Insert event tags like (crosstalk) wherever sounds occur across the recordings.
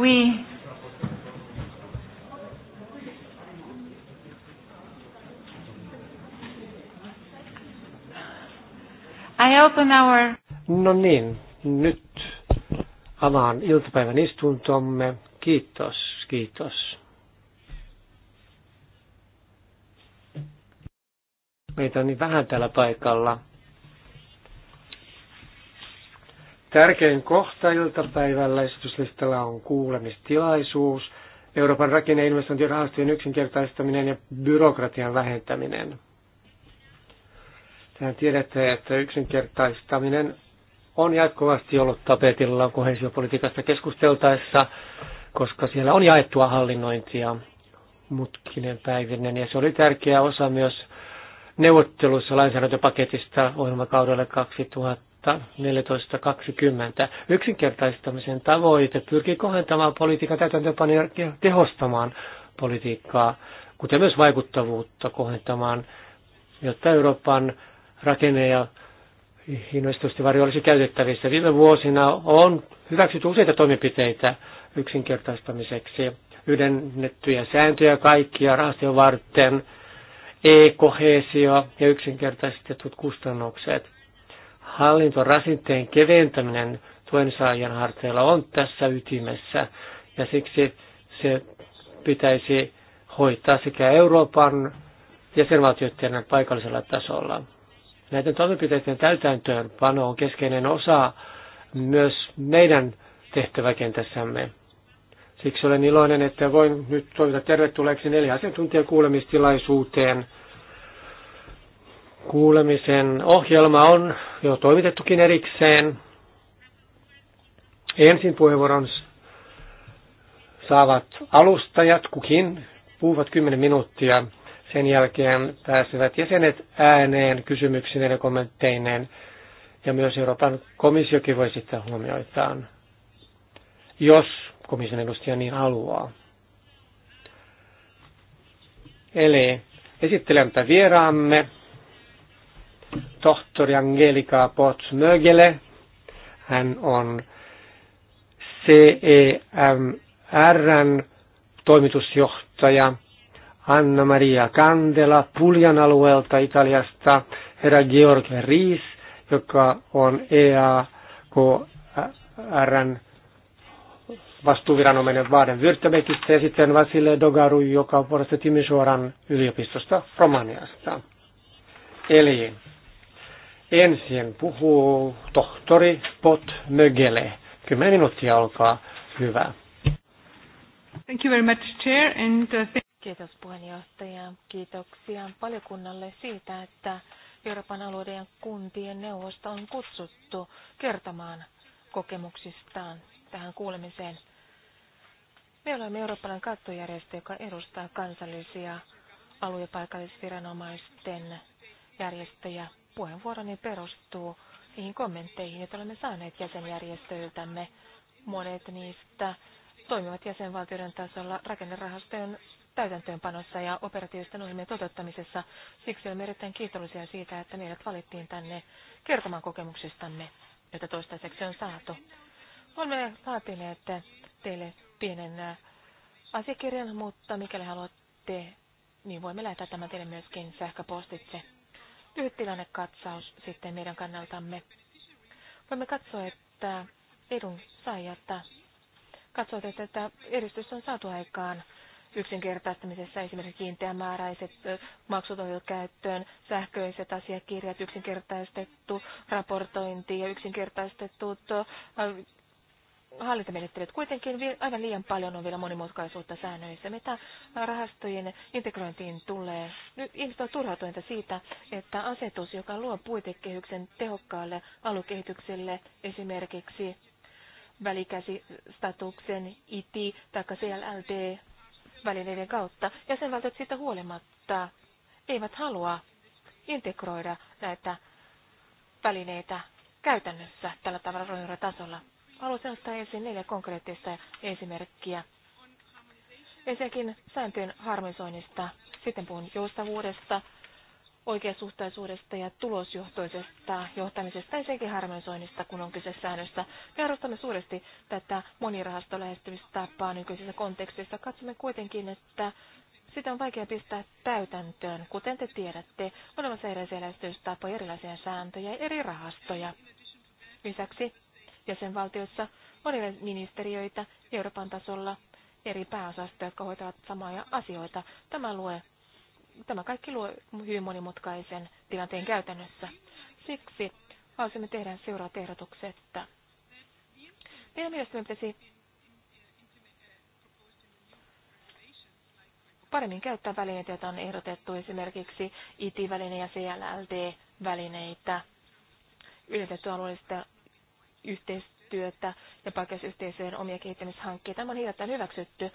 We I open our... No niin, nyt avaan iltapäivän istuntomme. Kiitos, kiitos. Meitä on niin vähän täällä paikalla. Tärkein kohta iltapäivällä esityslistalla on kuulemistilaisuus, Euroopan rakenneinvestointirahastojen yksinkertaistaminen ja byrokratian vähentäminen. Tähän tiedätte, että yksinkertaistaminen on jatkuvasti ollut tapetilla kohesiopolitiikasta keskusteltaessa, koska siellä on jaettua hallinnointia mutkinen päivinen. Ja se oli tärkeä osa myös neuvottelussa lainsäädäntöpaketista ohjelmakaudelle 14.20. Yksinkertaistamisen tavoite pyrkii kohentamaan politiikan täytäntöpanoja ja tehostamaan politiikkaa, kuten myös vaikuttavuutta kohentamaan, jotta Euroopan rakenne ja investointivarjo olisi käytettävissä. Viime vuosina on hyväksytty useita toimenpiteitä yksinkertaistamiseksi, yhdennettyjä sääntöjä kaikkia rahastojen varten, e-kohesio ja yksinkertaistetut kustannukset – hallintorasitteen keventäminen tuensaajan harteilla on tässä ytimessä ja siksi se pitäisi hoitaa sekä Euroopan jäsenvaltioiden paikallisella tasolla. Näiden toimenpiteiden täytäntöönpano on keskeinen osa myös meidän tehtäväkentässämme. Siksi olen iloinen, että voin nyt toivota tervetulleeksi neljä asiantuntijakuulemistilaisuuteen – kuulemisen ohjelma on jo toimitettukin erikseen. Ensin puheenvuoron saavat alustajat, kukin puhuvat 10 minuuttia. Sen jälkeen pääsevät jäsenet ääneen kysymyksineen ja kommentteineen. Ja myös Euroopan komissiokin voi sitten huomioitaan, jos komission edustaja niin haluaa. Eli esittelemme vieraamme tohtori Angelika Potsmögele. Hän on CEMRn toimitusjohtaja Anna-Maria Kandela Puljan alueelta Italiasta, herra Georg Riis, joka on EAKRn vastuuviranomainen Vaaden württembergistä ja sitten Vasile Dogaru, joka on puolesta Timisoaran yliopistosta Romaniasta. Eli Ensin puhuu tohtori Pot Mögele. Kymmenen minuuttia, olkaa hyvä. Thank you very much, Chair, and uh, thank Kiitos puheenjohtaja. Kiitoksia valiokunnalle siitä, että Euroopan alueiden ja kuntien neuvosto on kutsuttu kertomaan kokemuksistaan tähän kuulemiseen. Me olemme Euroopan kattojärjestö, joka edustaa kansallisia alue- ja paikallisviranomaisten järjestöjä. Puheenvuoroni perustuu niihin kommentteihin, joita olemme saaneet jäsenjärjestöiltämme. Monet niistä toimivat jäsenvaltioiden tasolla rakennerahastojen täytäntöönpanossa ja operatiivisten ohjelmien toteuttamisessa. Siksi olemme erittäin kiitollisia siitä, että meidät valittiin tänne kertomaan kokemuksistamme, joita toistaiseksi on saatu. Olemme laatineet teille pienen äh, asiakirjan, mutta mikäli haluatte, niin voimme lähettää tämän teille myöskin sähköpostitse lyhyt tilannekatsaus sitten meidän kannaltamme. Voimme katsoa, että edun saajatta katsoit, että edistys on saatu aikaan yksinkertaistamisessa esimerkiksi kiinteämääräiset maksut käyttöön, sähköiset asiakirjat, yksinkertaistettu raportointi ja yksinkertaistetut hallintamenettelyt. Kuitenkin aivan liian paljon on vielä monimutkaisuutta säännöissä, mitä rahastojen integrointiin tulee. Nyt ihmiset on turhautuneita siitä, että asetus, joka luo puitekehyksen tehokkaalle alukehitykselle esimerkiksi välikäsistatuksen ITI tai CLLD välineiden kautta, ja sen että siitä huolimatta eivät halua integroida näitä välineitä käytännössä tällä tavalla ruohonjuuritasolla. tasolla Haluaisin ottaa esiin neljä konkreettista esimerkkiä. Ensinnäkin sääntöjen harmonisoinnista, sitten puhun joustavuudesta, oikeasuhtaisuudesta ja tulosjohtoisesta johtamisesta ja harmonisoinnista, kun on kyse säännöstä. Me arvostamme suuresti tätä monirahastolähestymistapaa nykyisessä kontekstissa. Katsomme kuitenkin, että sitä on vaikea pistää täytäntöön. Kuten te tiedätte, on olemassa erilaisia lähestymistapoja, erilaisia sääntöjä ja eri rahastoja. Lisäksi jäsenvaltioissa on ministeriöitä Euroopan tasolla eri pääosastoja, jotka hoitavat samoja asioita. Tämä, lue, tämä kaikki luo hyvin monimutkaisen tilanteen käytännössä. Siksi haluaisimme tehdä seuraavat ehdotukset. Meidän mielestämme pitäisi paremmin käyttää välineitä, joita on ehdotettu esimerkiksi IT-väline ja CLLD-välineitä yritetty alueellista yhteistyötä ja paikallisyhteisöjen omia kehittämishankkeita. Tämä on hiljattain hyväksytty.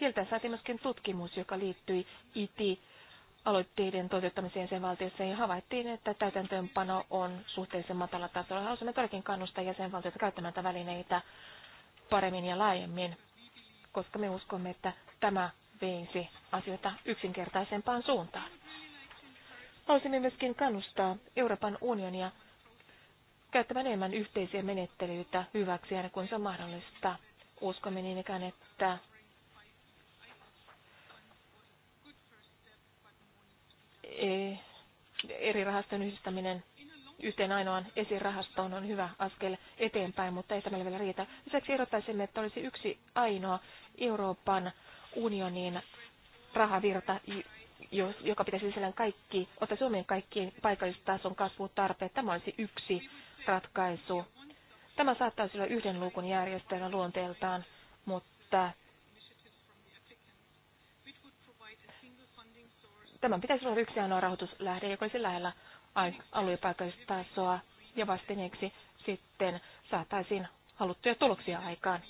Hiljattain saatiin myöskin tutkimus, joka liittyi IT aloitteiden toteuttamiseen valtiossa, ja havaittiin, että täytäntöönpano on suhteellisen matala tasolla. Haluaisimme todellakin kannustaa jäsenvaltioita käyttämään tätä välineitä paremmin ja laajemmin, koska me uskomme, että tämä veisi asioita yksinkertaisempaan suuntaan. Haluaisimme myöskin kannustaa Euroopan unionia käyttämään enemmän yhteisiä menettelyitä hyväksi aina kuin se on mahdollista. Uskomme niin ikään, että e, eri rahaston yhdistäminen yhteen ainoan esirahastoon on hyvä askel eteenpäin, mutta ei tämä vielä riitä. Lisäksi erottaisimme, että olisi yksi ainoa Euroopan unionin rahavirta, joka pitäisi sisällään kaikki, ottaa Suomen kaikkien paikallistason kasvutarpeet. Tämä olisi yksi ratkaisu. Tämä saattaisi olla yhden luukun järjestelmä luonteeltaan, mutta tämän pitäisi olla yksi ainoa rahoituslähde, joka olisi lähellä tasoa ja vastineeksi sitten saataisiin haluttuja tuloksia aikaan.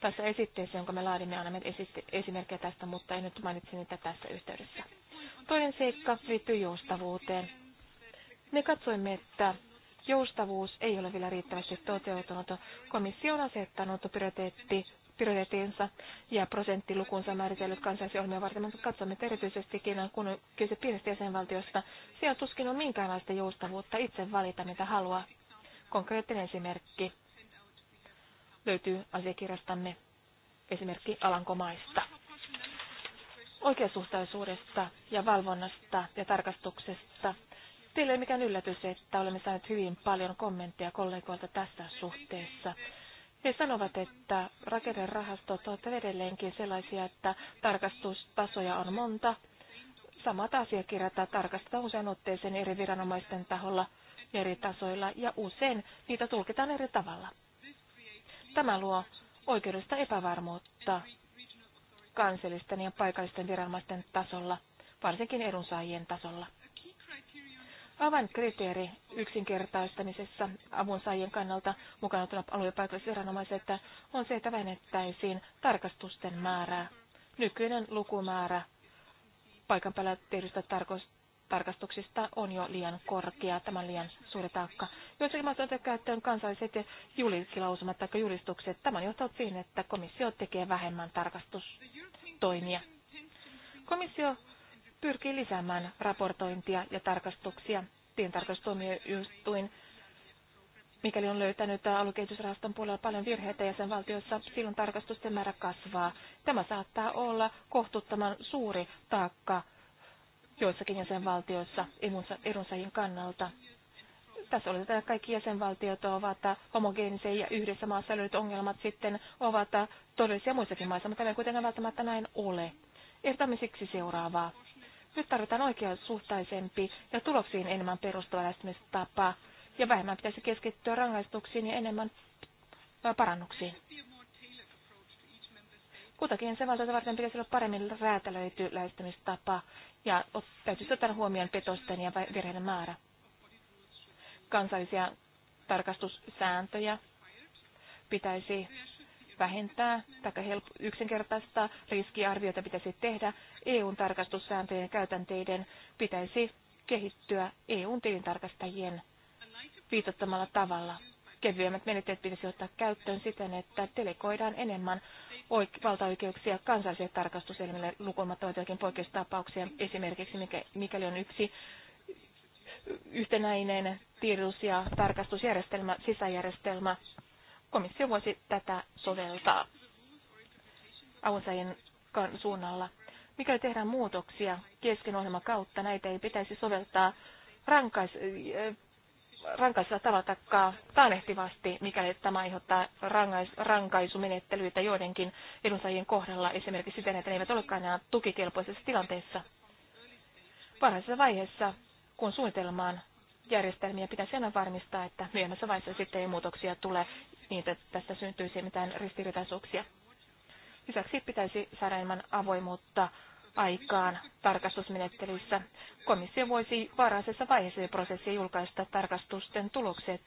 Tässä esitteessä, jonka me laadimme, annamme esimerkkejä tästä, mutta en nyt mainitse niitä tässä yhteydessä. Toinen seikka liittyy joustavuuteen. Me katsoimme, että joustavuus ei ole vielä riittävästi toteutunut. Komissio on asettanut prioriteetti prioriteettinsa ja prosenttilukunsa määritellyt kansallisia ohjelmia varten, mutta katsomme erityisesti Kiinan kun kyse pienestä jäsenvaltiosta. Siellä tuskin on minkäänlaista joustavuutta itse valita, mitä haluaa. Konkreettinen esimerkki löytyy asiakirjastamme esimerkki Alankomaista. Oikeasuhtaisuudesta ja valvonnasta ja tarkastuksesta Teille ei mikään yllätys, että olemme saaneet hyvin paljon kommentteja kollegoilta tässä suhteessa. He sanovat, että rakennerahastot ovat edelleenkin sellaisia, että tarkastustasoja on monta. Samat asiakirjat tarkastetaan usein otteeseen eri viranomaisten taholla ja eri tasoilla, ja usein niitä tulkitaan eri tavalla. Tämä luo oikeudesta epävarmuutta kansallisten ja paikallisten viranomaisten tasolla, varsinkin edunsaajien tasolla avainkriteeri yksinkertaistamisessa avunsaajien kannalta mukana alue- ja on se, että vähennettäisiin tarkastusten määrää. Nykyinen lukumäärä paikan päällä tehdystä tarkastuksista on jo liian korkea, tämä on liian suuri taakka. Joissakin maissa tuota tehty käyttöön kansalliset julkilausumat tai julistukset. Tämä on johtanut siihen, että komissio tekee vähemmän tarkastustoimia. Komissio pyrkii lisäämään raportointia ja tarkastuksia tilintarkastustuomioistuin, mikäli on löytänyt aluekehitysrahaston puolella paljon virheitä jäsenvaltioissa, silloin tarkastusten määrä kasvaa. Tämä saattaa olla kohtuuttoman suuri taakka joissakin jäsenvaltioissa edunsaajien kannalta. Tässä oli, että kaikki jäsenvaltiot ovat homogeenisia ja yhdessä maassa löydyt ongelmat sitten ovat todellisia muissakin maissa, mutta ei kuitenkaan välttämättä näin ole. Ehdotamme siksi seuraavaa. Nyt tarvitaan oikeasuhtaisempi ja tuloksiin enemmän perustuva lähestymistapa ja vähemmän pitäisi keskittyä rangaistuksiin ja enemmän parannuksiin. Kutakin se valtiota varten pitäisi olla paremmin räätälöity lähestymistapa ja täytyisi ottaa huomioon petosten ja virheiden määrä. Kansallisia tarkastussääntöjä pitäisi vähentää tai help, yksinkertaista riskiarviota pitäisi tehdä. EUn tarkastussääntöjen ja käytänteiden pitäisi kehittyä EUn tilintarkastajien viitottamalla tavalla. Kevyemmät menetteet pitäisi ottaa käyttöön siten, että delegoidaan enemmän oik- valtaoikeuksia kansallisille tarkastuselimille lukumatta joitakin poikkeustapauksia. Esimerkiksi mikä, mikäli on yksi yhtenäinen tiedus- ja tarkastusjärjestelmä, sisäjärjestelmä, komissio voisi tätä soveltaa avunsaajien suunnalla. Mikäli tehdään muutoksia kesken ohjelman kautta, näitä ei pitäisi soveltaa rankais, rankaisella tavalla takkaa taanehtivasti, mikäli tämä aiheuttaa rankais, rankaisumenettelyitä joidenkin edunsaajien kohdalla, esimerkiksi siten, että ne eivät olekaan enää tukikelpoisessa tilanteessa. Varhaisessa vaiheessa, kun suunnitelmaan järjestelmiä pitäisi aina varmistaa, että myöhemmässä vaiheessa sitten ei muutoksia tule niin, että tästä syntyisi mitään ristiriitaisuuksia. Lisäksi pitäisi saada enemmän avoimuutta aikaan tarkastusmenettelyissä. Komissio voisi varhaisessa vaiheessa prosessia julkaista tarkastusten tulokset.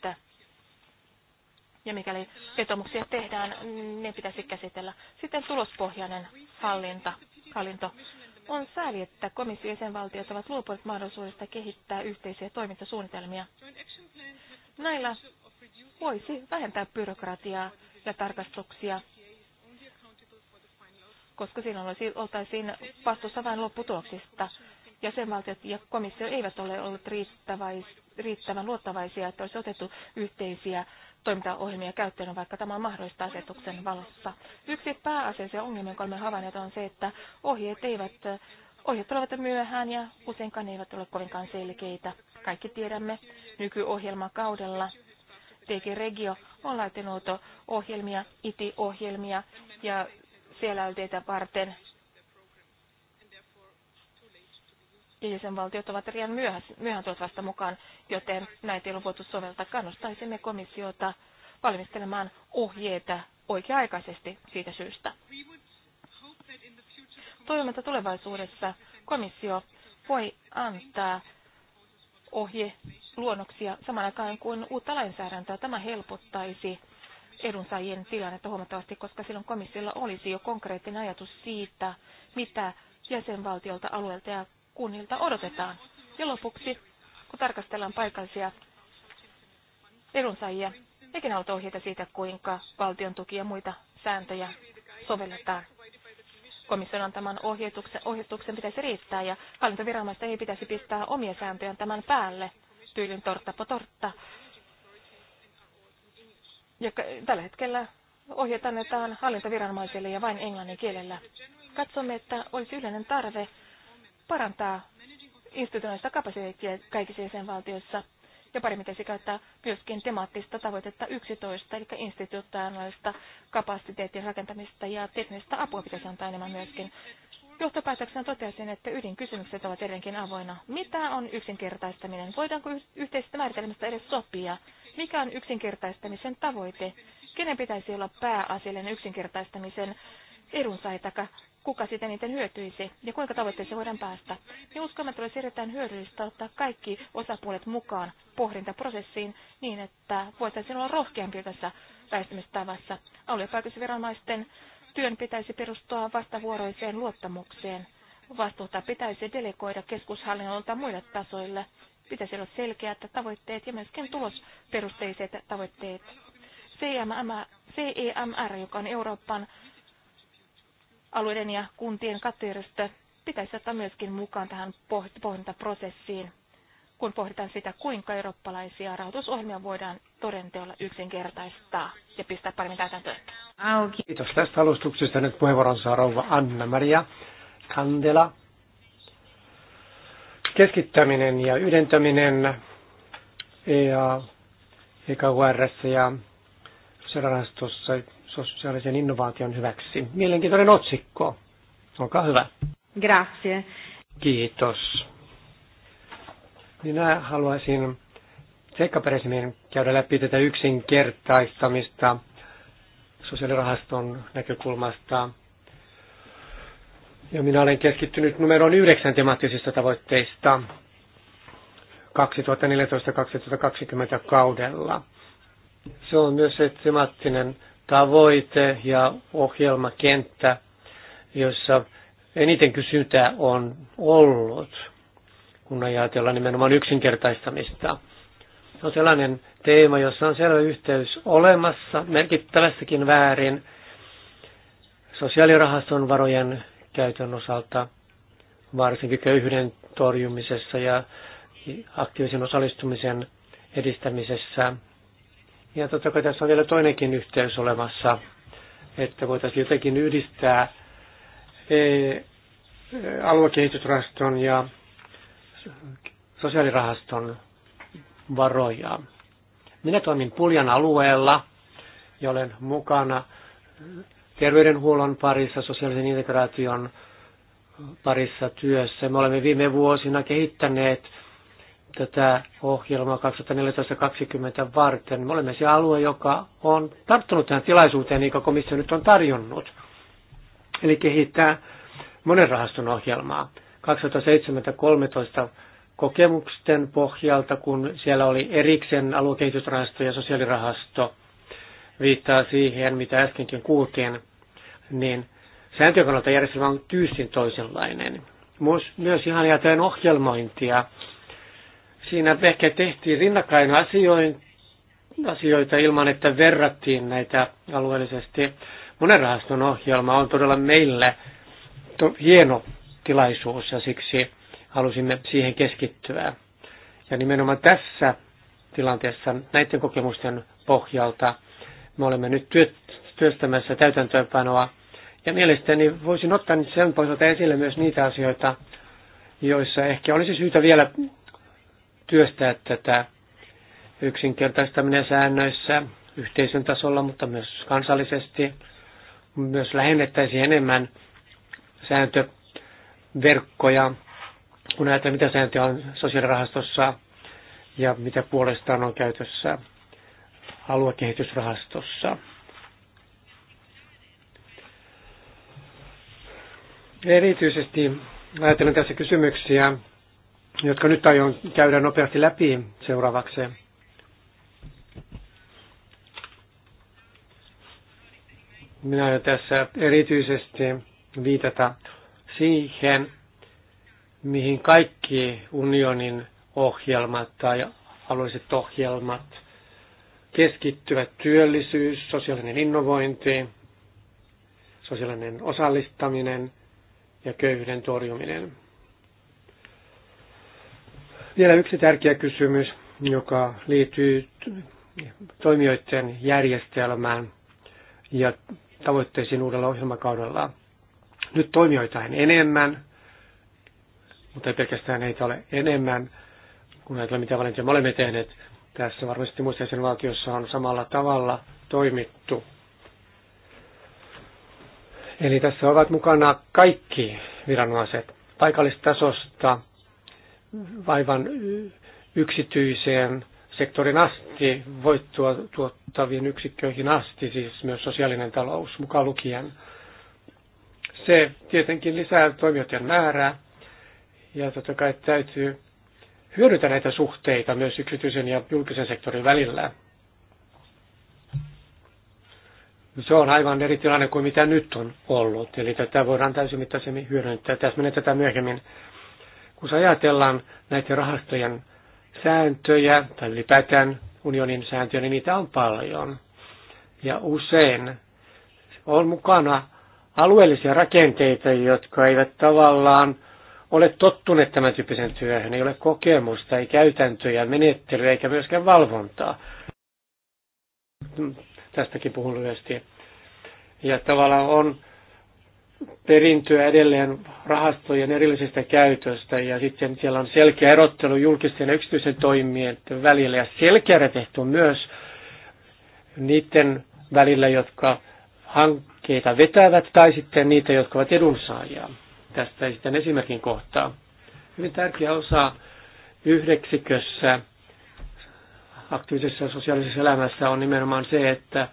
Ja mikäli vetomuksia tehdään, ne pitäisi käsitellä. Sitten tulospohjainen hallinta, hallinto. On sääli, että sen jäsenvaltiot ovat luopuneet mahdollisuudesta kehittää yhteisiä toimintasuunnitelmia. Näillä voisi vähentää byrokratiaa ja tarkastuksia, koska silloin olisi, oltaisiin vastuussa vain lopputuloksista. Jäsenvaltiot ja komissio eivät ole olleet riittävän luottavaisia, että olisi otettu yhteisiä toimintaohjelmia käyttöön, vaikka tämä on mahdollista asetuksen valossa. Yksi pääasiassa ongelmia, jonka olemme havainneet, on se, että ohjeet eivät Ohjeet tulevat myöhään ja useinkaan ne eivät ole kovinkaan selkeitä. Kaikki tiedämme nykyohjelmakaudella. TG Regio on laitettu ohjelmia, IT-ohjelmia ja CLLTtä varten ja jäsenvaltiot ovat liian myöhään tuot vasta mukaan, joten näitä ei ole voitu soveltaa. Kannustaisimme komissiota valmistelemaan ohjeita oikea-aikaisesti siitä syystä. Toivomme, että tulevaisuudessa komissio voi antaa ohje luonnoksia saman aikaan kuin uutta lainsäädäntöä. Tämä helpottaisi edunsaajien tilannetta huomattavasti, koska silloin komissiolla olisi jo konkreettinen ajatus siitä, mitä jäsenvaltiolta, alueelta ja kunnilta odotetaan. Ja lopuksi, kun tarkastellaan paikallisia edunsaajia, eikä ne ohjeita siitä, kuinka valtion tuki ja muita sääntöjä sovelletaan. Komission antaman ohjeistuksen, ohjeistuksen pitäisi riittää ja hallintoviranomaista ei pitäisi pistää omia sääntöjä tämän päälle, tyylin tortta po tortta. Ja tällä hetkellä ohjeet annetaan hallintoviranomaisille ja vain englannin kielellä. Katsomme, että olisi yleinen tarve parantaa instituutioista kapasiteettia kaikissa jäsenvaltioissa ja paremmin pitäisi käyttää myöskin temaattista tavoitetta 11, eli instituutioista kapasiteetin rakentamista ja teknistä apua pitäisi antaa enemmän myöskin. Johtopäätöksenä totesin, että ydinkysymykset ovat edelleenkin avoina. Mitä on yksinkertaistaminen? Voidaanko yhteisestä määritelmästä edes sopia? Mikä on yksinkertaistamisen tavoite? Kenen pitäisi olla pääasiallinen yksinkertaistamisen edunsaitaka? kuka sitä niiden hyötyisi ja kuinka tavoitteeseen voidaan päästä. Ja uskon, että olisi erittäin hyödyllistä ottaa kaikki osapuolet mukaan pohdintaprosessiin niin, että voitaisiin olla rohkeampi tässä väistymistavassa. viranomaisten työn pitäisi perustua vastavuoroiseen luottamukseen. Vastuuta pitäisi delegoida keskushallinnolta muille tasoille. Pitäisi olla selkeät tavoitteet ja myöskin tulosperusteiset tavoitteet. CEMR, e joka on Euroopan alueiden ja kuntien kattojärjestö pitäisi ottaa myöskin mukaan tähän pohdintaprosessiin, kun pohditaan sitä, kuinka eurooppalaisia rahoitusohjelmia voidaan todenteolla yksinkertaistaa ja pistää paremmin täytäntöön. Kiitos tästä alustuksesta. Nyt puheenvuoron saa rouva Anna-Maria Kandela. Keskittäminen ja yhdentäminen e e ja EKURS ja rahastossa sosiaalisen innovaation hyväksi. Mielenkiintoinen otsikko. Olkaa hyvä. Grazie. Kiitos. Minä haluaisin seikkaperäisemmin käydä läpi tätä yksinkertaistamista sosiaalirahaston näkökulmasta. Ja minä olen keskittynyt numeroon yhdeksän temaattisista tavoitteista 2014-2020 kaudella. Se on myös se temaattinen tavoite ja ohjelmakenttä, jossa eniten kysyntää on ollut, kun ajatellaan nimenomaan yksinkertaistamista. Se on sellainen teema, jossa on selvä yhteys olemassa merkittävässäkin väärin sosiaalirahaston varojen käytön osalta, varsinkin köyhyyden torjumisessa ja aktiivisen osallistumisen edistämisessä ja totta kai tässä on vielä toinenkin yhteys olemassa, että voitaisiin jotenkin yhdistää e, aluekehitysrahaston ja sosiaalirahaston varoja. Minä toimin Puljan alueella ja olen mukana terveydenhuollon parissa, sosiaalisen integraation parissa työssä. Me olemme viime vuosina kehittäneet tätä ohjelmaa 2014-2020 varten. Me olemme se alue, joka on tarttunut tähän tilaisuuteen, kuin komissio nyt on tarjonnut. Eli kehittää monen rahaston ohjelmaa. 2007-2013 kokemusten pohjalta, kun siellä oli erikseen aluekehitysrahasto ja sosiaalirahasto, viittaa siihen, mitä äskenkin kuultiin, niin sääntöjen kannalta järjestelmä on tyystin toisenlainen. Myös, myös ihan jätäen ohjelmointia Siinä ehkä tehtiin rinnakkain asioin, asioita ilman, että verrattiin näitä alueellisesti. Monen rahaston ohjelma on todella meille to, hieno tilaisuus ja siksi halusimme siihen keskittyä. Ja nimenomaan tässä tilanteessa näiden kokemusten pohjalta me olemme nyt työstämässä täytäntöönpanoa. Ja mielestäni voisin ottaa sen pohjalta esille myös niitä asioita, joissa ehkä olisi syytä vielä työstää tätä yksinkertaistaminen säännöissä yhteisön tasolla, mutta myös kansallisesti. Myös lähennettäisiin enemmän sääntöverkkoja, kun näitä mitä sääntöjä on sosiaalirahastossa ja mitä puolestaan on käytössä aluekehitysrahastossa. Erityisesti ajattelen tässä kysymyksiä, jotka nyt aion käydä nopeasti läpi seuraavaksi. Minä aion tässä erityisesti viitata siihen, mihin kaikki unionin ohjelmat tai alueelliset ohjelmat keskittyvät työllisyys, sosiaalinen innovointi, sosiaalinen osallistaminen ja köyhyyden torjuminen. Vielä yksi tärkeä kysymys, joka liittyy toimijoiden järjestelmään ja tavoitteisiin uudella ohjelmakaudella. Nyt toimijoita on enemmän, mutta ei pelkästään heitä ole enemmän, kun ajatellaan mitä valintoja me olemme tehneet. Tässä varmasti muissa jäsenvaltioissa on samalla tavalla toimittu. Eli tässä ovat mukana kaikki viranomaiset paikallistasosta vaivan yksityiseen sektorin asti, voittoa tuottavien yksikköihin asti, siis myös sosiaalinen talous mukaan lukien. Se tietenkin lisää toimijoiden määrää ja totta kai täytyy hyödyntää näitä suhteita myös yksityisen ja julkisen sektorin välillä. Se on aivan eri tilanne kuin mitä nyt on ollut, eli tätä voidaan täysin mittaisemmin hyödyntää. Tässä menee tätä myöhemmin kun ajatellaan näitä rahastojen sääntöjä tai ylipäätään unionin sääntöjä, niin niitä on paljon. Ja usein on mukana alueellisia rakenteita, jotka eivät tavallaan ole tottuneet tämän tyyppisen työhön, ei ole kokemusta, ei käytäntöjä, menettelyä eikä myöskään valvontaa. Tästäkin puhun lyhyesti. Ja tavallaan on perintöä edelleen rahastojen erillisestä käytöstä ja sitten siellä on selkeä erottelu julkisten ja yksityisen toimien välillä ja selkeä tehty myös niiden välillä, jotka hankkeita vetävät tai sitten niitä, jotka ovat edunsaajia. Tästä sitten esimerkin kohtaa. Hyvin tärkeä osa yhdeksikössä aktiivisessa sosiaalisessa elämässä on nimenomaan se, että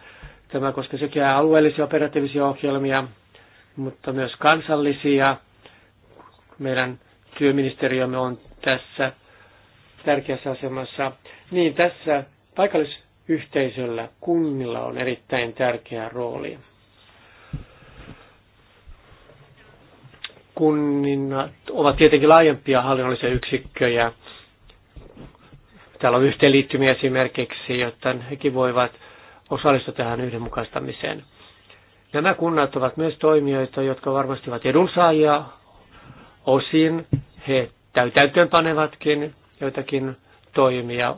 tämä koskee sekä alueellisia operatiivisia ohjelmia, mutta myös kansallisia. Meidän työministeriömme on tässä tärkeässä asemassa. Niin tässä paikallisyhteisöllä, kunnilla on erittäin tärkeä rooli. Kunnat ovat tietenkin laajempia hallinnollisia yksikköjä. Täällä on yhteenliittymiä esimerkiksi, jotta hekin voivat osallistua tähän yhdenmukaistamiseen. Nämä kunnat ovat myös toimijoita, jotka varmasti ovat edunsaajia osin. He täytäntöön panevatkin joitakin toimia,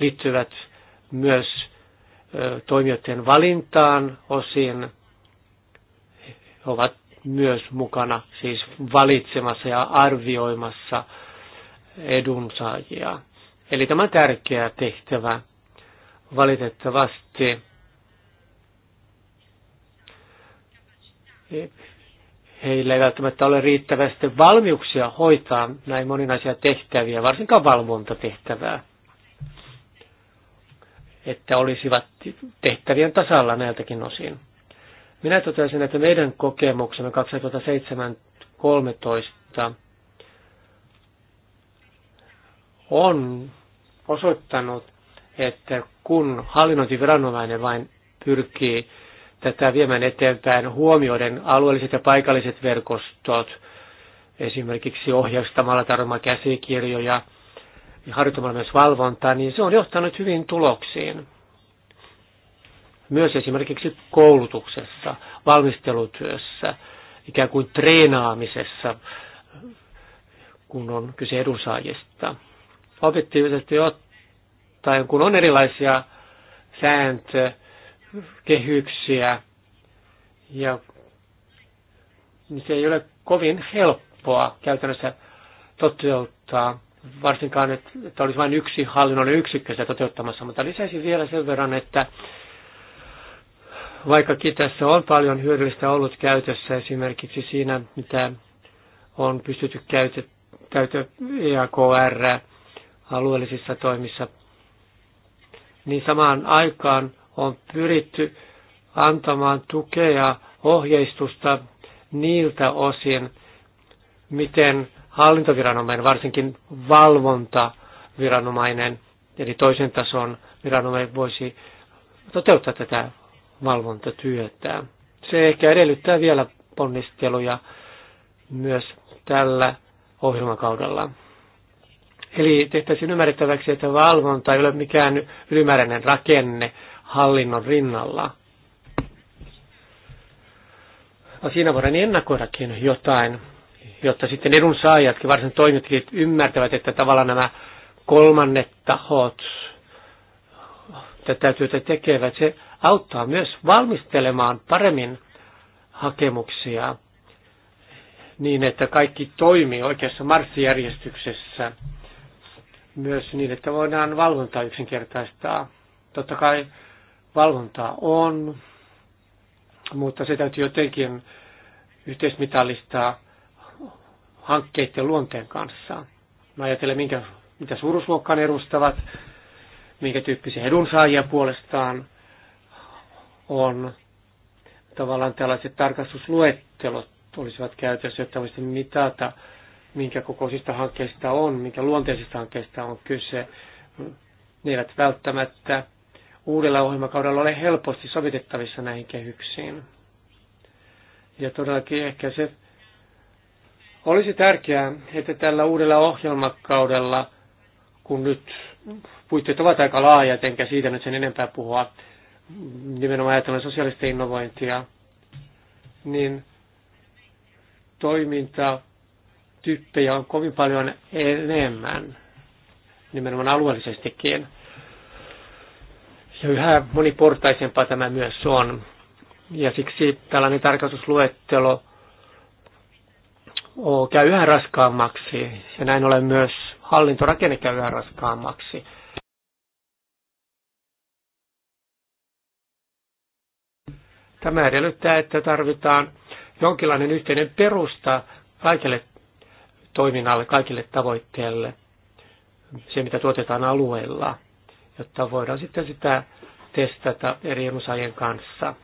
liittyvät myös toimijoiden valintaan osin. He ovat myös mukana siis valitsemassa ja arvioimassa edunsaajia. Eli tämä on tärkeä tehtävä valitettavasti heillä ei välttämättä ole riittävästi valmiuksia hoitaa näin moninaisia tehtäviä, varsinkaan valvontatehtävää. Että olisivat tehtävien tasalla näiltäkin osin. Minä totesin, että meidän kokemuksemme 2007-2013 on osoittanut, että kun hallinnointiviranomainen vain pyrkii tätä viemään eteenpäin huomioiden alueelliset ja paikalliset verkostot, esimerkiksi ohjaustamalla tarjoamaan käsikirjoja ja harjoittamalla myös valvontaa, niin se on johtanut hyvin tuloksiin. Myös esimerkiksi koulutuksessa, valmistelutyössä, ikään kuin treenaamisessa, kun on kyse edunsaajista. Objektiivisesti ottaen, kun on erilaisia sääntöjä, kehyksiä ja niin se ei ole kovin helppoa käytännössä toteuttaa, varsinkaan, että olisi vain yksi hallinnollinen yksikkö sitä toteuttamassa, mutta lisäisin vielä sen verran, että vaikkakin tässä on paljon hyödyllistä ollut käytössä esimerkiksi siinä, mitä on pystytty käytä, EAKR alueellisissa toimissa, niin samaan aikaan on pyritty antamaan tukea ohjeistusta niiltä osin, miten hallintoviranomainen, varsinkin valvontaviranomainen, eli toisen tason viranomainen voisi toteuttaa tätä valvontatyötä. Se ehkä edellyttää vielä ponnisteluja myös tällä ohjelmakaudella. Eli tehtäisiin ymmärrettäväksi, että valvonta ei ole mikään ylimääräinen rakenne, hallinnon rinnalla. No siinä voidaan ennakoidakin jotain, jotta sitten edunsaajatkin, varsin toimitkin, ymmärtävät, että tavallaan nämä kolmannet tahot tätä työtä tekevät. Se auttaa myös valmistelemaan paremmin hakemuksia niin, että kaikki toimii oikeassa marssijärjestyksessä. Myös niin, että voidaan valvontaa yksinkertaistaa. Totta kai Valvontaa on, mutta se täytyy jotenkin yhteismitallistaa hankkeiden luonteen kanssa. Mä ajattelen, minkä, mitä suuruusluokkaan edustavat, minkä tyyppisiä edunsaajia puolestaan on. Tavallaan tällaiset tarkastusluettelot olisivat käytössä, jotta voisi mitata, minkä kokoisista hankkeista on, minkä luonteisista hankkeista on kyse. Ne eivät välttämättä uudella ohjelmakaudella ole helposti sovitettavissa näihin kehyksiin. Ja todellakin ehkä se olisi tärkeää, että tällä uudella ohjelmakaudella, kun nyt puitteet ovat aika laajat, enkä siitä nyt sen enempää puhua, nimenomaan ajatellen sosiaalista innovointia, niin toimintatyyppejä on kovin paljon enemmän, nimenomaan alueellisestikin. Ja yhä moniportaisempaa tämä myös on. Ja siksi tällainen tarkastusluettelo käy yhä raskaammaksi ja näin ollen myös hallintorakenne käy yhä raskaammaksi. Tämä edellyttää, että tarvitaan jonkinlainen yhteinen perusta kaikille toiminnalle, kaikille tavoitteille, se mitä tuotetaan alueella jotta voidaan sitten sitä testata eri edunsaajien kanssa.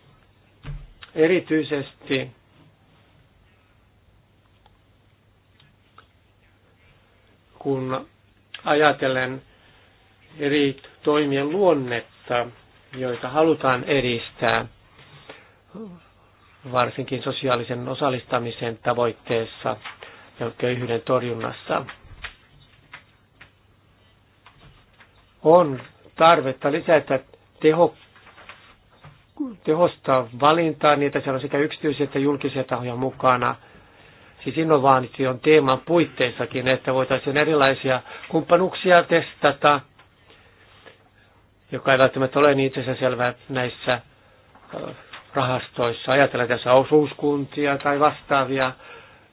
Erityisesti kun ajatellen eri toimien luonnetta, joita halutaan edistää, varsinkin sosiaalisen osallistamisen tavoitteessa ja köyhyyden torjunnassa. On tarvetta lisätä teho, tehostaa valintaa niin, että siellä on sekä yksityisiä että julkisia tahoja mukana. Siis innovaation teeman puitteissakin, että voitaisiin erilaisia kumppanuuksia testata, joka ei välttämättä ole niin itsensä selvää näissä rahastoissa. Ajatellaan tässä osuuskuntia tai vastaavia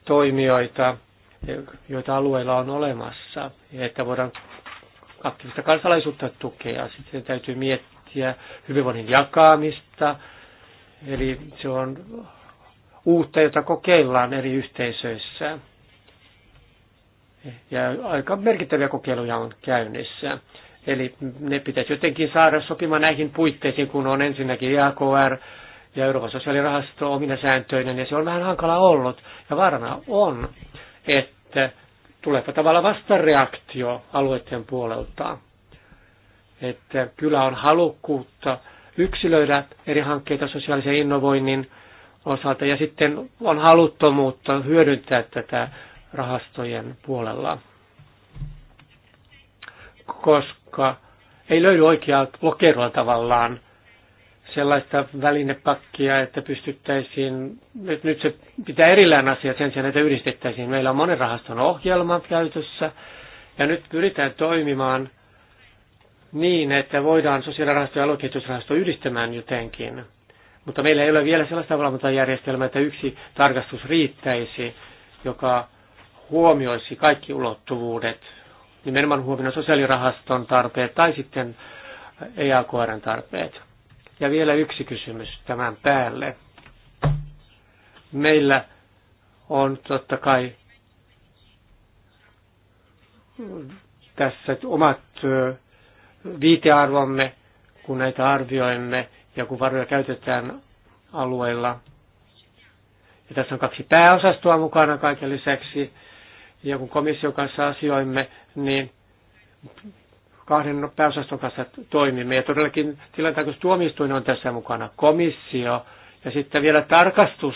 toimijoita, joita alueilla on olemassa, että voidaan aktiivista kansalaisuutta tukea. Sitten täytyy miettiä hyvinvoinnin jakamista, eli se on uutta, jota kokeillaan eri yhteisöissä. Ja aika merkittäviä kokeiluja on käynnissä. Eli ne pitäisi jotenkin saada sopimaan näihin puitteisiin, kun on ensinnäkin EAKR ja Euroopan sosiaalirahasto omina sääntöinen, ja se on vähän hankala ollut. Ja varmaan on, että tuleepa tavalla vastareaktio alueiden puolelta. Että kyllä on halukkuutta yksilöidä eri hankkeita sosiaalisen innovoinnin osalta ja sitten on haluttomuutta hyödyntää tätä rahastojen puolella, koska ei löydy oikeaa lokeroa tavallaan sellaista välinepakkia, että pystyttäisiin, nyt, nyt se pitää erillään asia sen sijaan, että yhdistettäisiin. Meillä on monen rahaston ohjelma käytössä ja nyt pyritään toimimaan niin, että voidaan sosiaalirahasto ja aluekehitysrahasto yhdistämään jotenkin. Mutta meillä ei ole vielä sellaista valvontajärjestelmää, että yksi tarkastus riittäisi, joka huomioisi kaikki ulottuvuudet, nimenomaan huomioon sosiaalirahaston tarpeet tai sitten EAKRn tarpeet. Ja vielä yksi kysymys tämän päälle. Meillä on totta kai tässä omat viitearvomme, kun näitä arvioimme ja kun varoja käytetään alueilla. Ja tässä on kaksi pääosastoa mukana kaiken lisäksi. Ja kun komission kanssa asioimme, niin kahden pääosaston kanssa toimimme. Ja todellakin kun tuomistuin on tässä mukana, komissio ja sitten vielä tarkastus,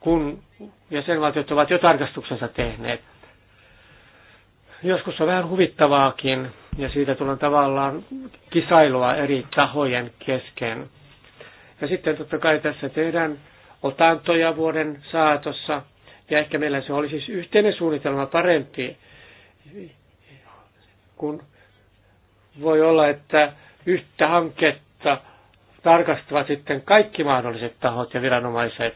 kun jäsenvaltiot ovat jo tarkastuksensa tehneet. Joskus on vähän huvittavaakin ja siitä tulee tavallaan kisailua eri tahojen kesken. Ja sitten totta kai tässä tehdään otantoja vuoden saatossa ja ehkä meillä se oli siis yhteinen suunnitelma parempi, kun voi olla, että yhtä hanketta tarkastavat sitten kaikki mahdolliset tahot ja viranomaiset.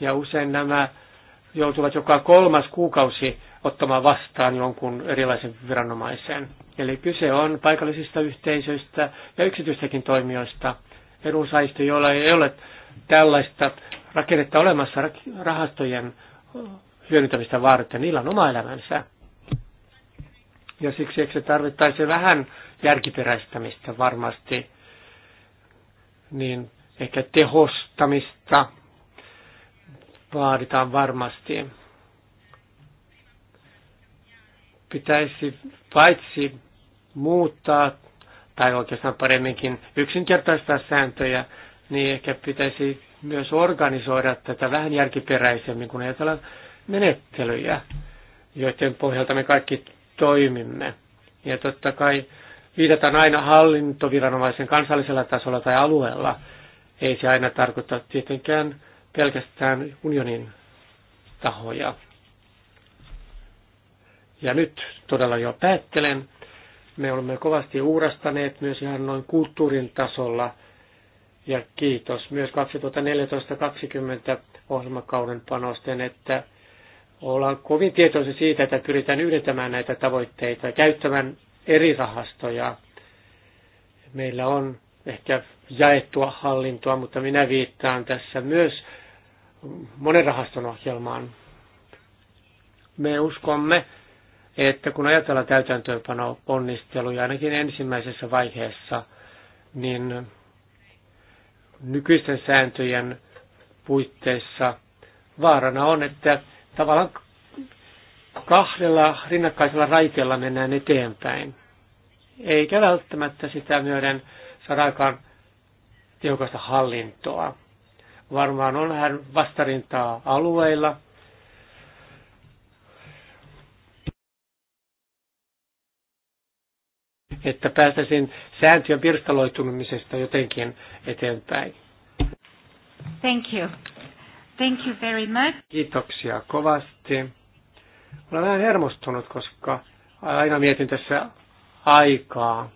Ja usein nämä joutuvat joka kolmas kuukausi ottamaan vastaan jonkun erilaisen viranomaisen. Eli kyse on paikallisista yhteisöistä ja yksityistäkin toimijoista, edunsaajista, joilla ei ole tällaista rakennetta olemassa rahastojen hyödyntämistä varten. Niillä on oma elämänsä. Ja siksi se tarvittaisi vähän järkiperäistämistä varmasti, niin ehkä tehostamista vaaditaan varmasti. Pitäisi paitsi muuttaa tai oikeastaan paremminkin yksinkertaistaa sääntöjä, niin ehkä pitäisi myös organisoida tätä vähän järkiperäisemmin, kun ajatellaan menettelyjä, joiden pohjalta me kaikki toimimme. Ja totta kai viitataan aina hallintoviranomaisen kansallisella tasolla tai alueella. Ei se aina tarkoita tietenkään pelkästään unionin tahoja. Ja nyt todella jo päättelen. Me olemme kovasti uurastaneet myös ihan noin kulttuurin tasolla. Ja kiitos myös 2014-2020 ohjelmakauden panosten, että ollaan kovin tietoisia siitä, että pyritään yhdentämään näitä tavoitteita ja käyttämään eri rahastoja. Meillä on ehkä jaettua hallintoa, mutta minä viittaan tässä myös monen rahaston ohjelmaan. Me uskomme, että kun ajatellaan täytäntöönpano ponnisteluja ainakin ensimmäisessä vaiheessa, niin nykyisten sääntöjen puitteissa vaarana on, että Tavallaan kahdella rinnakkaisella raiteella mennään eteenpäin. Eikä välttämättä sitä myöden saada aikaan tiukasta hallintoa. Varmaan on vähän vastarintaa alueilla. Että päästäisiin sääntöjen pirstaloitumisesta jotenkin eteenpäin. Thank you. Thank you very much. Kiitoksia kovasti. Olen vähän hermostunut, koska aina mietin tässä aikaa.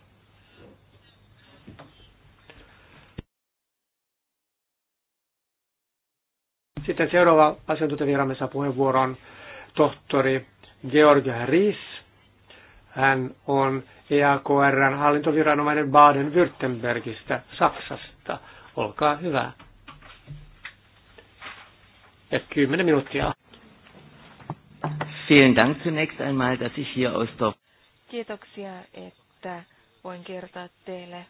Sitten seuraava asiantuntijavieramme saa puheenvuoron tohtori Georg Ries. Hän on EAKRn hallintoviranomainen Baden-Württembergistä, Saksasta. Olkaa hyvä. Ja 10 minuuttia. Vielen Dank zunächst einmal, dass ich hier aus der Kiitoksia, että voin kertoa teille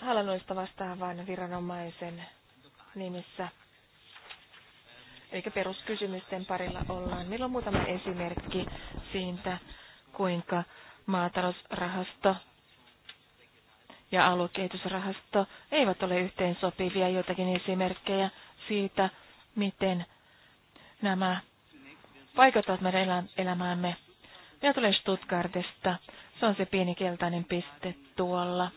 hallinnoista vastaavan viranomaisen nimissä. Eli peruskysymysten parilla ollaan. Meillä on muutama esimerkki siitä, kuinka maatalousrahasto ja aluekehitysrahasto eivät ole yhteensopivia joitakin esimerkkejä siitä, miten nämä vaikuttavat meidän elämäämme. Minä tulen Stuttgartista. Se on se pieni keltainen piste tuolla.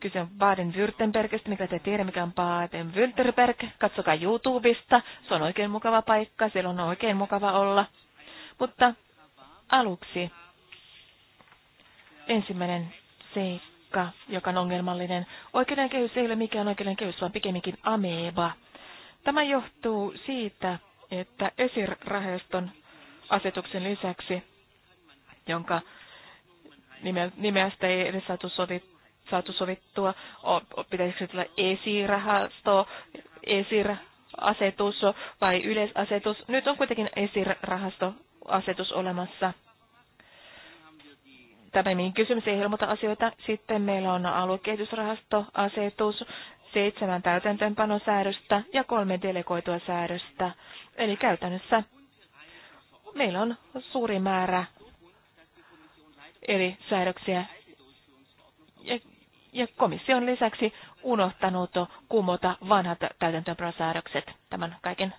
Kyse on Baden-Württembergistä, mikä te tiedä, mikä on Baden-Württemberg. Katsokaa YouTubesta. Se on oikein mukava paikka. Siellä on oikein mukava olla. Mutta aluksi ensimmäinen seikka seikka, joka on ongelmallinen. Oikeuden kehys ei ole mikään oikeuden kehys, vaan pikemminkin ameeba. Tämä johtuu siitä, että esirahaston asetuksen lisäksi, jonka nimestä ei edes saatu, sovi, saatu sovittua, pitäisikö tulla esirahasto, esirasetus vai yleisasetus. Nyt on kuitenkin esirahastoasetus olemassa. Tämä kysymys ei ilmoita asioita. Sitten meillä on asetus, seitsemän täytäntöönpanosäädöstä ja kolme delegoitua säädöstä. Eli käytännössä meillä on suuri määrä eri säädöksiä. Ja, ja komissio on lisäksi unohtanut kumota vanhat täytäntöönpanosäädökset. Tämän kaiken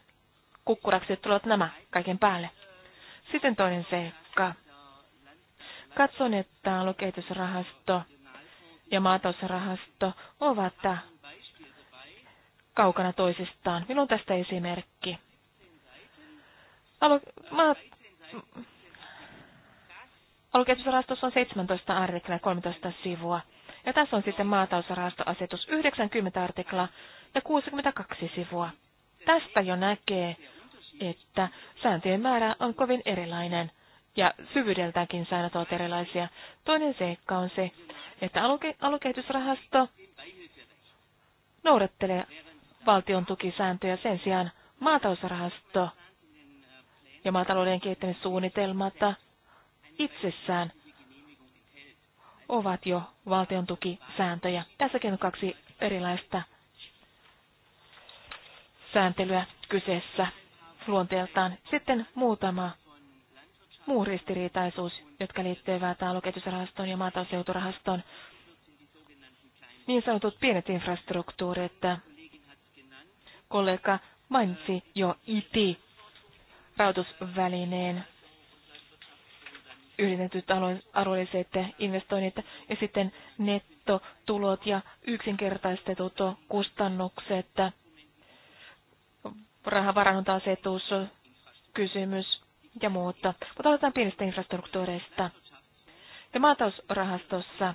kukkuraksi tulevat nämä kaiken päälle. Sitten toinen seikka. Katson, että aluekehitysrahasto ja maatausrahasto ovat kaukana toisistaan. Minulla on tästä esimerkki. Alu, on 17 artiklaa 13 sivua. Ja tässä on sitten maatausrahastoasetus 90 artiklaa ja 62 sivua. Tästä jo näkee, että sääntöjen määrä on kovin erilainen ja syvyydeltäänkin säännöt ovat erilaisia. Toinen seikka on se, että aluke- alukehitysrahasto noudattelee valtion tukisääntöjä sen sijaan maatalousrahasto ja maatalouden kehittämissuunnitelmat itsessään ovat jo valtion tukisääntöjä. Tässäkin on kaksi erilaista sääntelyä kyseessä luonteeltaan. Sitten muutama muu ristiriitaisuus, jotka liittyvät aluketjusrahastoon ja maatauseuturahastoon. Niin sanotut pienet infrastruktuurit. Kollega mainitsi jo ITI rautusvälineen yhdistetyt alueelliset investoinnit ja sitten nettotulot ja yksinkertaistetut kustannukset, rahavarannontasetus, kysymys ja muuta. Mutta aloitetaan pienistä infrastruktuureista. Ja maatausrahastossa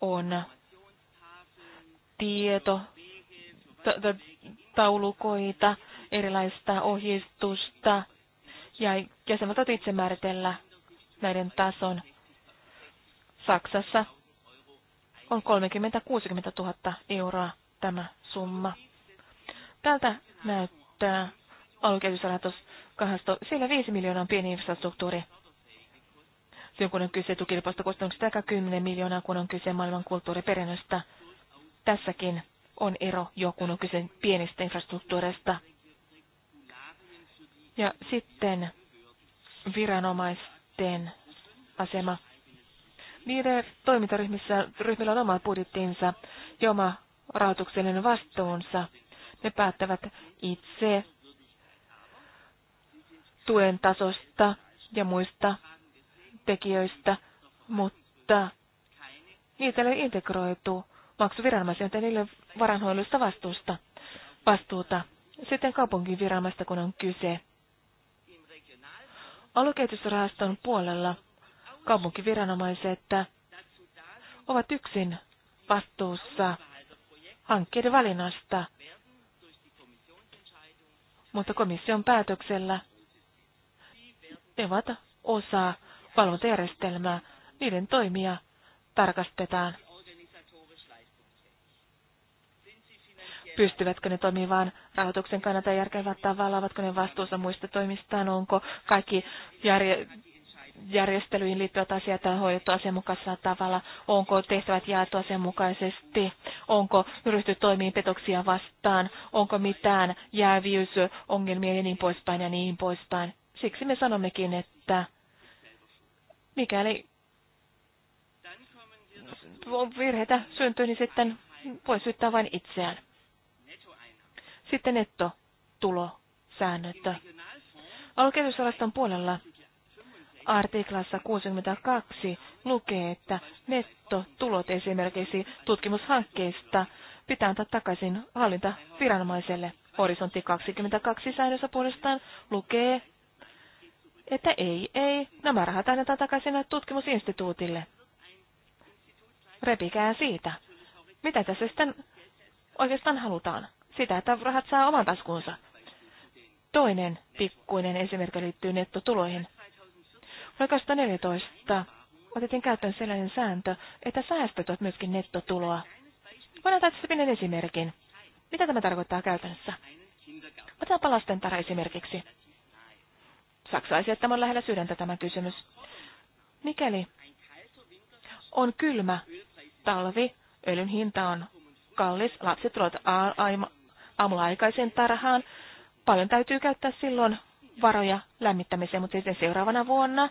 on tieto, taulukoita, erilaista ohjeistusta ja jäsenvaltiot itse määritellä näiden tason. Saksassa on 30 60 000 euroa tämä summa. Tältä näyttää aluekehitysrahoitus kahdesta, Siellä viisi miljoonaa on pieni infrastruktuuri. Silloin kun on kyse tukilpoista kustannuksista, aika 10 miljoonaa, kun on kyse maailman kulttuuriperinnöstä. Tässäkin on ero jo, kun on kyse pienistä infrastruktuureista. Ja sitten viranomaisten asema. Niiden toimintaryhmissä ryhmillä on oma budjettinsa ja oma rahoituksellinen vastuunsa. Ne päättävät itse tuen tasosta ja muista tekijöistä, mutta niitä ei integroitu maksuviranomaisia, tai niille varanhoidollista vastuusta, vastuuta. Sitten kaupunkin viranomaista, kun on kyse. Alukehitysrahaston puolella kaupunkiviranomaiset ovat yksin vastuussa hankkeiden valinnasta, mutta komission päätöksellä ne ovat osa valvontajärjestelmää. Niiden toimia tarkastetaan. pystyvätkö ne toimimaan rahoituksen kannalta järkevällä tavalla, ovatko ne vastuussa muista toimistaan, onko kaikki järje- järjestelyihin liittyvät asiat hoidettu asianmukaisella tavalla, onko tehtävät jaettu asianmukaisesti, onko ryhty toimiin petoksia vastaan, onko mitään jääviysongelmia ja niin poispäin ja niin poispäin. Siksi me sanommekin, että mikäli virheitä syntyy, niin sitten voi syyttää vain itseään. Sitten netto tulo säännöt. Alkehysrahaston puolella artiklassa 62 lukee, että nettotulot esimerkiksi tutkimushankkeista pitää antaa takaisin hallinta viranomaiselle. Horisontti 22 säännössä puolestaan lukee, että ei, ei, nämä rahat annetaan takaisin tutkimusinstituutille. Repikää siitä. Mitä tässä sitten oikeastaan halutaan? Sitä, että rahat saa oman taskuunsa. Toinen pikkuinen esimerkki liittyy nettotuloihin. Vuonna 2014 otettiin käyttöön sellainen sääntö, että säästöt ovat myöskin nettotuloa. Voin antaa tässä pienen esimerkin. Mitä tämä tarkoittaa käytännössä? Otetaanpa lastentarha esimerkiksi. Saksalaisia tämä on lähellä sydäntä tämä kysymys. Mikäli on kylmä talvi, öljyn hinta on kallis, lapset tulevat aamulla aikaisen tarhaan, paljon täytyy käyttää silloin varoja lämmittämiseen, mutta sitten seuraavana vuonna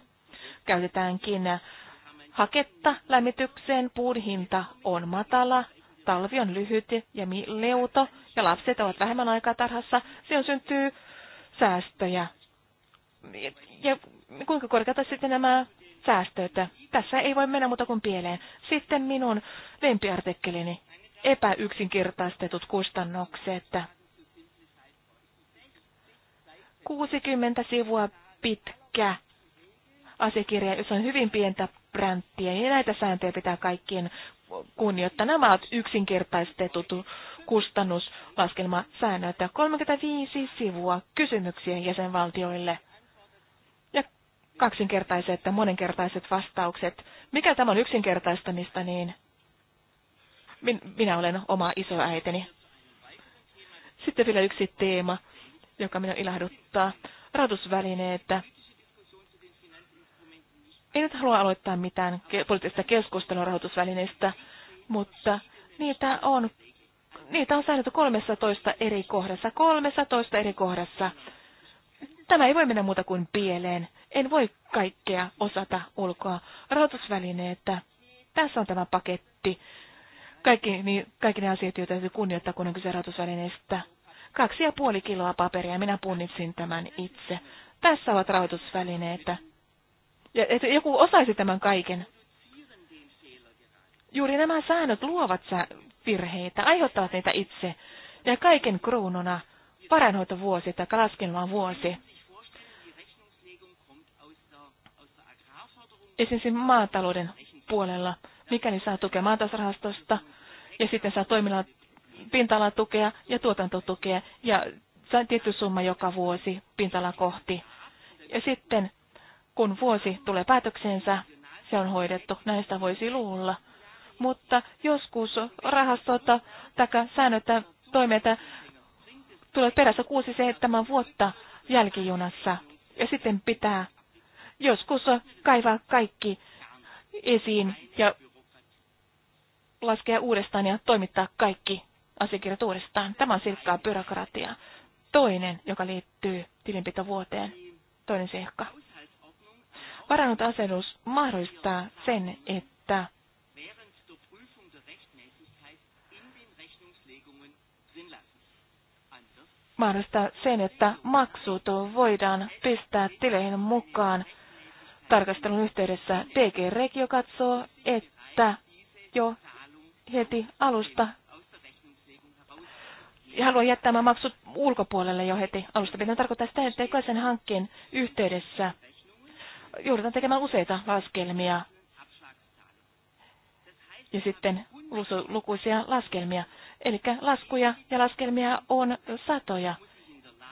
käytetäänkin haketta lämmitykseen, puun hinta on matala, talvi on lyhyt ja leuto, ja lapset ovat vähemmän aikaa tarhassa, silloin syntyy säästöjä ja kuinka korkeata sitten nämä säästöt. Tässä ei voi mennä muuta kuin pieleen. Sitten minun lempiartikkelini, epäyksinkertaistetut kustannukset. 60 sivua pitkä asiakirja, jossa on hyvin pientä bränttiä, ja näitä sääntöjä pitää kaikkien kunnioittaa. Nämä ovat yksinkertaistetut kustannuslaskelmasäännöt. 35 sivua kysymyksiä jäsenvaltioille kaksinkertaiset ja monenkertaiset vastaukset. Mikä tämä on yksinkertaistamista, niin minä olen oma isoäiteni. Sitten vielä yksi teema, joka minua ilahduttaa. Rahoitusvälineet. En nyt halua aloittaa mitään poliittista keskustelua rahoitusvälineistä, mutta niitä on, niitä on säädetty 13 eri kohdassa. 13 eri kohdassa. Tämä ei voi mennä muuta kuin pieleen. En voi kaikkea osata ulkoa. Rahoitusvälineitä. Tässä on tämä paketti. Kaikki, niin, kaikki ne asiat, joita täytyy kunnioittaa, kun on kyse rahoitusvälineestä. Kaksi ja puoli kiloa paperia. Minä punnitsin tämän itse. Tässä ovat rahoitusvälineitä. Ja, että joku osaisi tämän kaiken. Juuri nämä säännöt luovat sä virheitä, aiheuttavat niitä itse. Ja kaiken kruununa varainhoitovuosi tai laskelman vuosi esimerkiksi maatalouden puolella, mikäli saa tukea maatalousrahastosta ja sitten saa toimilla pinta tukea ja tuotantotukea ja saa tietty summa joka vuosi pinta kohti. Ja sitten kun vuosi tulee päätöksensä, se on hoidettu. Näistä voisi luulla. Mutta joskus rahastota tai säännötä toimeita tulee perässä kuusi seitsemän vuotta jälkijunassa. Ja sitten pitää joskus kaivaa kaikki esiin ja laskea uudestaan ja toimittaa kaikki asiakirjat uudestaan. Tämä on silkkaa byrokratiaa. Toinen, joka liittyy tilinpitovuoteen, toinen seikka. Varannut asennus mahdollistaa sen, että mahdollistaa sen, että maksut voidaan pistää tileihin mukaan tarkastelun yhteydessä DG Regio katsoo, että jo heti alusta haluaa jättää nämä maksut ulkopuolelle jo heti alusta. Pitää tarkoittaa sitä, että jokaisen hankkeen yhteydessä joudutaan tekemään useita laskelmia ja sitten lukuisia laskelmia. Eli laskuja ja laskelmia on satoja.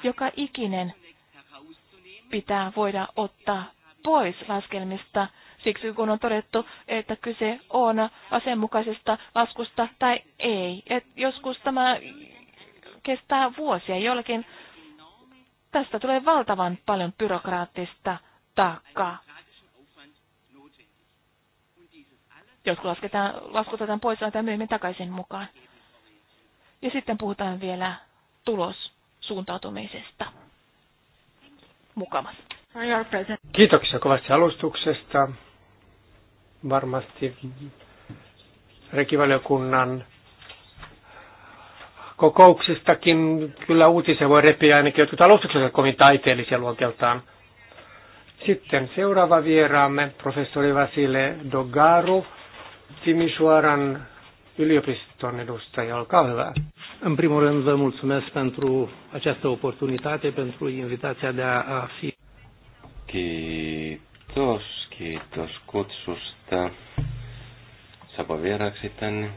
Joka ikinen pitää voida ottaa pois laskelmista siksi, kun on todettu, että kyse on asianmukaisesta laskusta tai ei. Et joskus tämä kestää vuosia jollakin. Tästä tulee valtavan paljon byrokraattista taakkaa. Joskus lasketaan, laskutetaan pois ja myöhemmin takaisin mukaan. Ja sitten puhutaan vielä tulos suuntautumisesta Kiitoksia kovasti alustuksesta. Varmasti rekivaliokunnan kokouksistakin kyllä uutisia voi repiä ainakin jotkut alustukset kovin taiteellisia luonteeltaan. Sitten seuraava vieraamme, professori Vasile Dogaru, Timisoaran yliopiston edustaja. Olkaa hyvä. În primul rând vă mulțumesc pentru această oportunitate, pentru invitația de a fi Kiitos, kiitos kutsusta. Sapa vieraaksi tänne.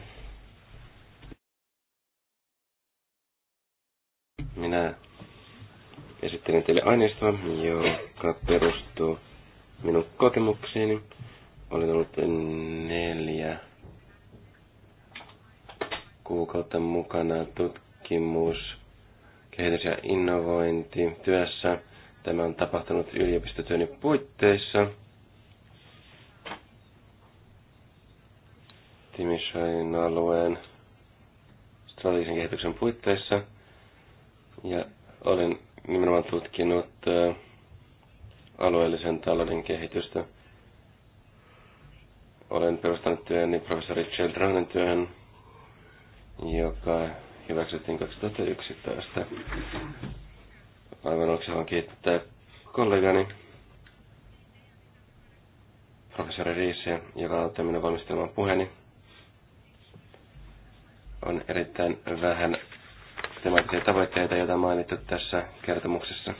Minä esittelen teille aineistoa, joka perustuu minun kokemuksiini. Olen ollut neljä kuukautta mukana tutkimus, kehitys ja innovointi työssä Tämä on tapahtunut yliopistotyöni puitteissa. Timishain alueen strategisen kehityksen puitteissa. Ja olen nimenomaan tutkinut äh, alueellisen talouden kehitystä. Olen perustanut työni professori Cheldranen työhön, joka hyväksyttiin 2011. Aivan aluksi haluan kiittää kollegani professori Riisiä, joka auttoi minua valmistelemaan puheeni. On erittäin vähän temaattisia tavoitteita, joita on mainittu tässä kertomuksessa.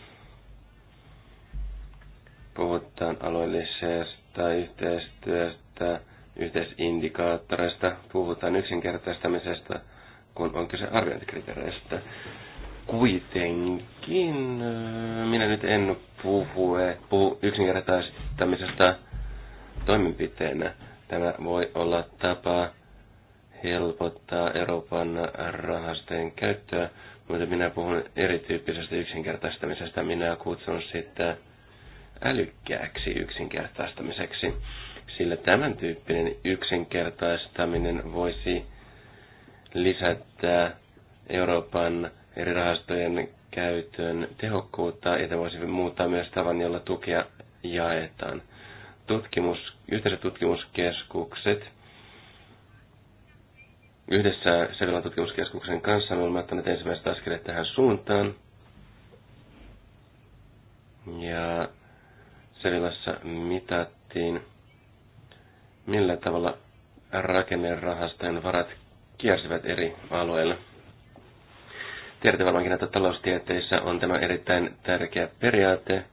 Puhutaan alueellisesta yhteistyöstä, yhteisindikaattoreista, puhutaan yksinkertaistamisesta, kun on kyse arviointikriteereistä kuitenkin äh, minä nyt en puhu, eh, puhu yksinkertaistamisesta toimenpiteenä. Tämä voi olla tapa helpottaa Euroopan rahastojen käyttöä, mutta minä puhun erityyppisestä yksinkertaistamisesta. Minä kutsun sitä älykkääksi yksinkertaistamiseksi, sillä tämän tyyppinen yksinkertaistaminen voisi lisätä Euroopan eri rahastojen käytön tehokkuutta, että voisi muuttaa myös tavan, jolla tukea jaetaan. Tutkimus, yhteiset tutkimuskeskukset yhdessä Sevilan tutkimuskeskuksen kanssa me olemme ottaneet ensimmäiset askeleet tähän suuntaan. Ja Sevilassa mitattiin, millä tavalla rakennerahastojen varat kiersivät eri alueilla. Tiedätte varmaankin, että taloustieteissä on tämä erittäin tärkeä periaate,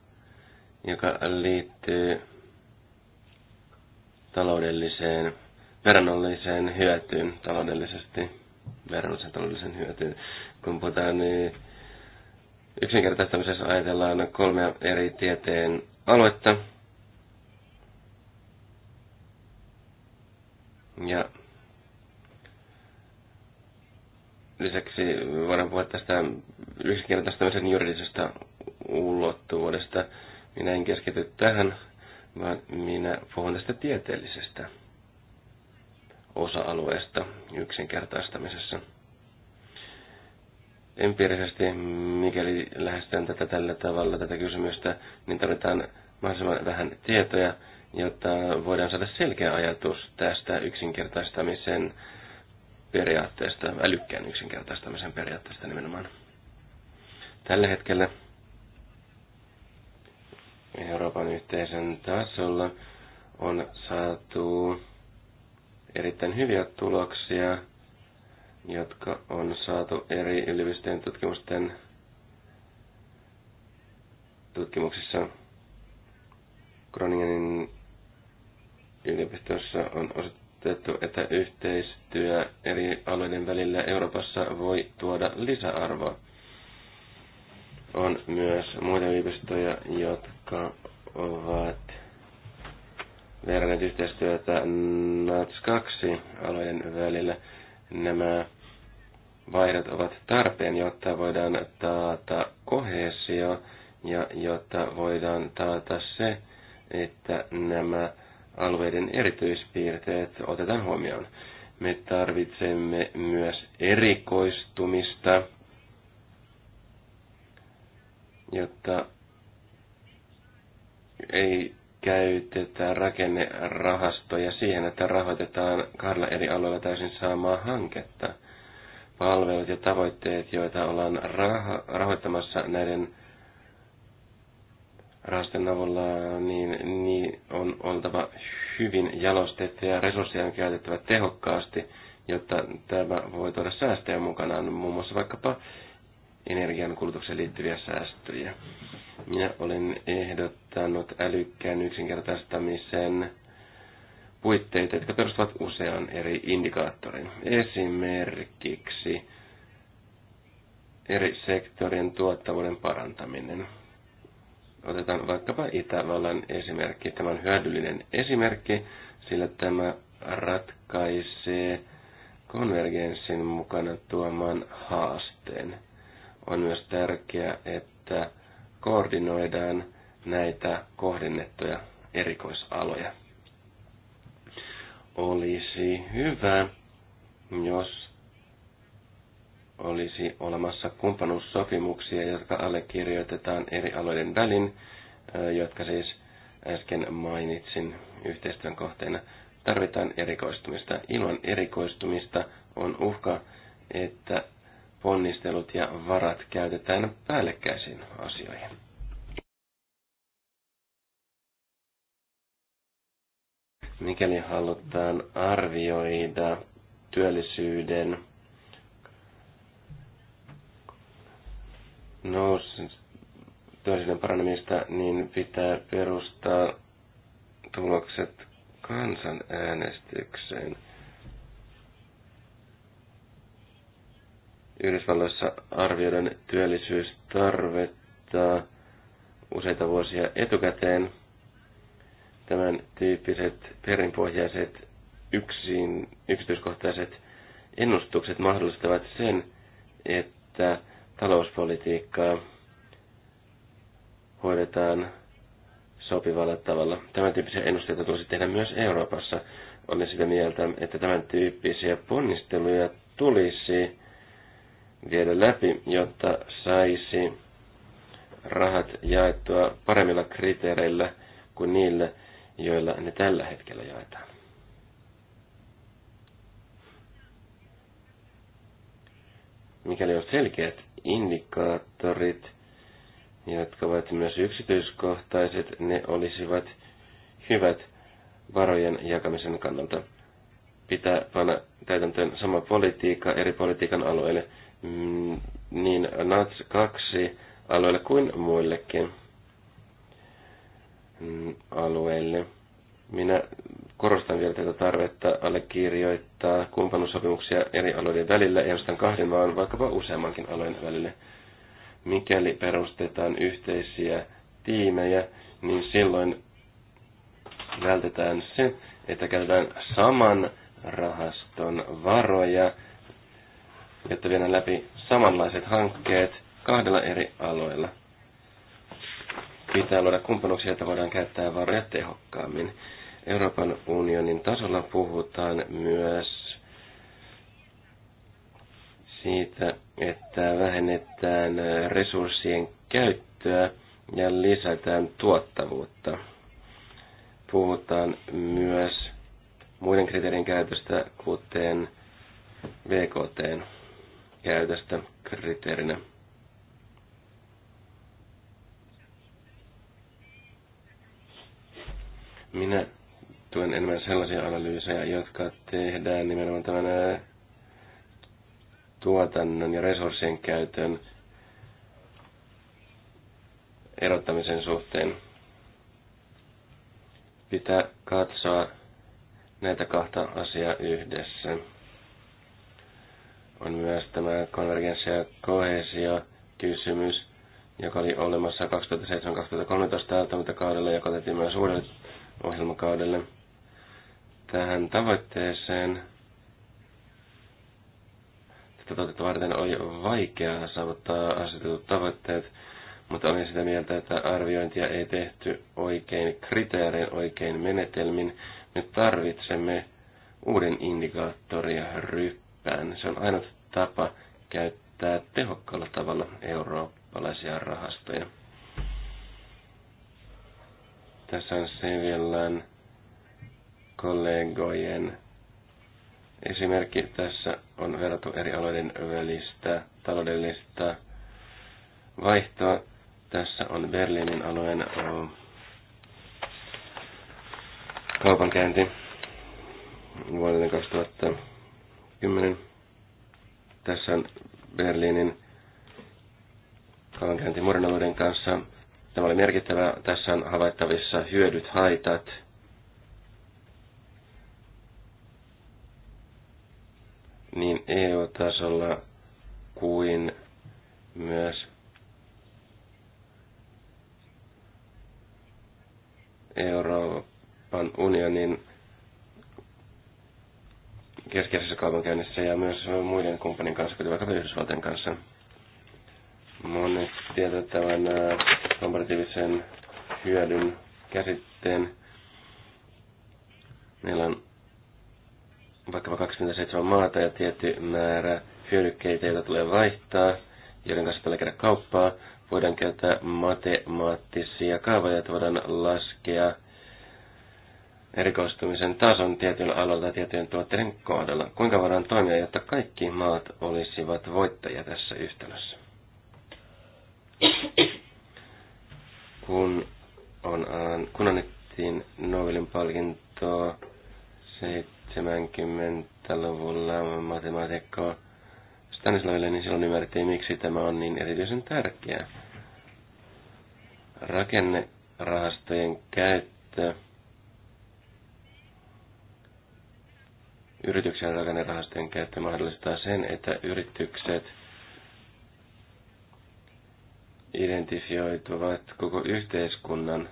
joka liittyy taloudelliseen, verrannolliseen hyötyyn taloudellisesti, verrannollisen taloudellisen hyötyyn. Kun puhutaan niin yksinkertaistamisessa ajatellaan kolmea eri tieteen aluetta. Ja Lisäksi voidaan puhua tästä yksinkertaistamisen juridisesta ulottuvuudesta. Minä en keskity tähän, vaan minä puhun tästä tieteellisestä osa-alueesta yksinkertaistamisessa. Empiirisesti, mikäli lähestytään tätä tällä tavalla, tätä kysymystä, niin tarvitaan mahdollisimman vähän tietoja, jotta voidaan saada selkeä ajatus tästä yksinkertaistamisen periaatteesta, älykkään yksinkertaistamisen periaatteesta nimenomaan. Tällä hetkellä Euroopan yhteisön tasolla on saatu erittäin hyviä tuloksia, jotka on saatu eri yliopistojen tutkimusten tutkimuksissa. Groningenin yliopistossa on osoitettu osoitettu, että yhteistyö eri alueiden välillä Euroopassa voi tuoda lisäarvoa. On myös muita yliopistoja, jotka ovat verranneet yhteistyötä NATS 2 alueiden välillä. Nämä vaihdot ovat tarpeen, jotta voidaan taata kohesio ja jotta voidaan taata se, että nämä alueiden erityispiirteet otetaan huomioon. Me tarvitsemme myös erikoistumista, jotta ei käytetä rakennerahastoja siihen, että rahoitetaan kahdella eri alueella täysin samaa hanketta. Palvelut ja tavoitteet, joita ollaan raho- rahoittamassa näiden rahastojen avulla, niin, niin on oltava hyvin jalostettu ja resursseja on käytettävä tehokkaasti, jotta tämä voi tuoda säästöjä mukanaan, muun muassa vaikkapa energiankulutukseen liittyviä säästöjä. Minä olen ehdottanut älykkään yksinkertaistamisen puitteita, jotka perustuvat usean eri indikaattorin Esimerkiksi eri sektorien tuottavuuden parantaminen. Otetaan vaikkapa Itävallan esimerkki. Tämä on hyödyllinen esimerkki, sillä tämä ratkaisee konvergenssin mukana tuoman haasteen. On myös tärkeää, että koordinoidaan näitä kohdennettuja erikoisaloja. Olisi hyvä, jos olisi olemassa kumppanuussopimuksia, jotka allekirjoitetaan eri alojen välin, jotka siis äsken mainitsin yhteistyön kohteena. Tarvitaan erikoistumista. Ilman erikoistumista on uhka, että ponnistelut ja varat käytetään päällekkäisiin asioihin. Mikäli halutaan arvioida työllisyyden nous, työllisyyden paranemista, niin pitää perustaa tulokset kansanäänestykseen. Yhdysvalloissa arvioidaan työllisyystarvetta useita vuosia etukäteen. Tämän tyyppiset perinpohjaiset yksin, yksityiskohtaiset ennustukset mahdollistavat sen, että talouspolitiikkaa hoidetaan sopivalla tavalla. Tämän tyyppisiä ennusteita tulisi tehdä myös Euroopassa. Olen sitä mieltä, että tämän tyyppisiä ponnisteluja tulisi viedä läpi, jotta saisi rahat jaettua paremmilla kriteereillä kuin niillä, joilla ne tällä hetkellä jaetaan. Mikäli on selkeät indikaattorit, jotka ovat myös yksityiskohtaiset, ne olisivat hyvät varojen jakamisen kannalta. Pitää panna täytäntöön sama politiikka eri politiikan alueille, mm, niin NATS 2 alueille kuin muillekin mm, alueille. Minä Korostan vielä tätä tarvetta allekirjoittaa kumppanuussopimuksia eri alojen välillä, ei ainoastaan kahden, vaan vaikkapa useammankin alojen välille. Mikäli perustetaan yhteisiä tiimejä, niin silloin vältetään se, että käytetään saman rahaston varoja, jotta viedään läpi samanlaiset hankkeet kahdella eri aloilla. Pitää luoda kumppanuuksia, että voidaan käyttää varoja tehokkaammin. Euroopan unionin tasolla puhutaan myös siitä, että vähennetään resurssien käyttöä ja lisätään tuottavuutta. Puhutaan myös muiden kriteerien käytöstä, kuten BKT käytöstä kriteerinä. Minä tuen enemmän sellaisia analyysejä, jotka tehdään nimenomaan tämän tuotannon ja resurssien käytön erottamisen suhteen. Pitää katsoa näitä kahta asiaa yhdessä. On myös tämä konvergenssi- ja kohesio-kysymys, joka oli olemassa 2007-2013 kaudella, ja katettiin myös uudelle ohjelmakaudelle tähän tavoitteeseen. Tätä tavoitetta varten oli vaikeaa saavuttaa asetetut tavoitteet, mutta olin sitä mieltä, että arviointia ei tehty oikein kriteerein, oikein menetelmin. Me tarvitsemme uuden indikaattoria ryppään. Se on ainut tapa käyttää tehokkaalla tavalla eurooppalaisia rahastoja. Tässä on vielä kollegojen esimerkki tässä on verrattu eri aloiden välistä taloudellista vaihtoa. Tässä on Berliinin alueen kaupankäynti vuodelta 2010. Tässä on Berliinin kaupankäynti muiden alueiden kanssa. Tämä oli merkittävä. Tässä on havaittavissa hyödyt, haitat – niin EU-tasolla kuin myös Euroopan unionin keskeisessä kaupankäynnissä ja myös muiden kumppanin kanssa, kuten vaikka Yhdysvaltain kanssa. Monet tietävät tämän äh, komparatiivisen hyödyn käsitteen. Meillä on vaikkapa 27 maata ja tietty määrä hyödykkeitä, joita tulee vaihtaa, joiden kanssa tulee käydä kauppaa. Voidaan käyttää matemaattisia kaavoja, että voidaan laskea erikoistumisen tason tietyllä alalla tietyn tuotteiden kohdalla. Kuinka voidaan toimia, jotta kaikki maat olisivat voittajia tässä yhtälössä? kun, on, kun annettiin Nobelin palkintoa 7 70-luvulla matemaatikko Stanislaville, niin silloin ymmärrettiin, miksi tämä on niin erityisen tärkeää. Rakennerahastojen käyttö Yrityksen rakennerahastojen käyttö mahdollistaa sen, että yritykset identifioituvat koko yhteiskunnan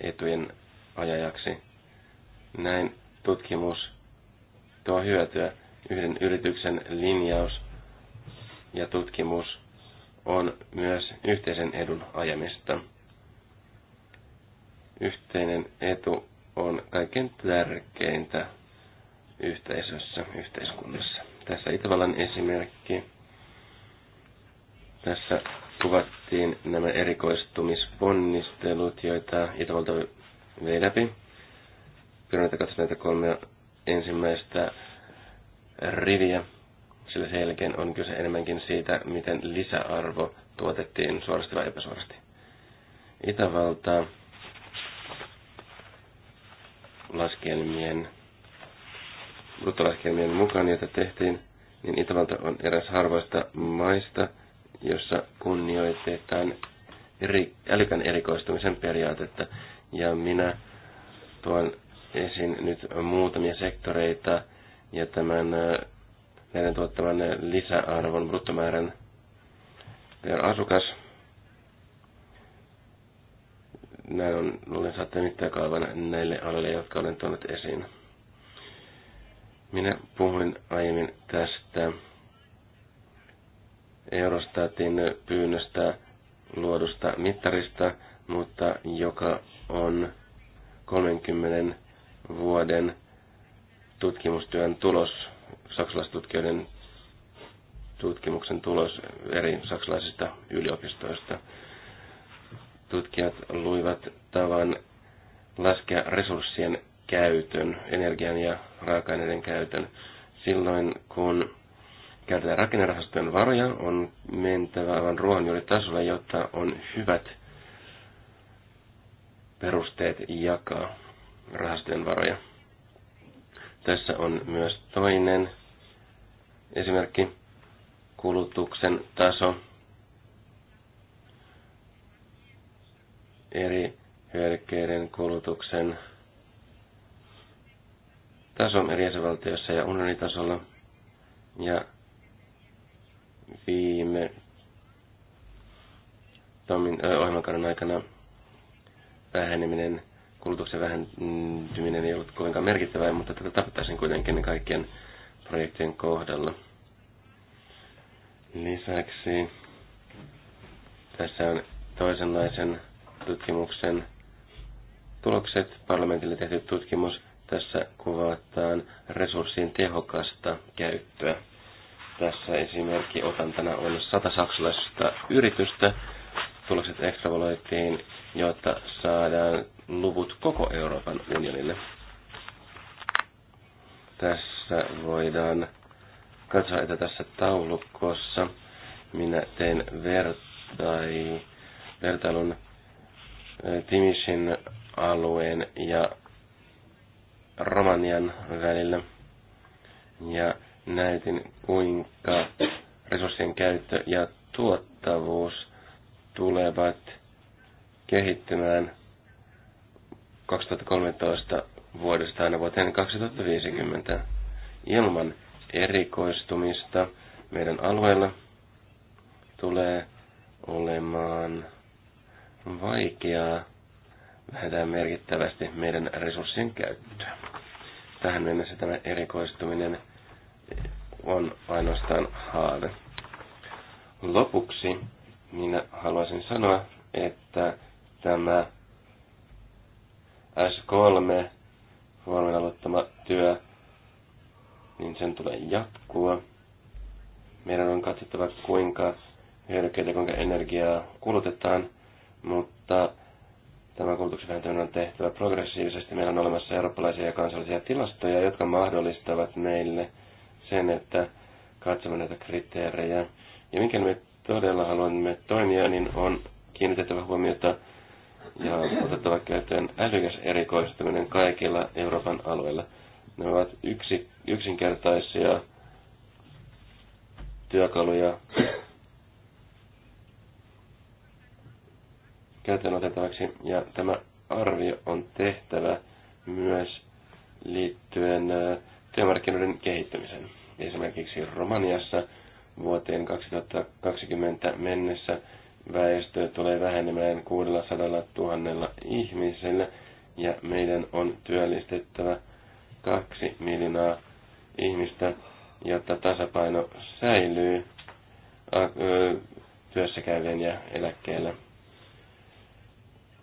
etujen ajajaksi. Näin tutkimus tuo hyötyä. Yhden yrityksen linjaus ja tutkimus on myös yhteisen edun ajamista. Yhteinen etu on kaiken tärkeintä yhteisössä, yhteiskunnassa. Tässä Itävallan esimerkki. Tässä kuvattiin nämä erikoistumisponnistelut, joita Itävalta vei läpi Pyrin katsomaan näitä kolmea ensimmäistä riviä, sillä sen jälkeen on kyse enemmänkin siitä, miten lisäarvo tuotettiin suorasti vai epäsuorasti. Itävalta laskelmien, bruttolaskelmien mukaan, joita tehtiin, niin Itävalta on eräs harvoista maista, jossa kunnioitetaan eri, älykän erikoistumisen periaatetta. Ja minä tuon esiin nyt muutamia sektoreita ja tämän meidän tuottaman lisäarvon bruttomäärän per asukas. Näin on, luulen saatte mittakaavan näille aloille, jotka olen tuonut esiin. Minä puhuin aiemmin tästä Eurostatin pyynnöstä luodusta mittarista, mutta joka on 30 vuoden tutkimustyön tulos, saksalaistutkijoiden tutkimuksen tulos eri saksalaisista yliopistoista. Tutkijat luivat tavan laskea resurssien käytön, energian ja raaka-aineiden käytön. Silloin kun käytetään rakennerahastojen varoja, on mentävä aivan ruohonjuuritasolla, jotta on hyvät perusteet jakaa rahastojen varoja. Tässä on myös toinen esimerkki, kulutuksen taso eri hyödykkeiden kulutuksen taso eri jäsenvaltioissa ja unionitasolla. Ja viime Tomin ohjelmakauden aikana väheneminen kulutuksen vähentyminen ei ollut kovinkaan merkittävää, mutta tätä tarvittaisiin kuitenkin kaikkien projektien kohdalla. Lisäksi tässä on toisenlaisen tutkimuksen tulokset, parlamentille tehty tutkimus. Tässä kuvataan resurssien tehokasta käyttöä. Tässä esimerkki otantana on 100 saksalaista yritystä, tulokset ekstravaloitiin, jotta saadaan luvut koko Euroopan unionille. Tässä voidaan katsoa, että tässä taulukossa minä tein vertai, vertailun Timisin alueen ja Romanian välillä. Ja näytin, kuinka resurssien käyttö ja tuottavuus tulevat kehittymään 2013 vuodesta aina vuoteen 2050 ilman erikoistumista meidän alueella tulee olemaan vaikeaa vähentää merkittävästi meidän resurssien käyttöä. Tähän mennessä tämä erikoistuminen on ainoastaan haave. Lopuksi minä haluaisin sanoa, että tämä S3 huomenna aloittama työ, niin sen tulee jatkua. Meidän on katsottava, kuinka hyödykkeitä, kuinka energiaa kulutetaan, mutta tämä kulutuksen vähentäminen on tehtävä progressiivisesti. Meillä on olemassa eurooppalaisia ja kansallisia tilastoja, jotka mahdollistavat meille sen, että katsomme näitä kriteerejä. Ja mikäli me todella haluamme toimia, niin on kiinnitettävä huomiota ja otettava käyttöön älykäs erikoistuminen kaikilla Euroopan alueilla. Ne ovat yksi, yksinkertaisia työkaluja käyttöön otettavaksi, ja tämä arvio on tehtävä myös liittyen työmarkkinoiden kehittämiseen. Esimerkiksi Romaniassa Vuoteen 2020 mennessä väestö tulee vähenemään 600 000 ihmisellä ja meidän on työllistettävä kaksi miljoonaa ihmistä, jotta tasapaino säilyy työssäkäyvien ja eläkkeellä,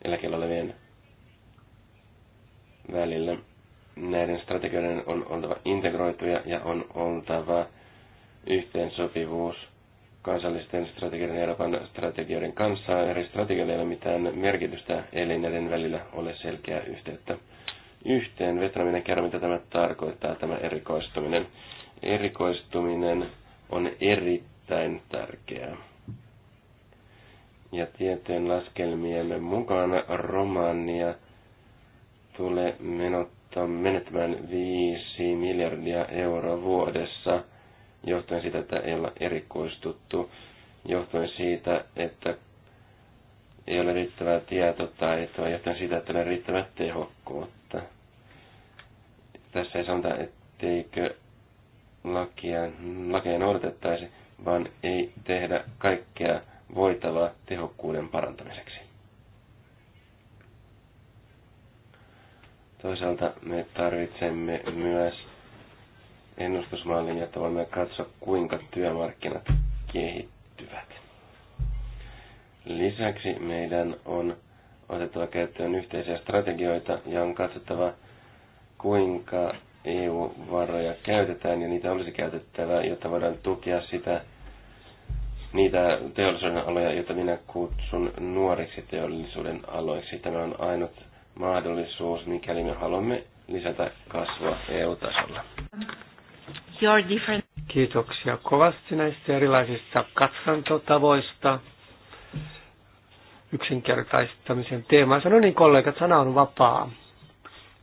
eläkkeellä olevien välillä. Näiden strategioiden on oltava integroituja ja on oltava yhteensopivuus kansallisten strategioiden ja Euroopan strategioiden kanssa. Eri strategioilla ei ole mitään merkitystä, ellei näiden välillä ole selkeää yhteyttä. Yhteen vetäminen kerro, mitä tämä tarkoittaa, tämä erikoistuminen. Erikoistuminen on erittäin tärkeää. Ja tieteen laskelmiemme mukaan Romania tulee menottaa menettämään 5 miljardia euroa vuodessa – johtuen siitä, että ei olla erikoistuttu, johtuen siitä, että ei ole riittävää tietotaitoa, johtuen siitä, että ei ole riittävää tehokkuutta. Tässä ei sanota, etteikö lakia, lakia noudatettaisi, vaan ei tehdä kaikkea voitavaa tehokkuuden parantamiseksi. Toisaalta me tarvitsemme myös ennustusmallin, jotta voimme katsoa, kuinka työmarkkinat kehittyvät. Lisäksi meidän on otettava käyttöön yhteisiä strategioita ja on katsottava, kuinka EU-varoja käytetään ja niitä olisi käytettävä, jotta voidaan tukea sitä, niitä teollisuuden aloja, joita minä kutsun nuoriksi teollisuuden aloiksi. Tämä on ainut mahdollisuus, mikäli me haluamme lisätä kasvua EU-tasolla your different... Kiitoksia kovasti näistä erilaisista katsantotavoista yksinkertaistamisen teemansa. Sano niin, kollegat, sana on vapaa.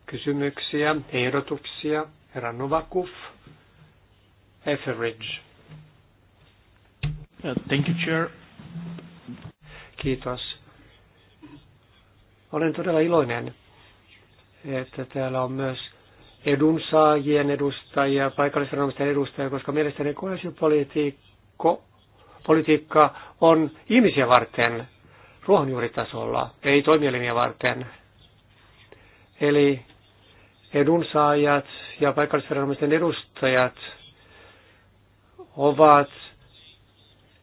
Kysymyksiä, ehdotuksia, herra Novakuf. Etheridge. Uh, thank you, Chair. Kiitos. Olen todella iloinen, että täällä on myös edunsaajien edustajia, paikallisviranomaisten edustajia, koska mielestäni politiikka on ihmisiä varten ruohonjuuritasolla, ei toimielimiä varten. Eli edunsaajat ja paikallisviranomaisten edustajat ovat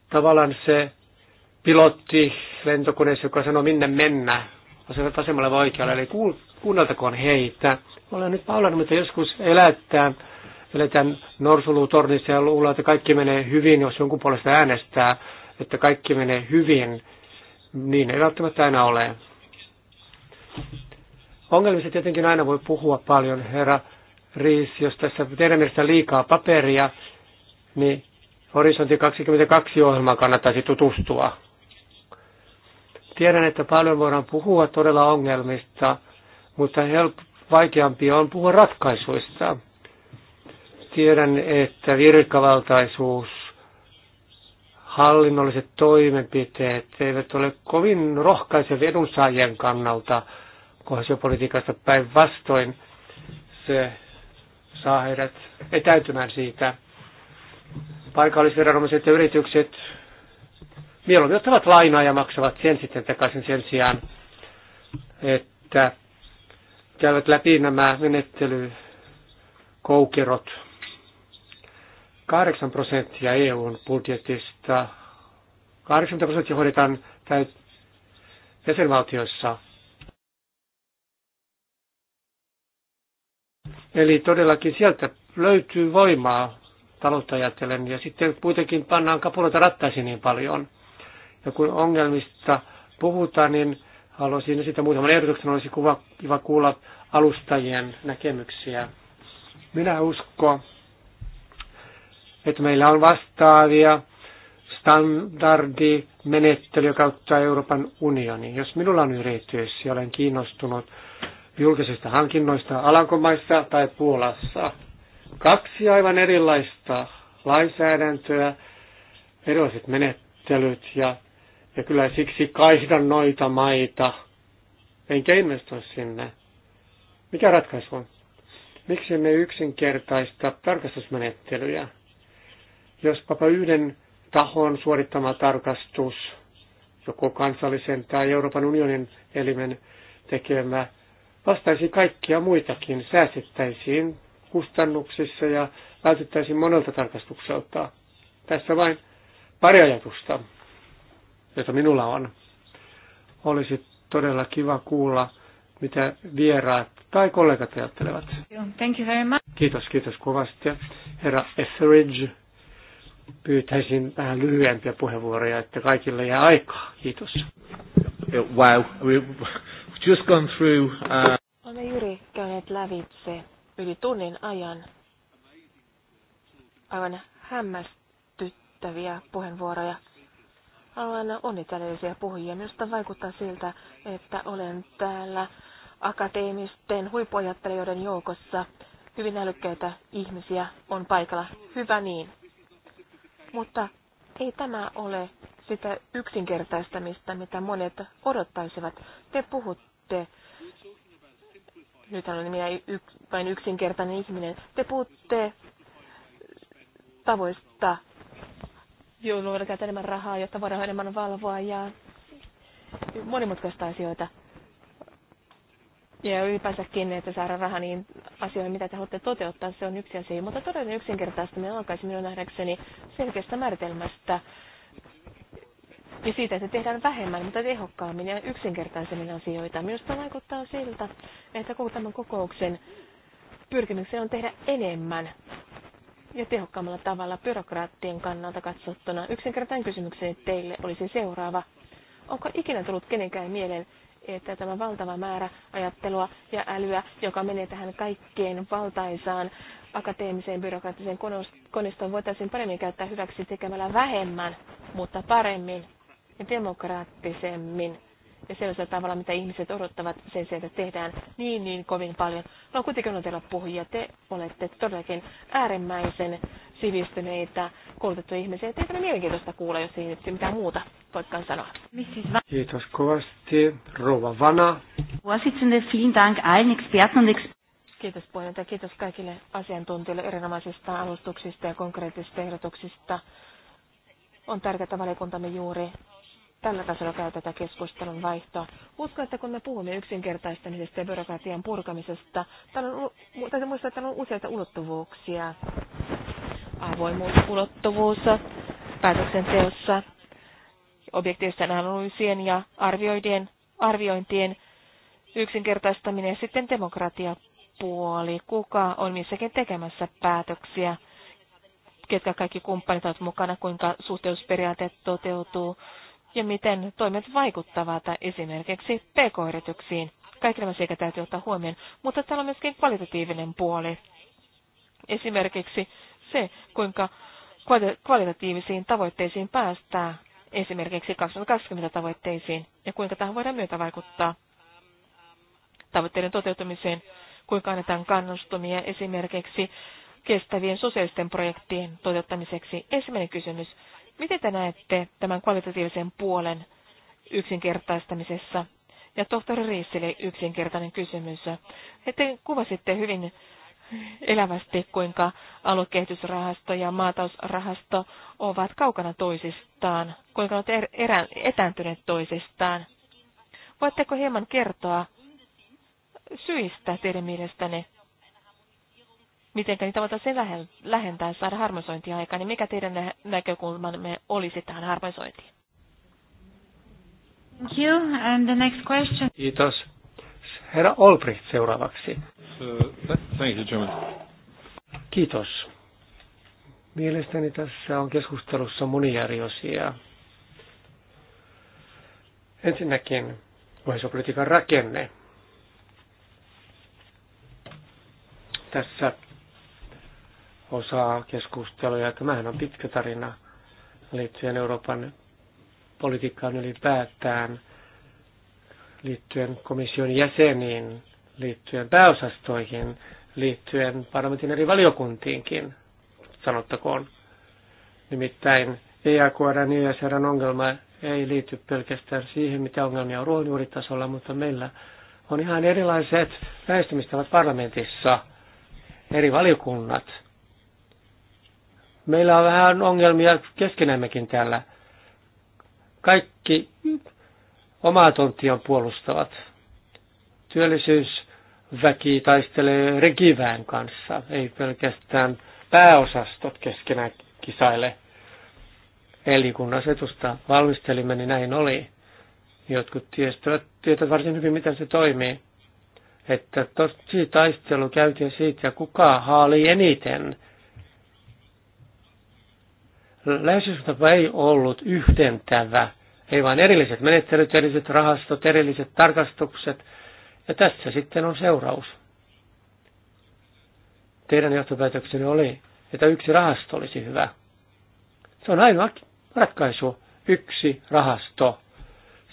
tavallaan se pilotti lentokoneessa, joka sanoo minne mennä, vasemmalle vai oikealle, eli kuunneltakoon heitä olen nyt paulannut, mutta joskus elättää, eletään norsulutornissa ja luulen, että kaikki menee hyvin, jos jonkun puolesta äänestää, että kaikki menee hyvin. Niin ei välttämättä aina ole. Ongelmissa tietenkin aina voi puhua paljon, herra Riis, jos tässä teidän mielestä liikaa paperia, niin Horisontti 22 ohjelmaan kannattaisi tutustua. Tiedän, että paljon voidaan puhua todella ongelmista, mutta help, vaikeampia on puhua ratkaisuista. Tiedän, että virkavaltaisuus, hallinnolliset toimenpiteet eivät ole kovin rohkaisevia edunsaajien kannalta kohesiopolitiikasta päinvastoin. Se saa heidät etäytymään siitä. Paikallisviranomaiset ja yritykset mieluummin ottavat lainaa ja maksavat sen sitten takaisin sen sijaan, että käyvät läpi nämä menettelykoukerot. 8 prosenttia EUn budjetista, 80 prosenttia hoidetaan jäsenvaltioissa. Eli todellakin sieltä löytyy voimaa taloutta ajatellen, ja sitten kuitenkin pannaan kapuloita rattaisiin niin paljon. Ja kun ongelmista puhutaan, niin Haluaisin sitten muutaman ehdotuksen, olisi kuva, kiva kuulla alustajien näkemyksiä. Minä uskon, että meillä on vastaavia standardimenettelyjä kautta Euroopan unioni. Jos minulla on yritys ja olen kiinnostunut julkisista hankinnoista Alankomaissa tai Puolassa, kaksi aivan erilaista lainsäädäntöä, erilaiset menettelyt ja ja kyllä siksi kaihdan noita maita, enkä investoi sinne. Mikä ratkaisu on? Miksi me yksinkertaista tarkastusmenettelyjä? Jos papa yhden tahon suorittama tarkastus, joko kansallisen tai Euroopan unionin elimen tekemä, vastaisi kaikkia muitakin, säästettäisiin kustannuksissa ja vältettäisiin monelta tarkastukselta. Tässä vain pari ajatusta jota minulla on. Olisi todella kiva kuulla, mitä vieraat tai kollegat ajattelevat. Thank you very much. Kiitos, kiitos kovasti. Herra Etheridge, pyytäisin vähän lyhyempiä puheenvuoroja, että kaikille jää aikaa. Kiitos. Wow, we've just gone through... Uh... Olemme juuri käyneet lävitse yli tunnin ajan aivan hämmästyttäviä puheenvuoroja. Haluan onnitella puhujia. Minusta vaikuttaa siltä, että olen täällä akateemisten huippuajattelijoiden joukossa. Hyvin älykkäitä ihmisiä on paikalla. Hyvä niin. Mutta ei tämä ole sitä yksinkertaistamista, mitä monet odottaisivat. Te puhutte, nyt olen minä vain yksinkertainen ihminen, te puhutte tavoista joululla käytetään enemmän rahaa, jotta voidaan enemmän valvoa ja monimutkaista asioita. Ja ylipäänsäkin, että saada raha niin asioihin, mitä te haluatte toteuttaa, se on yksi asia. Mutta yksinkertaista me alkaisi minun nähdäkseni selkeästä määritelmästä ja siitä, että tehdään vähemmän, mutta tehokkaammin ja yksinkertaisemmin asioita. Minusta vaikuttaa siltä, että koko tämän kokouksen pyrkimyksen on tehdä enemmän ja tehokkaammalla tavalla byrokraattien kannalta katsottuna. Yksinkertainen kysymykseni teille olisi seuraava. Onko ikinä tullut kenenkään mieleen, että tämä valtava määrä ajattelua ja älyä, joka menee tähän kaikkeen valtaisaan akateemiseen byrokraattiseen koneistoon, voitaisiin paremmin käyttää hyväksi tekemällä vähemmän, mutta paremmin ja demokraattisemmin ja sellaisella tavalla, mitä ihmiset odottavat sen sieltä tehdään niin niin kovin paljon. No kuitenkin on teillä puhujia, te olette todellakin äärimmäisen sivistyneitä, koulutettuja ihmisiä. Teitä on mielenkiintoista kuulla, jos ei mitään muuta voitkaan sanoa. Kiitos kovasti. Rova Vana. vielen Dank allen Experten und Kiitos puheenjohtaja, kiitos kaikille asiantuntijoille erinomaisista alustuksista ja konkreettisista ehdotuksista. On tärkeää, että valiokuntamme juuri tällä tasolla käy tätä keskustelun vaihtoa. Uskon, että kun me puhumme yksinkertaistamisesta ja byrokratian purkamisesta, on, täytyy muistaa, että on useita ulottuvuuksia. Avoimuusulottuvuus päätöksenteossa, objektiivisten analyysien ja arvioidien, arviointien yksinkertaistaminen ja sitten demokratiapuoli. Kuka on missäkin tekemässä päätöksiä? ketkä kaikki kumppanit ovat mukana, kuinka suhteusperiaate toteutuu, ja miten toimet vaikuttavat esimerkiksi pk-yrityksiin. Kaikki nämä seikat täytyy ottaa huomioon, mutta täällä on myöskin kvalitatiivinen puoli. Esimerkiksi se, kuinka kvalitatiivisiin tavoitteisiin päästään, esimerkiksi 2020 tavoitteisiin, ja kuinka tähän voidaan myötä vaikuttaa tavoitteiden toteutumiseen, kuinka annetaan kannustumia esimerkiksi kestävien sosiaalisten projektien toteuttamiseksi. Ensimmäinen kysymys, Miten te näette tämän kvalitatiivisen puolen yksinkertaistamisessa? Ja tohtori Riisseli yksinkertainen kysymys. Te kuvasitte hyvin elävästi, kuinka aluekehitysrahasto ja maatausrahasto ovat kaukana toisistaan, kuinka ovat erä, etääntyneet toisistaan. Voitteko hieman kertoa syistä teidän mielestänne miten niitä voitaisiin lähentää, saada harmonisointia aikaan, niin mikä teidän näkökulmanne olisi tähän harmonisointiin? Thank you. And the next question. Kiitos. Herra Olbricht seuraavaksi. Uh, thank you, Chairman. Kiitos. Mielestäni tässä on keskustelussa monia eri osia. Ensinnäkin kohesiopolitiikan rakenne. Tässä osaa keskusteluja. Tämähän on pitkä tarina liittyen Euroopan politiikkaan ylipäätään, liittyen komission jäseniin, liittyen pääosastoihin, liittyen parlamentin eri valiokuntiinkin, sanottakoon. Nimittäin EAKR ja ESRn ongelma ei liity pelkästään siihen, mitä ongelmia on ruohonjuuritasolla, mutta meillä on ihan erilaiset lähestymistavat parlamentissa, eri valiokunnat – Meillä on vähän ongelmia keskenämmekin täällä. Kaikki omaa tonttiaan puolustavat. Työllisyysväki taistelee regivään kanssa, ei pelkästään pääosastot keskenään kisaile. Eli kun asetusta valmistelimme, niin näin oli. Jotkut tietävät, tietävät varsin hyvin, miten se toimii. Että tosi taistelu käytiin siitä, kuka haali eniten – lähestymistapa ei ollut yhdentävä, ei vain erilliset menettelyt, erilliset rahastot, erilliset tarkastukset, ja tässä sitten on seuraus. Teidän johtopäätöksenne oli, että yksi rahasto olisi hyvä. Se on ainoa ratkaisu, yksi rahasto.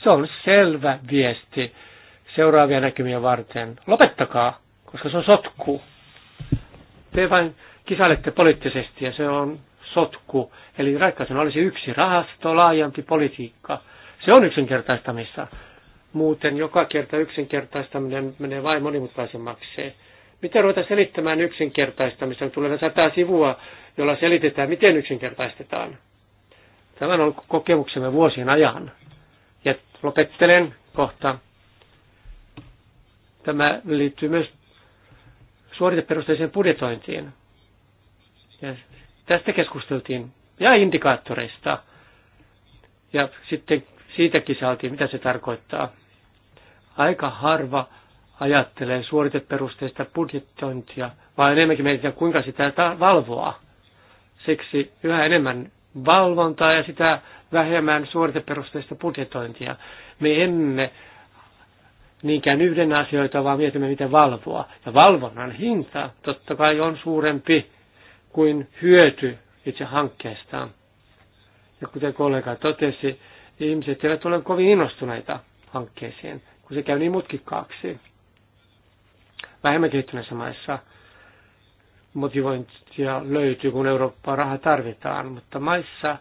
Se on selvä viesti seuraavia näkymiä varten. Lopettakaa, koska se on sotku. Te vain kisailette poliittisesti ja se on sotku. Eli ratkaisuna olisi yksi rahasto, laajempi politiikka. Se on yksinkertaistamista. Muuten joka kerta yksinkertaistaminen menee vain monimutkaisemmaksi. Miten ruveta selittämään yksinkertaistamista? Tulee sata sivua, jolla selitetään, miten yksinkertaistetaan. Tämä on ollut kokemuksemme vuosien ajan. Ja lopettelen kohta. Tämä liittyy myös suoriteperusteiseen budjetointiin. Ja Tästä keskusteltiin ja indikaattoreista. Ja sitten siitäkin saatiin, mitä se tarkoittaa. Aika harva ajattelee suoriteperusteista budjetointia, vaan enemmänkin mietitään, kuinka sitä valvoa. Siksi yhä enemmän valvontaa ja sitä vähemmän suoriteperusteista budjetointia. Me emme niinkään yhden asioita, vaan mietimme, miten valvoa. Ja valvonnan hinta totta kai on suurempi kuin hyöty itse hankkeesta. Ja kuten kollega totesi, niin ihmiset eivät ole kovin innostuneita hankkeisiin, kun se käy niin mutkikkaaksi. Vähemmän kehittyneissä maissa motivointia löytyy, kun Eurooppaa rahaa tarvitaan, mutta maissa,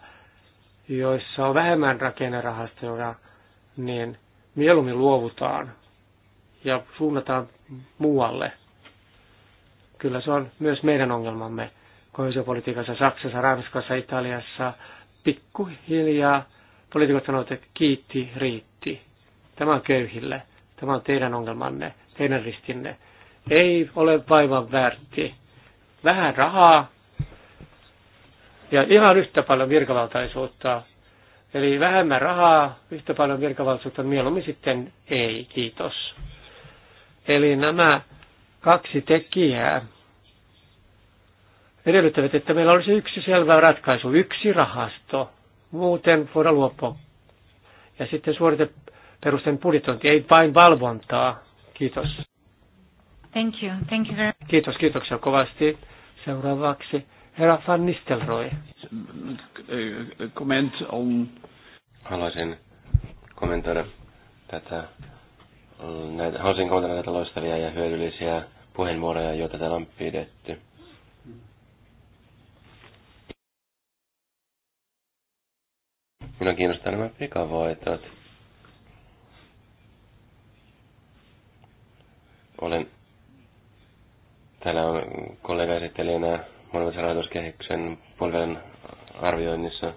joissa on vähemmän rakennerahastoja, niin mieluummin luovutaan ja suunnataan muualle. Kyllä se on myös meidän ongelmamme koheesiopolitiikassa, Saksassa, Ranskassa, Italiassa. Pikkuhiljaa poliitikot sanoivat, että kiitti, riitti. Tämä on köyhille. Tämä on teidän ongelmanne, teidän ristinne. Ei ole vaivan väärti. Vähän rahaa ja ihan yhtä paljon virkavaltaisuutta. Eli vähemmän rahaa, yhtä paljon virkavaltaisuutta, mieluummin sitten ei, kiitos. Eli nämä kaksi tekijää edellyttävät, että meillä olisi yksi selvä ratkaisu, yksi rahasto. Muuten voidaan luopua. Ja sitten suoriteperusten budjetointi, ei vain valvontaa. Kiitos. Thank you. Thank you very... Kiitos, kiitoksia kovasti. Seuraavaksi herra Van Nistelrooy. Comment on... Haluaisin kommentoida tätä, näitä, haluaisin kommentoida näitä loistavia ja hyödyllisiä puheenvuoroja, joita täällä on pidetty. Minua kiinnostaa nämä pikavoitot. Olen täällä on kollega esittelijänä monimuotoisen rahoituskehityksen puolivälin arvioinnissa.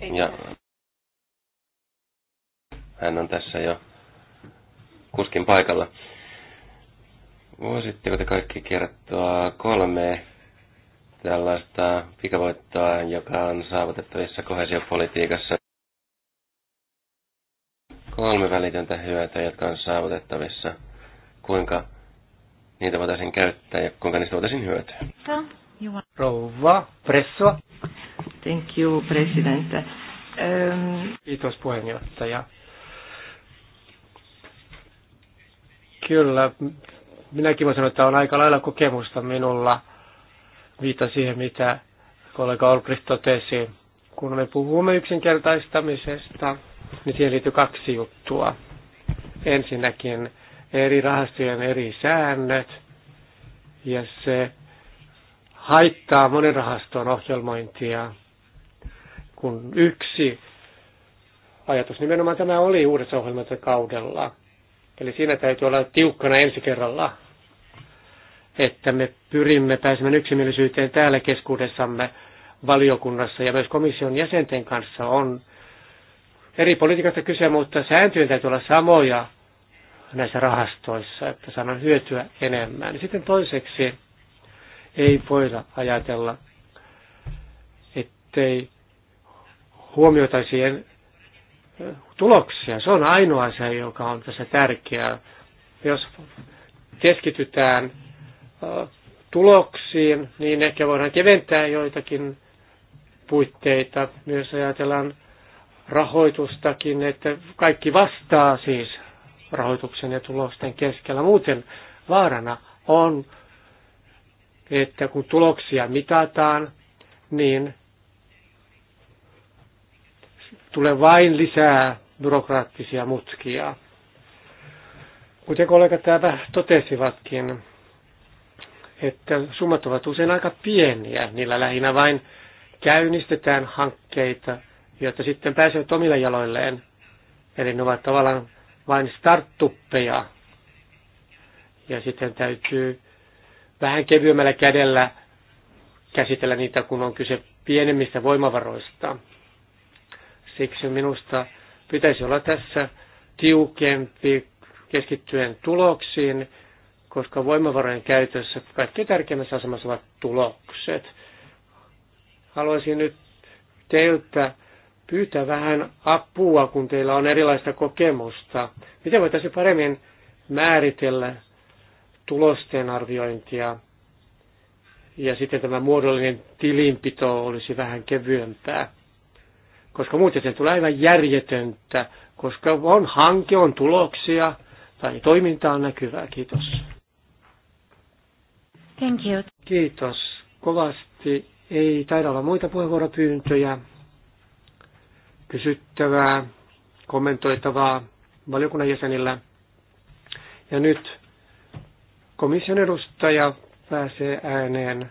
Ja hän on tässä jo kuskin paikalla. Voisitteko te kaikki kertoa kolme tällaista pikavoittoa, joka on saavutettavissa kohesiopolitiikassa. Kolme välitöntä hyötyä, jotka on saavutettavissa. Kuinka niitä voitaisiin käyttää ja kuinka niistä voitaisiin hyötyä? Rouva, pressua. Thank you, president. Um... Kiitos puheenjohtaja. Kyllä, minäkin voin sanoa, että on aika lailla kokemusta minulla – viittaa siihen, mitä kollega Olbrich totesi. Kun me puhumme yksinkertaistamisesta, niin siihen liittyy kaksi juttua. Ensinnäkin eri rahastojen eri säännöt, ja se haittaa monen rahaston ohjelmointia, kun yksi ajatus nimenomaan tämä oli uudessa kaudella, Eli siinä täytyy olla tiukkana ensi kerralla että me pyrimme pääsemään yksimielisyyteen täällä keskuudessamme valiokunnassa ja myös komission jäsenten kanssa on eri politiikasta kyse, mutta sääntöjen täytyy olla samoja näissä rahastoissa, että saadaan hyötyä enemmän. Sitten toiseksi ei voida ajatella, ettei huomioitaisi tuloksia. Se on ainoa asia, joka on tässä tärkeää. Jos keskitytään tuloksiin, niin ehkä voidaan keventää joitakin puitteita. Myös ajatellaan rahoitustakin, että kaikki vastaa siis rahoituksen ja tulosten keskellä. Muuten vaarana on, että kun tuloksia mitataan, niin tulee vain lisää byrokraattisia mutkia. Kuten kollegat täällä totesivatkin, että summat ovat usein aika pieniä. Niillä lähinnä vain käynnistetään hankkeita, jotta sitten pääsevät omille jaloilleen. Eli ne ovat tavallaan vain starttuppeja. Ja sitten täytyy vähän kevyemmällä kädellä käsitellä niitä, kun on kyse pienemmistä voimavaroista. Siksi minusta pitäisi olla tässä tiukempi keskittyen tuloksiin koska voimavarojen käytössä kaikkein tärkeimmässä asemassa ovat tulokset. Haluaisin nyt teiltä pyytää vähän apua, kun teillä on erilaista kokemusta. Miten voitaisiin paremmin määritellä tulosten arviointia ja sitten tämä muodollinen tilinpito olisi vähän kevyempää. Koska muuten se tulee aivan järjetöntä, koska on hanke, on tuloksia tai toiminta on näkyvää. Kiitos. Thank you. Kiitos kovasti. Ei taida olla muita puheenvuoropyyntöjä, kysyttävää, kommentoitavaa valiokunnan jäsenillä. Ja nyt komission edustaja pääsee ääneen.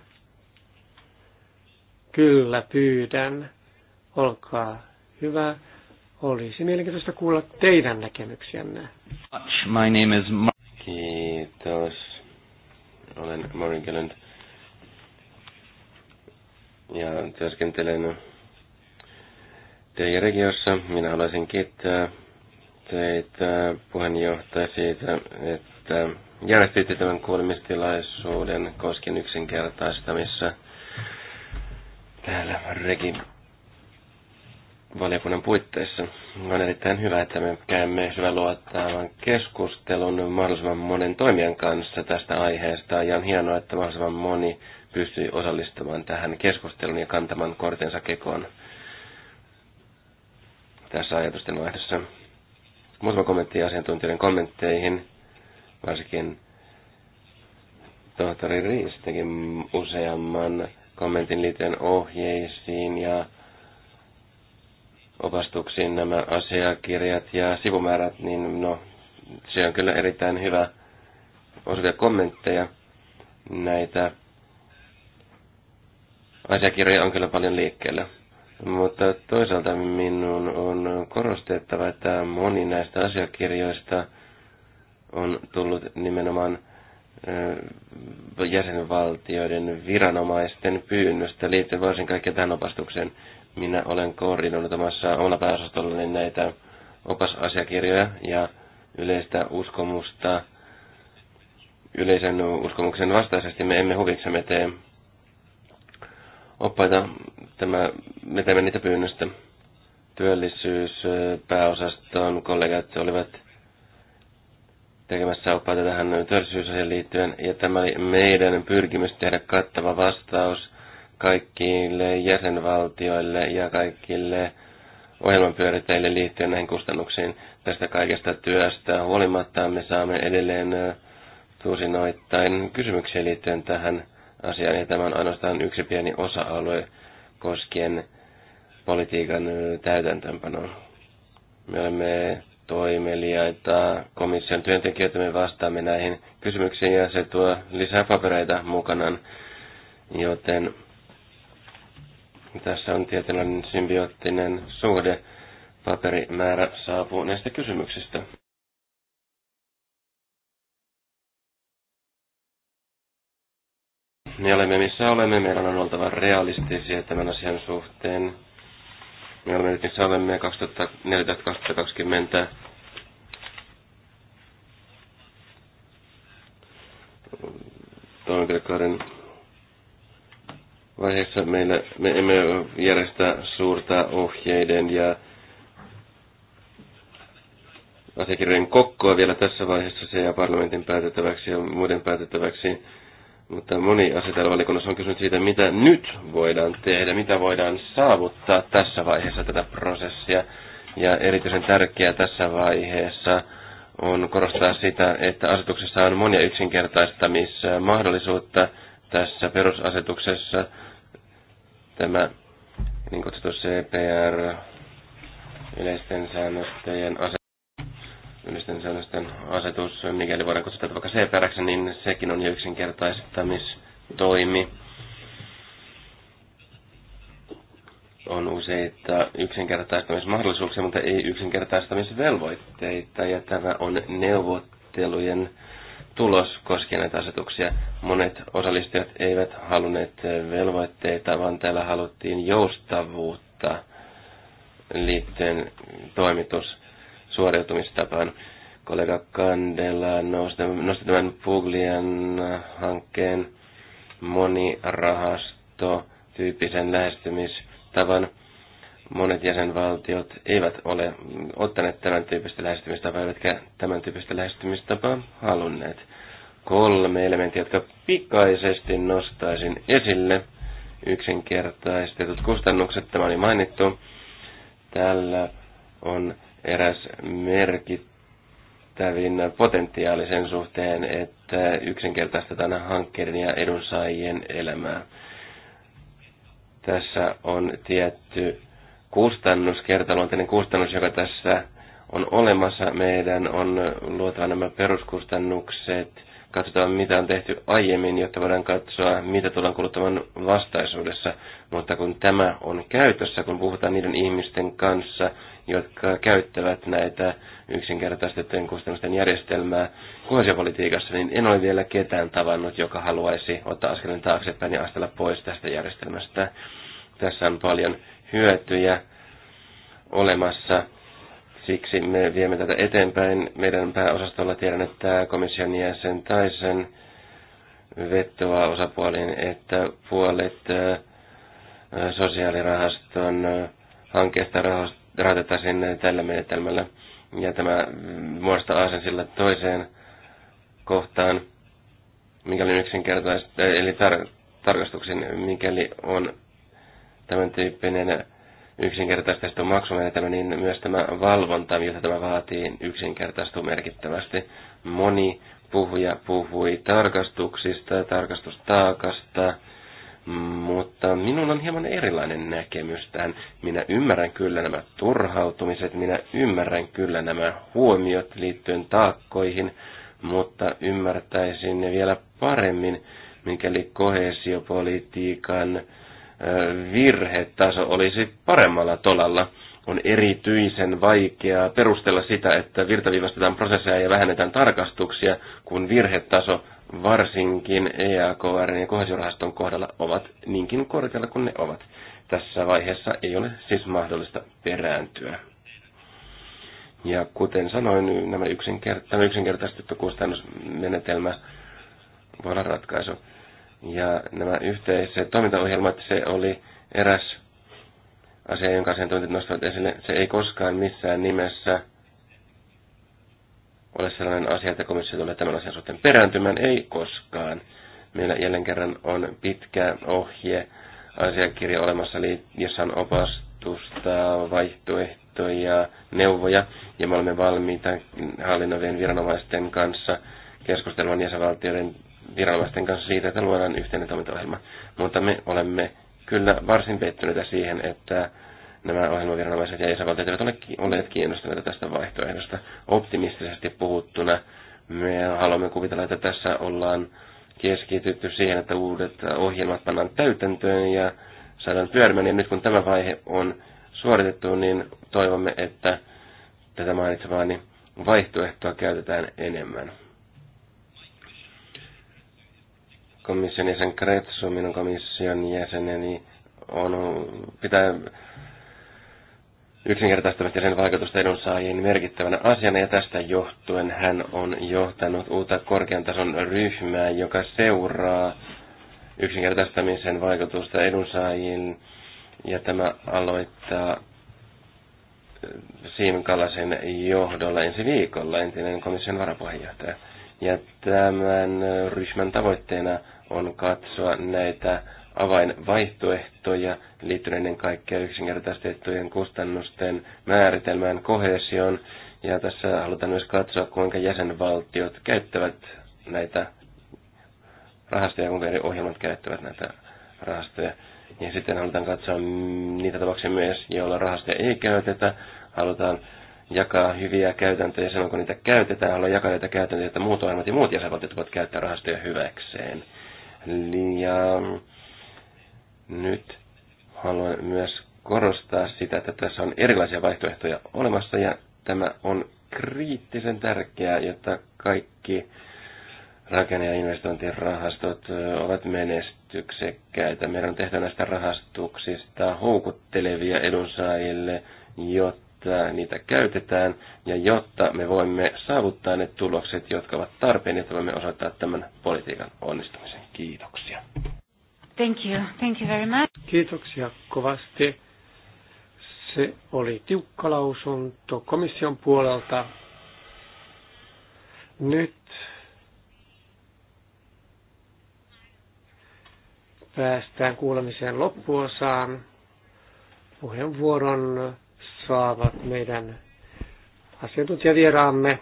Kyllä, pyydän. Olkaa hyvä. Olisi mielenkiintoista kuulla teidän näkemyksiänne. My name is Kiitos. Olen Maureen ja työskentelen teidän regiossa. Minä haluaisin kiittää teitä puheenjohtaja siitä, että järjestitte tämän kuulemistilaisuuden koskien yksinkertaistamissa täällä regi valiokunnan puitteissa. On erittäin hyvä, että me käymme hyvän luottavan keskustelun mahdollisimman monen toimijan kanssa tästä aiheesta. Ja on hienoa, että mahdollisimman moni pystyy osallistumaan tähän keskusteluun ja kantamaan kortensa kekoon tässä ajatusten vaihdossa. Muutama kommentti asiantuntijoiden kommentteihin, varsinkin tohtori Riis teki useamman kommentin liittyen ohjeisiin ja opastuksiin nämä asiakirjat ja sivumäärät, niin no, se on kyllä erittäin hyvä osuvia kommentteja. Näitä asiakirjoja on kyllä paljon liikkeellä. Mutta toisaalta minun on korostettava, että moni näistä asiakirjoista on tullut nimenomaan jäsenvaltioiden viranomaisten pyynnöstä liittyen varsin kaikkea tähän opastukseen. Minä olen koordinoinut omassa omalla pääosastollani näitä opasasiakirjoja ja yleistä uskomusta. Yleisen uskomuksen vastaisesti me emme huviksemme tee oppaita. Tämä, me teemme niitä pyynnöstä. Työllisyyspääosaston kollegat olivat tekemässä oppaita tähän työllisyysasiaan liittyen, ja tämä oli meidän pyrkimys tehdä kattava vastaus kaikille jäsenvaltioille ja kaikille ohjelmanpyörittäjille liittyen näihin kustannuksiin. Tästä kaikesta työstä huolimatta me saamme edelleen tuusinoittain kysymyksiä liittyen tähän asiaan, ja tämä on ainoastaan yksi pieni osa-alue koskien politiikan täytäntöönpanoa. Me olemme toimeliaita komission työntekijöitä, me vastaamme näihin kysymyksiin ja se tuo lisää papereita mukanaan, joten tässä on tietynlainen symbioottinen suhde. Paperimäärä saapuu näistä kysymyksistä. Me olemme missä olemme, meidän on oltava realistisia tämän asian suhteen. Me olemme nyt missä olemme 2014-2020 toimenpidekauden vaiheessa meillä, me emme järjestä suurta ohjeiden ja asiakirjojen kokkoa vielä tässä vaiheessa se ja parlamentin päätettäväksi ja muiden päätettäväksi. Mutta moni asia täällä valikunnassa on kysynyt siitä, mitä nyt voidaan tehdä, mitä voidaan saavuttaa tässä vaiheessa tätä prosessia. Ja erityisen tärkeää tässä vaiheessa on korostaa sitä, että asetuksessa on monia yksinkertaistamismahdollisuutta tässä perusasetuksessa Tämä niin kutsuttu CPR yleisten säännösten asetus yleisten säännösten asetus, mikäli voidaan kutsua vaikka CPRX, niin sekin on jo yksinkertaistamistoimi. On useita yksinkertaistamismahdollisuuksia, mutta ei yksinkertaistamisvelvoitteita, ja tämä on neuvottelujen tulos koskien näitä asetuksia. Monet osallistujat eivät halunneet velvoitteita, vaan täällä haluttiin joustavuutta liittyen toimitus suoriutumistapaan. Kollega Kandela nosti, tämän Puglian hankkeen monirahasto tyyppisen lähestymistavan monet jäsenvaltiot eivät ole ottaneet tämän tyyppistä lähestymistapaa, eivätkä tämän tyyppistä lähestymistapaa halunneet. Kolme elementtiä, jotka pikaisesti nostaisin esille. Yksinkertaistetut kustannukset, tämä oli mainittu. Tällä on eräs merkittävin potentiaali sen suhteen, että yksinkertaistetaan hankkeiden ja edunsaajien elämää. Tässä on tietty kustannus, kertaluonteinen kustannus, joka tässä on olemassa. Meidän on luotava nämä peruskustannukset, katsotaan mitä on tehty aiemmin, jotta voidaan katsoa, mitä tullaan kuluttamaan vastaisuudessa. Mutta kun tämä on käytössä, kun puhutaan niiden ihmisten kanssa, jotka käyttävät näitä yksinkertaistettujen kustannusten järjestelmää kohesiopolitiikassa, niin en ole vielä ketään tavannut, joka haluaisi ottaa askeleen taaksepäin ja astella pois tästä järjestelmästä. Tässä on paljon hyötyjä olemassa. Siksi me viemme tätä eteenpäin. Meidän pääosastolla tiedän, että komission jäsen sen vettoa osapuoliin, että puolet sosiaalirahaston hankkeesta rahoitettaisiin tällä menetelmällä. Ja tämä muodostaa sillä toiseen kohtaan, mikäli yksinkertaisesti, eli tar- tarkastuksen, mikäli on tämän tyyppinen yksinkertaistettu maksumenetelmä, niin myös tämä valvonta, jota tämä vaatii, yksinkertaistuu merkittävästi. Moni puhuja puhui tarkastuksista, tarkastustaakasta, mutta minun on hieman erilainen näkemys tähän. Minä ymmärrän kyllä nämä turhautumiset, minä ymmärrän kyllä nämä huomiot liittyen taakkoihin, mutta ymmärtäisin ne vielä paremmin, mikäli kohesiopolitiikan virhetaso olisi paremmalla tolalla. On erityisen vaikeaa perustella sitä, että virtaviivastetaan prosesseja ja vähennetään tarkastuksia, kun virhetaso varsinkin EAKR ja kohesiorahaston kohdalla ovat niinkin korkealla kuin ne ovat. Tässä vaiheessa ei ole siis mahdollista perääntyä. Ja kuten sanoin, nämä yksinkertaistettu kustannusmenetelmä voi olla ratkaisu. Ja nämä yhteiset toimintaohjelmat, se oli eräs asia, jonka asiantuntijat nostavat esille. Se ei koskaan missään nimessä ole sellainen asia, että komissio tulee tämän asian suhteen perääntymään. Ei koskaan. Meillä jälleen kerran on pitkä ohje asiakirja olemassa, jossa on opastusta, vaihtoehtoja, neuvoja, ja me olemme valmiita hallinnovien viranomaisten kanssa keskustelemaan jäsenvaltioiden viranomaisten kanssa siitä, että luodaan yhteinen toimintaohjelma. Mutta me olemme kyllä varsin pettyneitä siihen, että nämä ohjelmaviranomaiset ja jäsenvaltiot eivät ole olleet kiinnostuneita tästä vaihtoehdosta. Optimistisesti puhuttuna me haluamme kuvitella, että tässä ollaan keskitytty siihen, että uudet ohjelmat pannaan täytäntöön ja saadaan pyörimään. Ja nyt kun tämä vaihe on suoritettu, niin toivomme, että tätä mainitsemaani vaihtoehtoa käytetään enemmän. komission jäsen Kretsu, minun komission jäseneni, on, pitää yksinkertaistavasti sen vaikutusta edunsaajiin merkittävänä asiana, ja tästä johtuen hän on johtanut uutta korkean tason ryhmää, joka seuraa yksinkertaistamisen vaikutusta edunsaajiin, ja tämä aloittaa Siim Kalasen johdolla ensi viikolla entinen komission varapuheenjohtaja. Ja tämän ryhmän tavoitteena on katsoa näitä avainvaihtoehtoja liittyen ennen kaikkea yksinkertaistettujen kustannusten määritelmään kohesioon. Ja tässä halutaan myös katsoa, kuinka jäsenvaltiot käyttävät näitä rahastoja, kuinka eri ohjelmat käyttävät näitä rahastoja. Ja sitten halutaan katsoa niitä tapauksia myös, joilla rahastoja ei käytetä. Halutaan jakaa hyviä käytäntöjä sen kun niitä käytetään. halutaan jakaa niitä käytäntöjä, että muut ohjelmat ja muut jäsenvaltiot voivat käyttää rahastoja hyväkseen ja nyt haluan myös korostaa sitä, että tässä on erilaisia vaihtoehtoja olemassa ja tämä on kriittisen tärkeää, jotta kaikki rakenne- ja investointirahastot ovat menestyksekkäitä. Meidän on tehtävä näistä rahastuksista houkuttelevia edunsaajille, jotta niitä käytetään ja jotta me voimme saavuttaa ne tulokset, jotka ovat tarpeen, jotta voimme osoittaa tämän politiikan onnistumisen. Kiitoksia. Thank you. Thank you very much. Kiitoksia kovasti. Se oli tiukka lausunto komission puolelta. Nyt päästään kuulemiseen loppuosaan. Puheenvuoron saavat meidän asiantuntijavieraamme.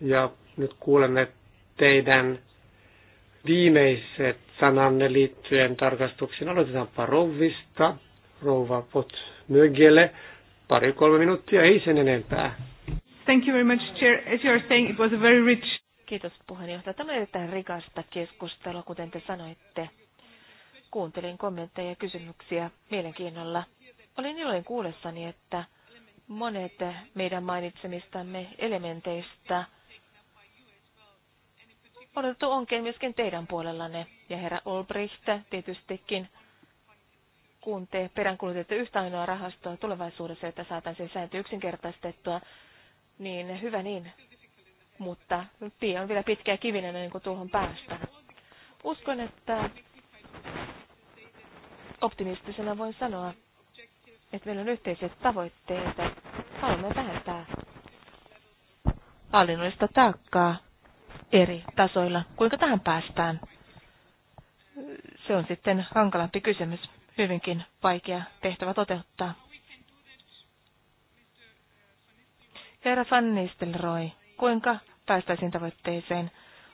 Ja nyt kuulemme teidän viimeiset sananne liittyen tarkastuksiin. Aloitetaanpa Rouvista, Rouva Mögele. Pari-kolme minuuttia, ei sen enempää. Thank you very much, Chair. As you are saying, it was a very rich... Kiitos puheenjohtaja. Tämä oli erittäin rikasta keskustelua, kuten te sanoitte. Kuuntelin kommentteja ja kysymyksiä mielenkiinnolla. Olin iloinen kuullessani, että monet meidän mainitsemistamme elementeistä – odotettu onkin myöskin teidän puolellanne. Ja herra Olbricht tietystikin, kun te peräänkulutette yhtä ainoa rahastoa tulevaisuudessa, että saataisiin sääntö yksinkertaistettua, niin hyvä niin. Mutta tie on vielä pitkä ja kivinen ennen niin kuin tuohon päästään. Uskon, että optimistisena voin sanoa, että meillä on yhteiset tavoitteet. Haluamme vähentää hallinnollista taakkaa eri tasoilla. Kuinka tähän päästään? Se on sitten hankalampi kysymys, hyvinkin vaikea tehtävä toteuttaa. Herra Van Nistelrooy, kuinka päästäisiin tavoitteeseen?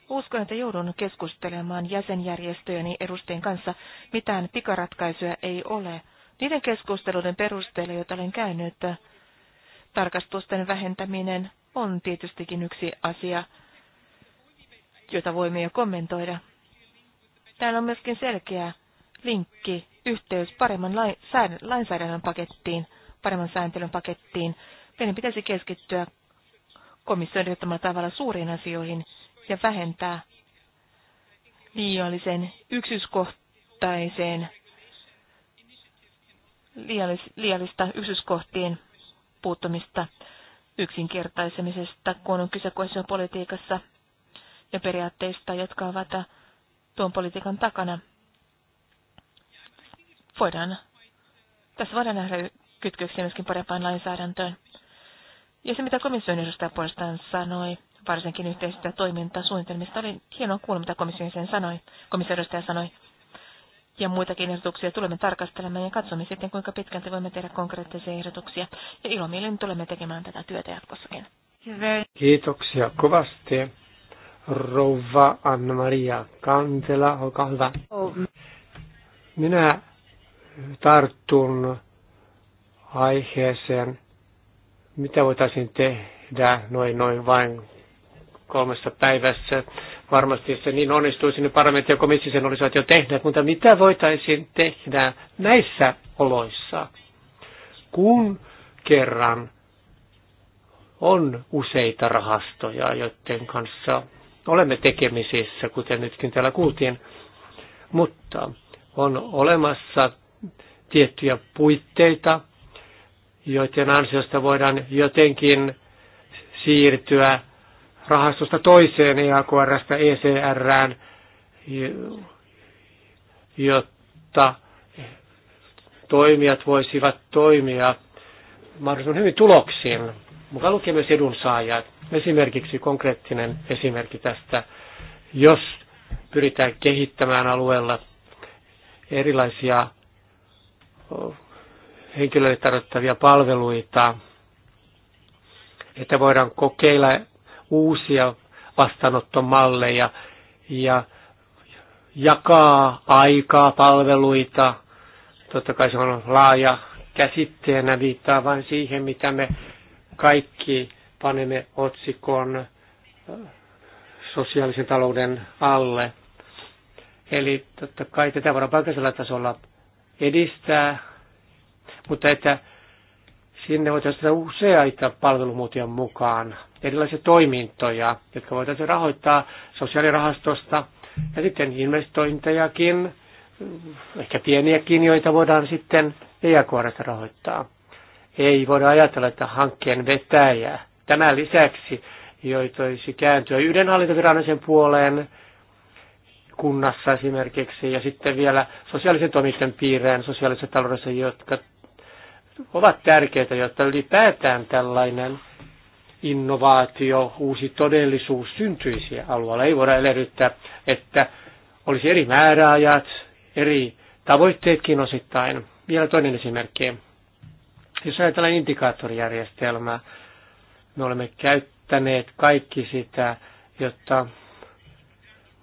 Uskon, että joudun keskustelemaan jäsenjärjestöjeni edustajien kanssa. Mitään pikaratkaisuja ei ole. Niiden keskusteluiden perusteella, joita olen käynyt, tarkastusten vähentäminen on tietystikin yksi asia, jota voimme jo kommentoida. Täällä on myöskin selkeä linkki, yhteys paremman lainsäädännön pakettiin, paremman sääntelyn pakettiin. Meidän pitäisi keskittyä komission ehdottamalla tavalla suuriin asioihin ja vähentää liiallisen yksyskohtaiseen liiallista yksityiskohtien puuttumista yksinkertaisemisesta, kun on kyse kohdassa politiikassa ja periaatteista, jotka ovat tuon politiikan takana. Voidaan, tässä voidaan nähdä kytköksiä myöskin parempaan lainsäädäntöön. Ja se, mitä komission edustaja puolestaan sanoi, varsinkin yhteisistä toimintasuunnitelmista, oli hienoa kuulla, mitä komission sen sanoi, komission edustaja sanoi. Ja muitakin ehdotuksia tulemme tarkastelemaan ja katsomme sitten, kuinka pitkälti voimme tehdä konkreettisia ehdotuksia. Ja ilomielin tulemme tekemään tätä työtä jatkossakin. Kiitoksia kovasti rouva Anna-Maria Kantela, olkaa hyvä. Minä tartun aiheeseen, mitä voitaisiin tehdä noin noin vain kolmessa päivässä. Varmasti jos se niin onnistuisi, niin parlamentti ja komissio sen olisivat jo tehneet, mutta mitä voitaisiin tehdä näissä oloissa, kun kerran on useita rahastoja, joiden kanssa olemme tekemisissä, kuten nytkin täällä kuultiin, mutta on olemassa tiettyjä puitteita, joiden ansiosta voidaan jotenkin siirtyä rahastosta toiseen EAKRstä ECRään, jotta toimijat voisivat toimia mahdollisimman hyvin tuloksiin mukaan lukien myös edunsaajat. Esimerkiksi konkreettinen esimerkki tästä, jos pyritään kehittämään alueella erilaisia henkilöille tarjottavia palveluita, että voidaan kokeilla uusia vastaanottomalleja ja jakaa aikaa, palveluita. Totta kai se on laaja käsitteenä, viittaa vain siihen, mitä me kaikki panemme otsikon äh, sosiaalisen talouden alle. Eli totta kai tätä voidaan paikallisella tasolla edistää, mutta että sinne voitaisiin useita palvelumuotoja mukaan, erilaisia toimintoja, jotka voitaisiin rahoittaa sosiaalirahastosta ja sitten investointejakin, ehkä pieniäkin, joita voidaan sitten EAKRsta rahoittaa ei voida ajatella, että hankkeen vetäjää. Tämän lisäksi joitoisi kääntyä yhden hallintoviranomaisen puoleen kunnassa esimerkiksi ja sitten vielä sosiaalisen toimisten piireen sosiaalisessa taloudessa, jotka ovat tärkeitä, jotta ylipäätään tällainen innovaatio, uusi todellisuus syntyisi alueella. Ei voida edellyttää, että olisi eri määräajat, eri tavoitteetkin osittain. Vielä toinen esimerkki. Jos ajatellaan indikaattorijärjestelmää, me olemme käyttäneet kaikki sitä, jotta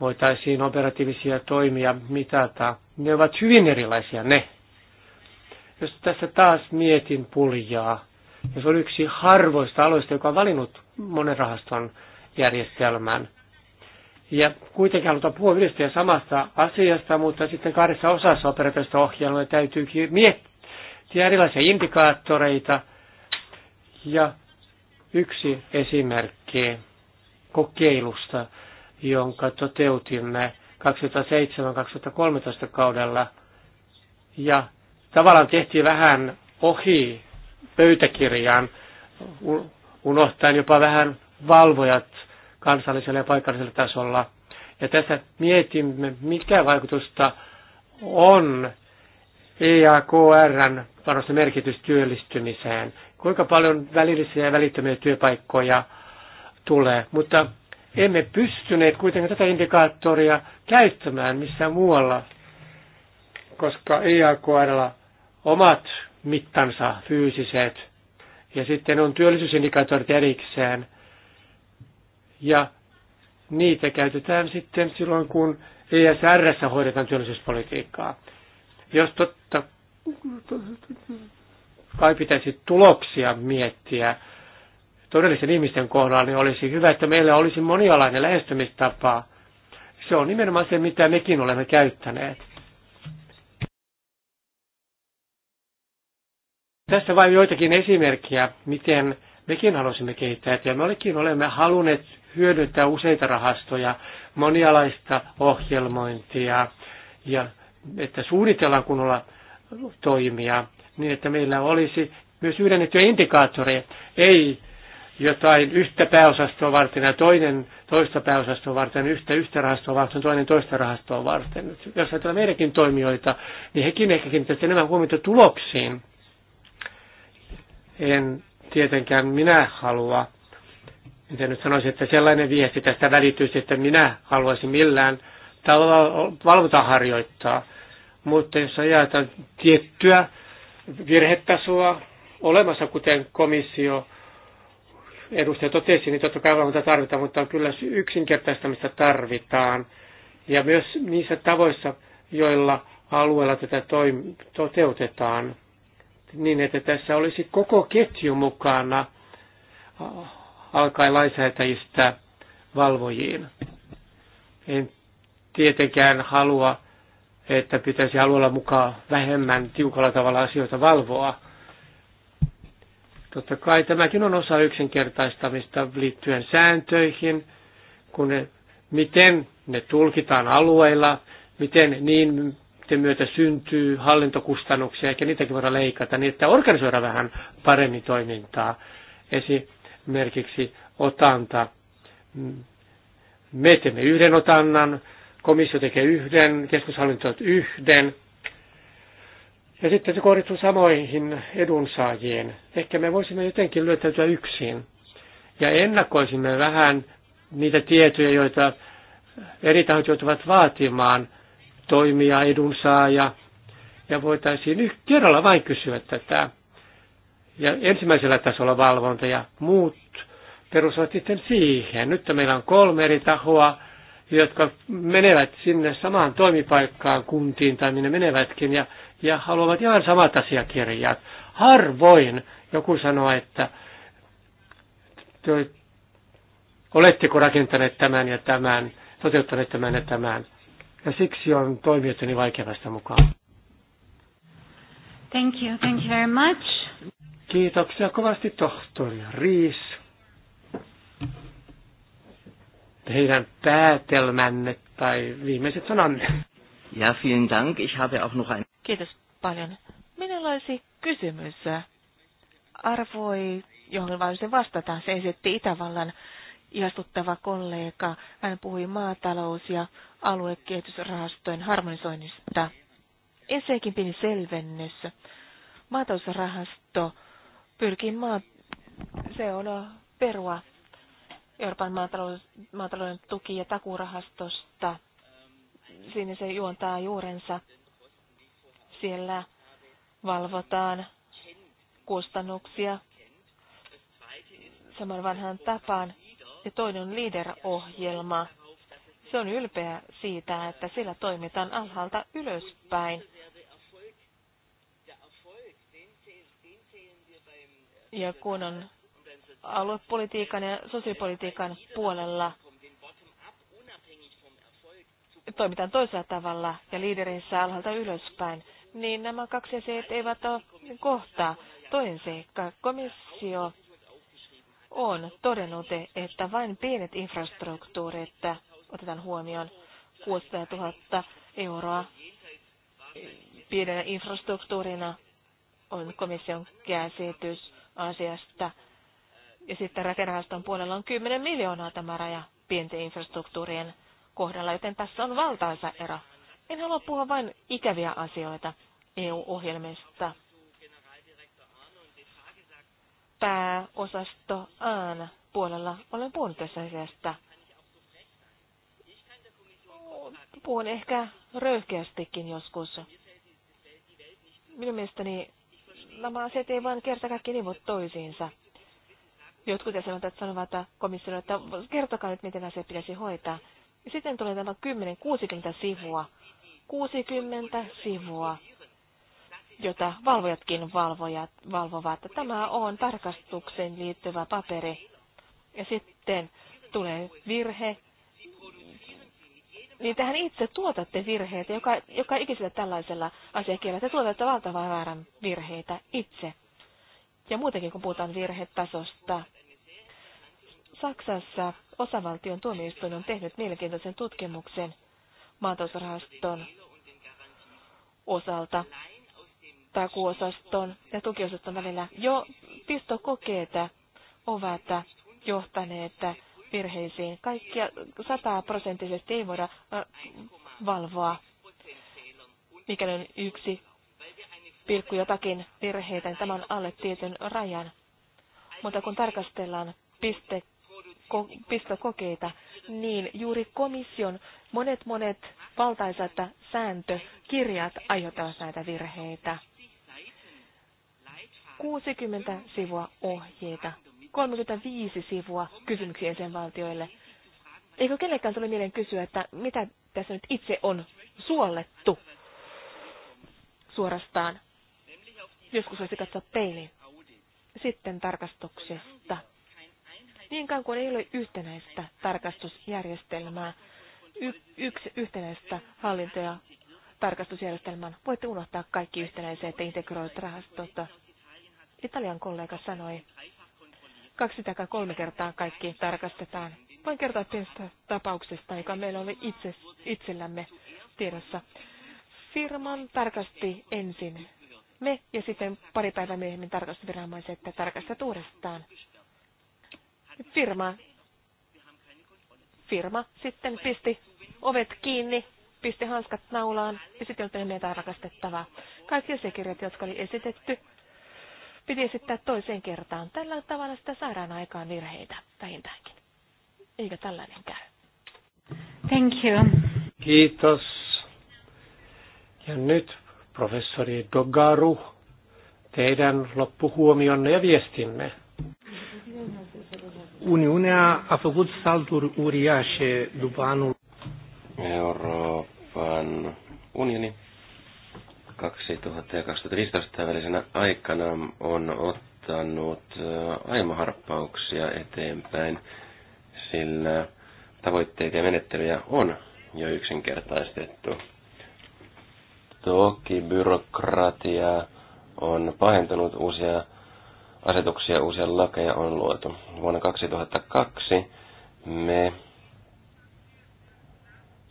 voitaisiin operatiivisia toimia mitata. Ne ovat hyvin erilaisia ne. Jos tässä taas mietin puljaa, ja se on yksi harvoista aloista, joka on valinnut monen rahaston järjestelmän. Ja kuitenkin halutaan puhua yhdestä ja samasta asiasta, mutta sitten kahdessa osassa operatiivista ohjelmaa täytyykin miet- ja erilaisia indikaattoreita. Ja yksi esimerkki kokeilusta, jonka toteutimme 2007-2013 kaudella. Ja tavallaan tehtiin vähän ohi pöytäkirjaan, unohtaen jopa vähän valvojat kansallisella ja paikallisella tasolla. Ja tässä mietimme, mikä vaikutusta on EAKRn panossa merkitys työllistymiseen. Kuinka paljon välillisiä ja välittömiä työpaikkoja tulee. Mutta emme pystyneet kuitenkaan tätä indikaattoria käyttämään missään muualla, koska EAKRlla omat mittansa fyysiset ja sitten on työllisyysindikaattorit erikseen. Ja niitä käytetään sitten silloin, kun ESRssä hoidetaan työllisyyspolitiikkaa. Jos totta kai pitäisi tuloksia miettiä todellisen ihmisten kohdalla, niin olisi hyvä, että meillä olisi monialainen lähestymistapa. Se on nimenomaan se, mitä mekin olemme käyttäneet. Tässä vain joitakin esimerkkejä, miten mekin halusimme kehittää, ja mekin olemme halunneet hyödyntää useita rahastoja, monialaista ohjelmointia ja että suunnitellaan kunnolla toimia, niin että meillä olisi myös yhdennettyjä indikaattoreja, ei jotain yhtä pääosastoa varten ja toinen toista pääosastoa varten, yhtä yhtä rahastoa varten, toinen toista rahastoa varten. Jos ajatellaan meidänkin toimijoita, niin hekin ehkä kiinnittävät enemmän huomiota tuloksiin. En tietenkään minä halua, miten nyt sanoisin, että sellainen viesti tästä välittyisi, että minä haluaisin millään valvota harjoittaa. Mutta jos ajatellaan tiettyä virhetasoa olemassa, kuten komissio edustaja totesi, niin totta kai valvonta tarvitaan, mutta kyllä yksinkertaistamista tarvitaan. Ja myös niissä tavoissa, joilla alueella tätä toim- toteutetaan, niin että tässä olisi koko ketju mukana äh, alkaen lainsäätäjistä valvojiin. En tietenkään halua, että pitäisi alueella mukaan vähemmän tiukalla tavalla asioita valvoa. Totta kai tämäkin on osa yksinkertaistamista liittyen sääntöihin, kun ne, miten ne tulkitaan alueilla, miten niin myötä syntyy hallintokustannuksia, eikä niitäkin voida leikata, niin että organisoida vähän paremmin toimintaa. Esimerkiksi otanta. Me teemme yhden otannan, komissio tekee yhden, keskushallinto yhden. Ja sitten se kohdistuu samoihin edunsaajiin. Ehkä me voisimme jotenkin lyötäytyä yksin. Ja ennakoisimme vähän niitä tietoja, joita eri tahot joutuvat vaatimaan toimia edunsaaja. Ja voitaisiin yh- kerralla vain kysyä tätä. Ja ensimmäisellä tasolla valvonta ja muut perustuvat sitten siihen. Nyt meillä on kolme eri tahoa, jotka menevät sinne samaan toimipaikkaan kuntiin tai minne menevätkin ja, ja haluavat ihan samat asiakirjat. Harvoin joku sanoo, että te, oletteko rakentaneet tämän ja tämän, toteuttaneet tämän ja tämän. Ja siksi on toimijoita vaikeasta vaikea mukaan. Thank you, thank you very much. Kiitoksia kovasti tohtori Riis. heidän päätelmänne tai viimeiset sananne. Ja, vielen Dank. Ich habe auch noch ein... Kiitos paljon. Minulla olisi kysymys. Arvoi, johon se vastata, se esitti Itävallan ihastuttava kollega. Hän puhui maatalous- ja aluekehitysrahastojen harmonisoinnista. Ensinnäkin pieni selvennys. Maatalousrahasto pyrkii maa... Se on perua Euroopan maatalouden tuki- ja takurahastosta. Siinä se juontaa juurensa. Siellä valvotaan kustannuksia saman vanhan tapaan. Ja toinen on LEADER-ohjelma. Se on ylpeä siitä, että sillä toimitaan alhaalta ylöspäin. Ja kun on aluepolitiikan ja sosiopolitiikan puolella toimitaan toisella tavalla ja liidereissä alhaalta ylöspäin, niin nämä kaksi asiaa eivät ole kohtaa. Toinen seikka, komissio on todennut, että vain pienet infrastruktuurit otetaan huomioon 600 000 euroa pienenä infrastruktuurina on komission käsitys asiasta. Ja sitten rakennerahaston puolella on 10 miljoonaa tämä raja pienten infrastruktuurien kohdalla, joten tässä on valtaisa ero. En halua puhua vain ikäviä asioita EU-ohjelmista. Pääosasto Aan puolella olen puhunut tässä asiasta. Puhun ehkä röyhkeästikin joskus. Minun mielestäni nämä asiat ei vain kerta kaikki nivu toisiinsa. Jotkut jäsenet sanovat komissiolle, että kertokaa nyt, miten asia pitäisi hoitaa. Ja sitten tulee tämä 10-60 sivua. 60 sivua, jota valvojatkin valvojat, valvovat. Tämä on tarkastukseen liittyvä paperi. Ja sitten tulee virhe, niin tähän itse tuotatte virheitä, joka, joka ikisellä tällaisella asiakirjalla. Te tuotatte valtavan määrän virheitä itse ja muutenkin, kun puhutaan virhetasosta. Saksassa osavaltion tuomioistuin on tehnyt mielenkiintoisen tutkimuksen maatalousrahaston osalta takuosaston ja tukiosaston välillä. Jo pistokokeita ovat johtaneet virheisiin. Kaikkia sataprosenttisesti ei voida äh, valvoa, mikäli on yksi pilkku jotakin virheitä, niin alle tietyn rajan. Mutta kun tarkastellaan piste, ko, pistokokeita, niin juuri komission monet monet valtaisat sääntökirjat aiheuttavat näitä virheitä. 60 sivua ohjeita, 35 sivua kysymyksiä sen valtioille. Eikö kenellekään tule mieleen kysyä, että mitä tässä nyt itse on suollettu suorastaan? Joskus voisi katsoa peiliin. Sitten tarkastuksesta. Niinkään kuin ei ole yhtenäistä tarkastusjärjestelmää, y- yksi yhtenäistä hallinto- ja tarkastusjärjestelmän, voitte unohtaa kaikki yhtenäiset integroidut rahastot. Italian kollega sanoi, kaksi tai kolme kertaa kaikki tarkastetaan. Voin kertoa tästä tapauksesta, joka meillä oli itse, itsellämme tiedossa. Firman tarkasti ensin me ja sitten pari päivää myöhemmin tarkastusviranomaiset tarkastat uudestaan. Firma, firma sitten pisti ovet kiinni, pisti hanskat naulaan ja sitten oltiin meitä tarkastettavaa. Kaikki asiakirjat, jotka oli esitetty, piti esittää toiseen kertaan. Tällä tavalla sitä saadaan aikaan virheitä vähintäänkin. Eikä tällainen käy. Thank you. Kiitos. Ja nyt Professori Dogaru, teidän loppuhuomionne ja viestinne. Uniunea a făcut salturi uriașe după anul Euroopan unioni 2015 välisenä aikana on ottanut äh, aimoharppauksia eteenpäin, sillä tavoitteita ja menettelyjä on jo yksinkertaistettu. Toki byrokratia on pahentunut uusia asetuksia, uusia lakeja on luotu. Vuonna 2002 me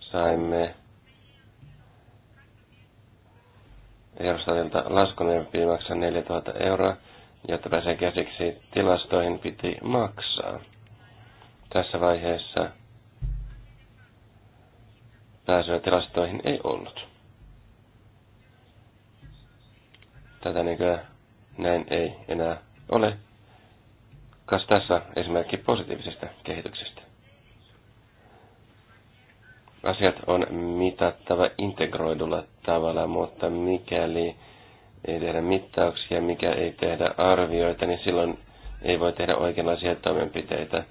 saimme Eurostatilta laskun maksaa 4000 euroa, jotta pääsee käsiksi tilastoihin piti maksaa. Tässä vaiheessa pääsyä tilastoihin ei ollut. tätä kuin, näin ei enää ole. Kas tässä esimerkki positiivisesta kehityksestä. Asiat on mitattava integroidulla tavalla, mutta mikäli ei tehdä mittauksia, mikä ei tehdä arvioita, niin silloin ei voi tehdä oikeanlaisia toimenpiteitä.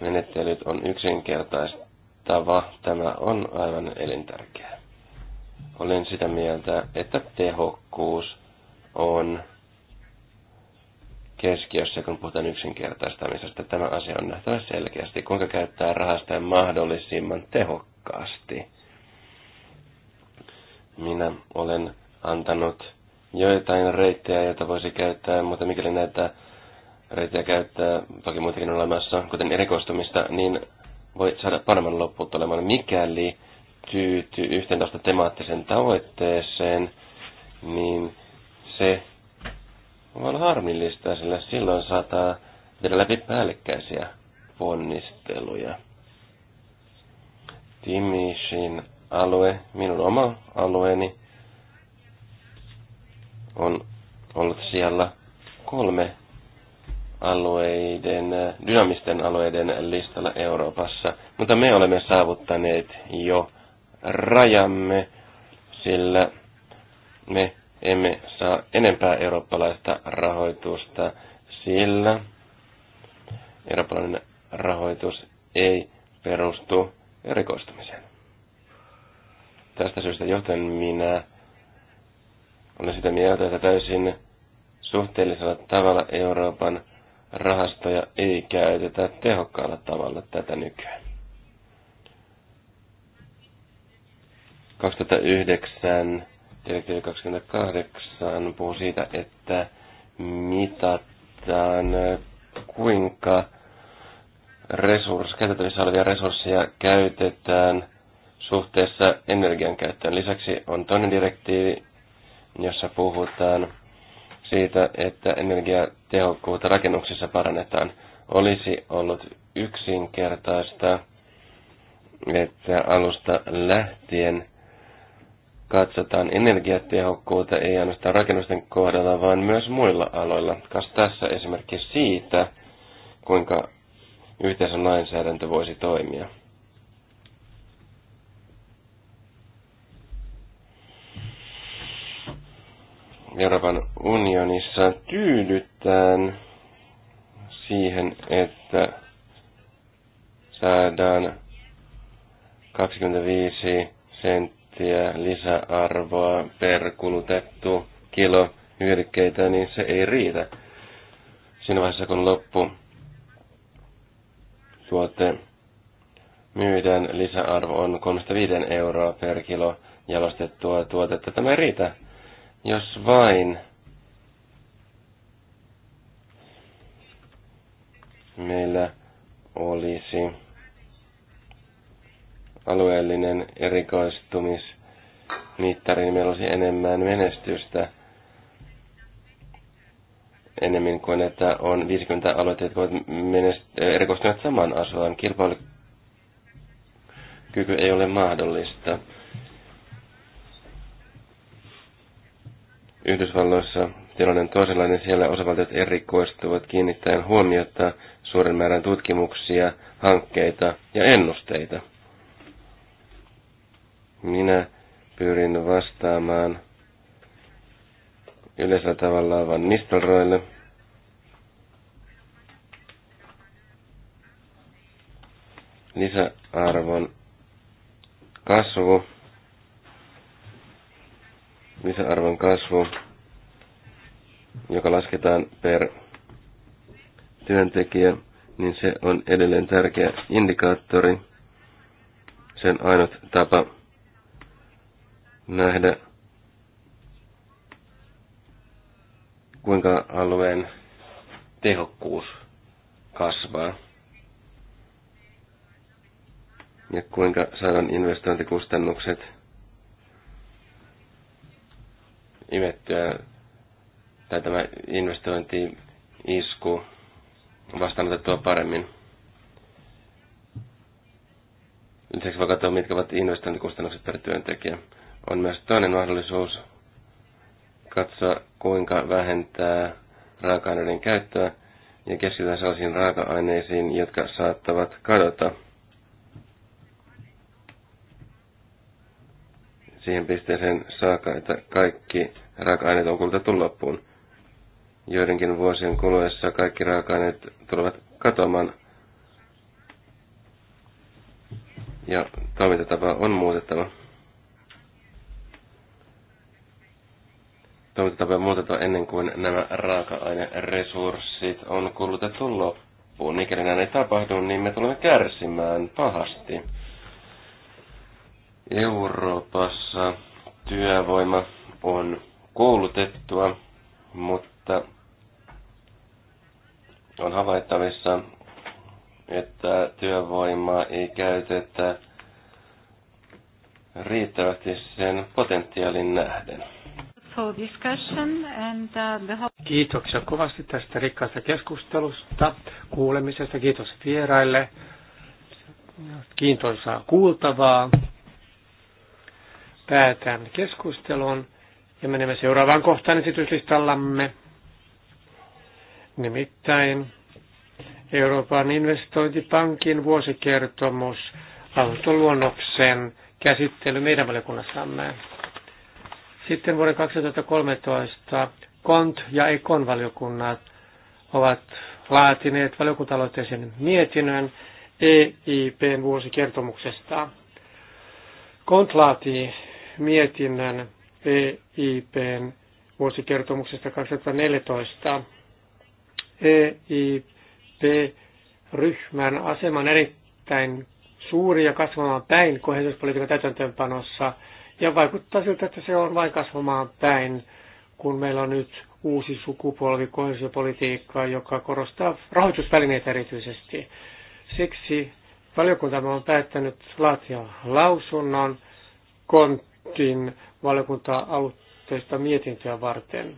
Menettelyt on yksinkertaistava. Tämä on aivan elintärkeää. Olen sitä mieltä, että tehokkuus – on keskiössä, kun puhutaan yksinkertaistamisesta. Tämä asia on nähtävä selkeästi. Kuinka käyttää rahasta mahdollisimman tehokkaasti? Minä olen antanut joitain reittejä, joita voisi käyttää, mutta mikäli näitä reittejä käyttää, toki muitakin olemassa, kuten erikoistumista, niin voi saada paremman lopputuleman, mikäli tyytyy yhteen tästä temaattiseen tavoitteeseen, niin se on vaan harmillista, sillä silloin saattaa tehdä läpi päällekkäisiä ponnisteluja. Timishin alue, minun oma alueeni, on ollut siellä kolme alueiden, dynamisten alueiden listalla Euroopassa. Mutta me olemme saavuttaneet jo rajamme, sillä me emme saa enempää eurooppalaista rahoitusta, sillä eurooppalainen rahoitus ei perustu erikoistumiseen. Tästä syystä johtuen minä olen sitä mieltä, että täysin suhteellisella tavalla Euroopan rahastoja ei käytetä tehokkaalla tavalla tätä nykyään. 2009 Direktiivi 28 puhuu siitä, että mitataan kuinka resurs, käytettävissä olevia resursseja käytetään suhteessa energian käyttöön. Lisäksi on toinen direktiivi, jossa puhutaan siitä, että energiatehokkuutta rakennuksissa parannetaan. Olisi ollut yksinkertaista, että alusta lähtien katsotaan energiatehokkuutta ei ainoastaan rakennusten kohdalla, vaan myös muilla aloilla. Kas tässä esimerkki siitä, kuinka yhteisön lainsäädäntö voisi toimia. Euroopan unionissa tyydytään siihen, että saadaan 25 senttiä senttiä lisäarvoa per kulutettu kilo hyödykkeitä, niin se ei riitä. Siinä vaiheessa, kun loppu tuote myydään, lisäarvo on 35 euroa per kilo jalostettua tuotetta. Tämä ei riitä, jos vain meillä olisi alueellinen erikoistumismittari, niin meillä olisi enemmän menestystä enemmän kuin että on 50 aloitetta, jotka ovat erikoistuneet samaan asuaan. Kilpailukyky ei ole mahdollista. Yhdysvalloissa tilanne on toisenlainen. Siellä osavaltiot erikoistuvat kiinnittäen huomiota suuren määrän tutkimuksia, hankkeita ja ennusteita – minä pyrin vastaamaan yleisellä tavalla Van Nistelroille. Lisäarvon kasvu. Lisäarvon kasvu, joka lasketaan per työntekijä, niin se on edelleen tärkeä indikaattori. Sen ainut tapa nähdä, kuinka alueen tehokkuus kasvaa ja kuinka saadaan investointikustannukset imettyä tai tämä investointi isku vastaanotettua paremmin. Lisäksi voi katsoa, mitkä ovat investointikustannukset per työntekijä. On myös toinen mahdollisuus katsoa, kuinka vähentää raaka-aineiden käyttöä ja keskitytään sellaisiin raaka-aineisiin, jotka saattavat kadota. Siihen pisteeseen saakka, että kaikki raaka-aineet on kulutettu loppuun. Joidenkin vuosien kuluessa kaikki raaka-aineet tulevat katoamaan ja toimintatapa on muutettava. toimintatapoja muutettu tuota ennen kuin nämä raaka-aineresurssit on kulutettu loppuun. Mikäli näin ei tapahdu, niin me tulemme kärsimään pahasti. Euroopassa työvoima on koulutettua, mutta on havaittavissa, että työvoimaa ei käytetä riittävästi sen potentiaalin nähden discussion and uh, the whole... Kiitoksia kovasti tästä rikkaasta keskustelusta, kuulemisesta. Kiitos vieraille. Kiintoisaa kuultavaa. Päätän keskustelun ja menemme seuraavaan kohtaan esityslistallamme. Nimittäin Euroopan investointipankin vuosikertomus autoluonnoksen käsittely meidän valiokunnassamme. Sitten vuoden 2013 KONT ja EKON valiokunnat ovat laatineet valiokuntaloitteisen mietinnön EIPn vuosikertomuksesta. KONT laatii mietinnön EIPn vuosikertomuksesta 2014. EIP-ryhmän asema erittäin suuri ja kasvamaan päin kohdistuspolitiikan täytäntöönpanossa – ja vaikuttaa siltä, että se on vain kasvamaan päin, kun meillä on nyt uusi sukupolvi kohesiopolitiikkaa, joka korostaa rahoitusvälineitä erityisesti. Siksi valiokuntamme on päättänyt laatia lausunnon kontin valiokunta-aloitteista mietintöä varten.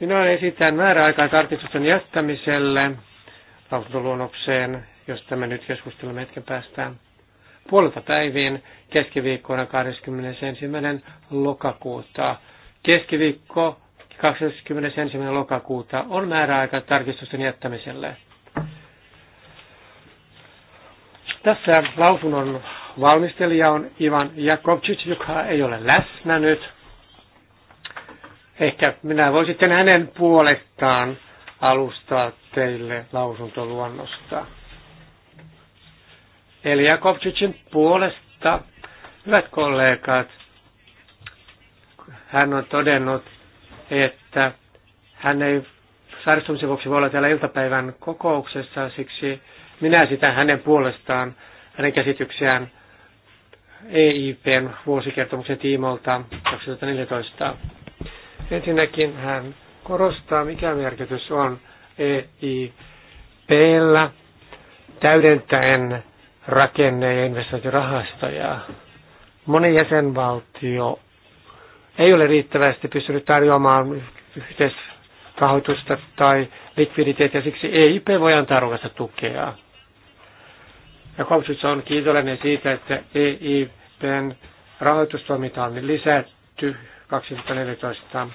Minä esitän määräaikaa tarkistuksen jättämiselle lausuntoluonnokseen, josta me nyt keskustelemme hetken päästään puolelta päiviin keskiviikkona 21. lokakuuta. Keskiviikko 21. lokakuuta on määräaika tarkistusten jättämiselle. Tässä lausunnon valmistelija on Ivan Jakovčić, joka ei ole läsnä nyt. Ehkä minä voisin hänen puolestaan alustaa teille lausuntoluonnosta. Eli Eliakovcicin puolesta. Hyvät kollegat, hän on todennut, että hän ei sairastumisen vuoksi voi olla täällä iltapäivän kokouksessa, siksi minä sitä hänen puolestaan, hänen käsityksiään EIPn vuosikertomuksen tiimolta 2014. Ensinnäkin hän korostaa, mikä merkitys on EIPllä täydentäen rakenne- ja investointirahastoja. Moni jäsenvaltio ei ole riittävästi pystynyt tarjoamaan yhteisrahoitusta tai likviditeettiä, siksi EIP voi antaa ruokasta tukea. ja Jakobsits on kiitollinen siitä, että EIPn rahoitustoiminta on lisätty 2014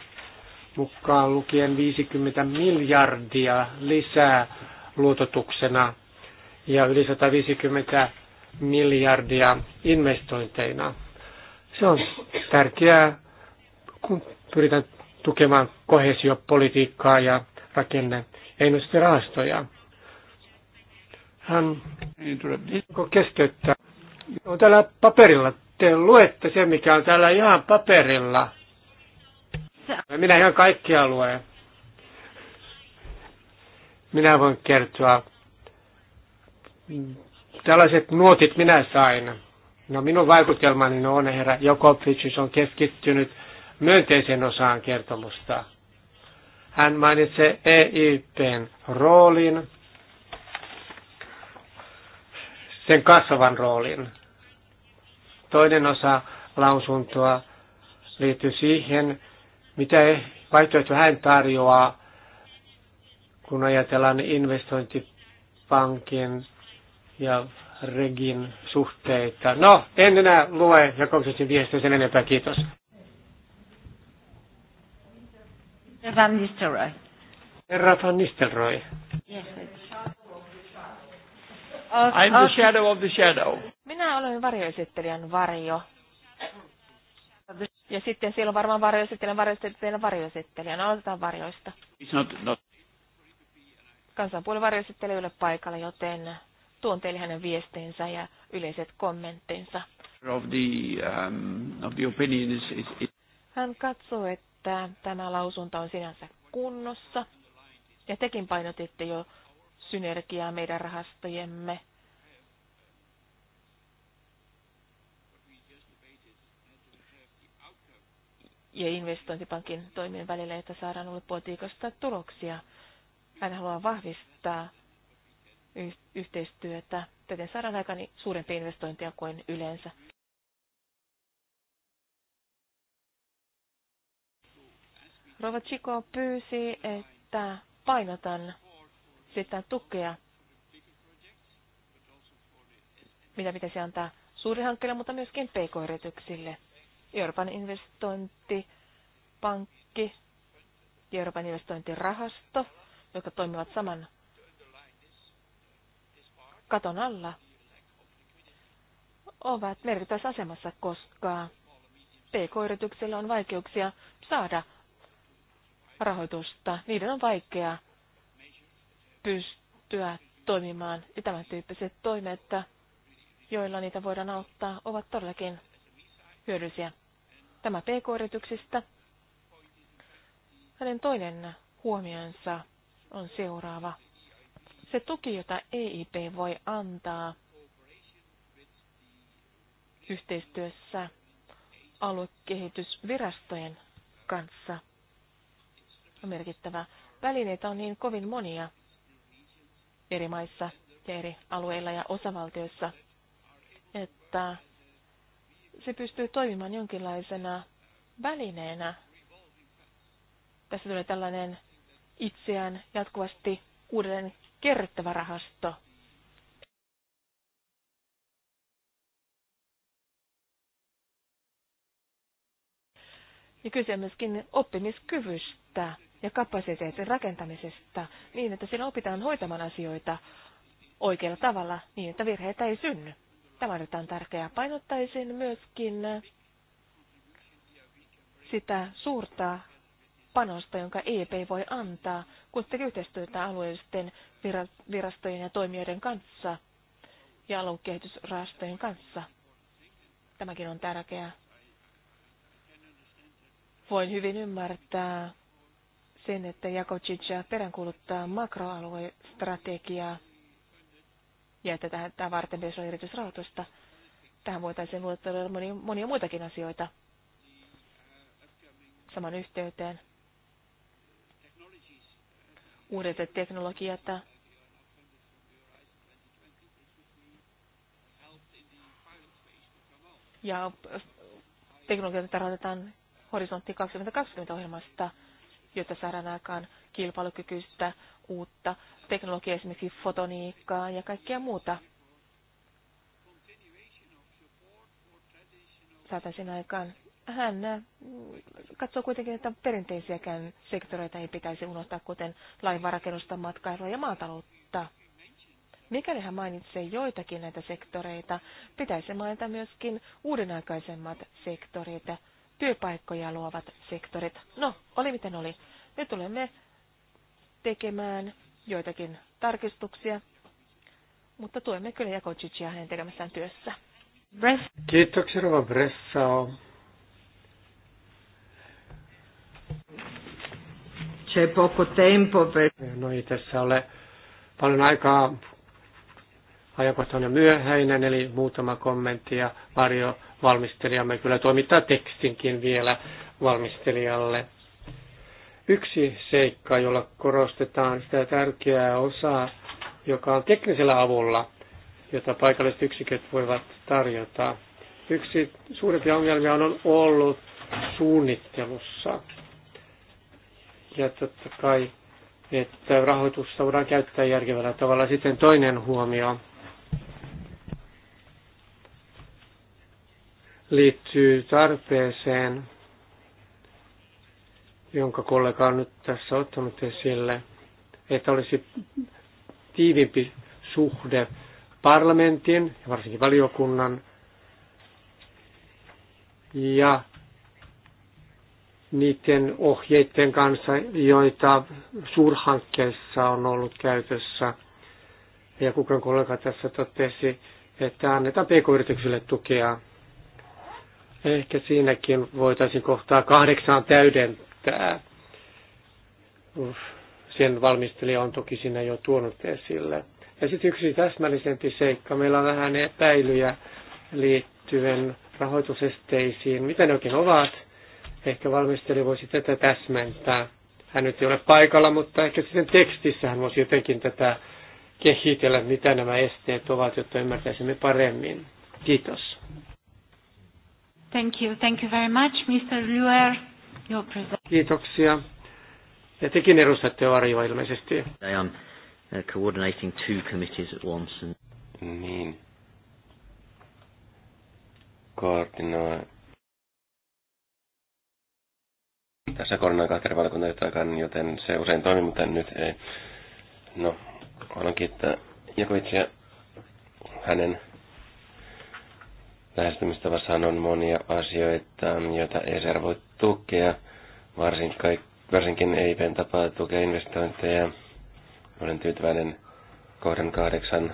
mukaan lukien 50 miljardia lisää luototuksena ja yli 150 miljardia investointeina. Se on tärkeää, kun pyritään tukemaan kohesiopolitiikkaa ja rakenne ennusterahastoja. Hän keskeyttää. On täällä paperilla. Te luette sen, mikä on täällä ihan paperilla. Minä ihan kaikkia lue. Minä voin kertoa Tällaiset nuotit minä sain. No minun vaikutelmani on, herra Jokovicis on keskittynyt myönteiseen osaan kertomusta. Hän mainitsee EIPn roolin, sen kasvavan roolin. Toinen osa lausuntoa liittyy siihen, mitä vaihtoehto hän tarjoaa, kun ajatellaan investointipankin ja Regin suhteita. No, en enää lue Jakobsen viestiä sen enempää, kiitos. Herra Van Nistelrooy. Herra Van Nistelrooy. Yes, I'm the shadow of the shadow. Minä olen varjoesittelijän varjo. Ja sitten siellä on varmaan varjoesittelijän varjoesittelijän varjoesittelijän. No, aloitetaan varjoista. It's Kansanpuolen varjoesittelijä ei ole paikalla, joten tuon teille hänen viesteensä ja yleiset kommentteinsa. Of the, um, of the opinion is, is, is... Hän katsoo, että tämä lausunto on sinänsä kunnossa. Ja tekin painotitte jo synergiaa meidän rahastojemme ja investointipankin toimien välillä, että saadaan ulkopolitiikasta tuloksia. Hän haluaa vahvistaa yhteistyötä. Täten saadaan aikaan suurempia investointeja kuin yleensä. Rova Chico pyysi, että painotan sitä tukea, mitä pitäisi antaa hankkeelle, mutta myöskin pk-yrityksille. Euroopan investointipankki ja Euroopan investointirahasto, jotka toimivat saman katon alla ovat merkittävässä asemassa, koska PK-yrityksillä on vaikeuksia saada rahoitusta. Niiden on vaikea pystyä toimimaan. Ja tämän tyyppiset toimet, joilla niitä voidaan auttaa, ovat todellakin hyödyllisiä. Tämä PK-yrityksistä. Hänen toinen huomionsa on seuraava se tuki, jota EIP voi antaa yhteistyössä aluekehitysvirastojen kanssa, on merkittävä. Välineitä on niin kovin monia eri maissa ja eri alueilla ja osavaltioissa, että se pystyy toimimaan jonkinlaisena välineenä. Tässä tulee tällainen itseään jatkuvasti uudelleen kerryttävä rahasto. Ja kyse on myöskin oppimiskyvystä ja kapasiteetin rakentamisesta niin, että siinä opitaan hoitamaan asioita oikealla tavalla niin, että virheitä ei synny. Tämä on tärkeää. Painottaisin myöskin sitä suurta panosta, jonka EP voi antaa kun se tekee yhteistyötä alueellisten virastojen ja toimijoiden kanssa ja aluekehitysrahastojen kanssa. Tämäkin on tärkeää. Voin hyvin ymmärtää sen, että Jakocicia peräänkuuluttaa makroaluestrategiaa ja että tähän, tähän varten myös on erityisrahoitusta. Tähän voitaisiin luottaa monia, monia muitakin asioita saman yhteyteen uudet teknologiat ja teknologioita tarvitaan Horisontti 2020-ohjelmasta, jotta saadaan aikaan kilpailukykyistä uutta teknologiaa, esimerkiksi fotoniikkaa ja kaikkea muuta. Saataisiin aikaan hän äh, katsoo kuitenkin, että perinteisiäkään sektoreita ei pitäisi unohtaa, kuten laivarakennusta, matkailua ja maataloutta. Mikäli hän mainitsee joitakin näitä sektoreita, pitäisi mainita myöskin uudenaikaisemmat sektorit, työpaikkoja luovat sektorit. No, oli miten oli. Nyt tulemme tekemään joitakin tarkistuksia, mutta tuemme kyllä Jakocicia hänen tekemässään työssä. Bress. Kiitoksia, Rova Bressa. c'è poco tempo per... No ei tässä ole paljon aikaa. Ajankohta on jo myöhäinen, eli muutama kommentti ja Varjo valmistelijamme kyllä toimittaa tekstinkin vielä valmistelijalle. Yksi seikka, jolla korostetaan sitä tärkeää osaa, joka on teknisellä avulla, jota paikalliset yksiköt voivat tarjota. Yksi suurempia ongelmia on ollut suunnittelussa ja totta kai, että rahoitusta voidaan käyttää järkevällä tavalla. Sitten toinen huomio liittyy tarpeeseen, jonka kollega on nyt tässä ottanut esille, että olisi tiivimpi suhde parlamentin ja varsinkin valiokunnan ja niiden ohjeiden kanssa, joita suurhankkeissa on ollut käytössä. Ja kukaan kollega tässä totesi, että annetaan pk-yrityksille tukea. Ehkä siinäkin voitaisiin kohtaa kahdeksaan täydentää. Sen valmistelija on toki siinä jo tuonut esille. Ja sitten yksi täsmällisempi seikka. Meillä on vähän epäilyjä liittyen rahoitusesteisiin. Mitä ne oikein ovat? Ehkä valmistelija voisi tätä täsmentää. Hän nyt ei ole paikalla, mutta ehkä sitten tekstissä hän voisi jotenkin tätä kehitellä, mitä nämä esteet ovat, jotta ymmärtäisimme paremmin. Kiitos. Thank you. Thank you very much, Mr. Luer. Your Kiitoksia. Ja tekin edustatte Arjoa ilmeisesti. I am uh, coordinating two committees at once. And... Niin. Koordinoi tässä korona katkerivalokunnan takana, joten se usein toimii, mutta nyt ei. No, haluan kiittää Jakovitsia hänen lähestymistavassaan on monia asioita, joita ei voi tukea, varsinkin, ei pen tapaa tukea investointeja. Olen tyytyväinen kohdan kahdeksan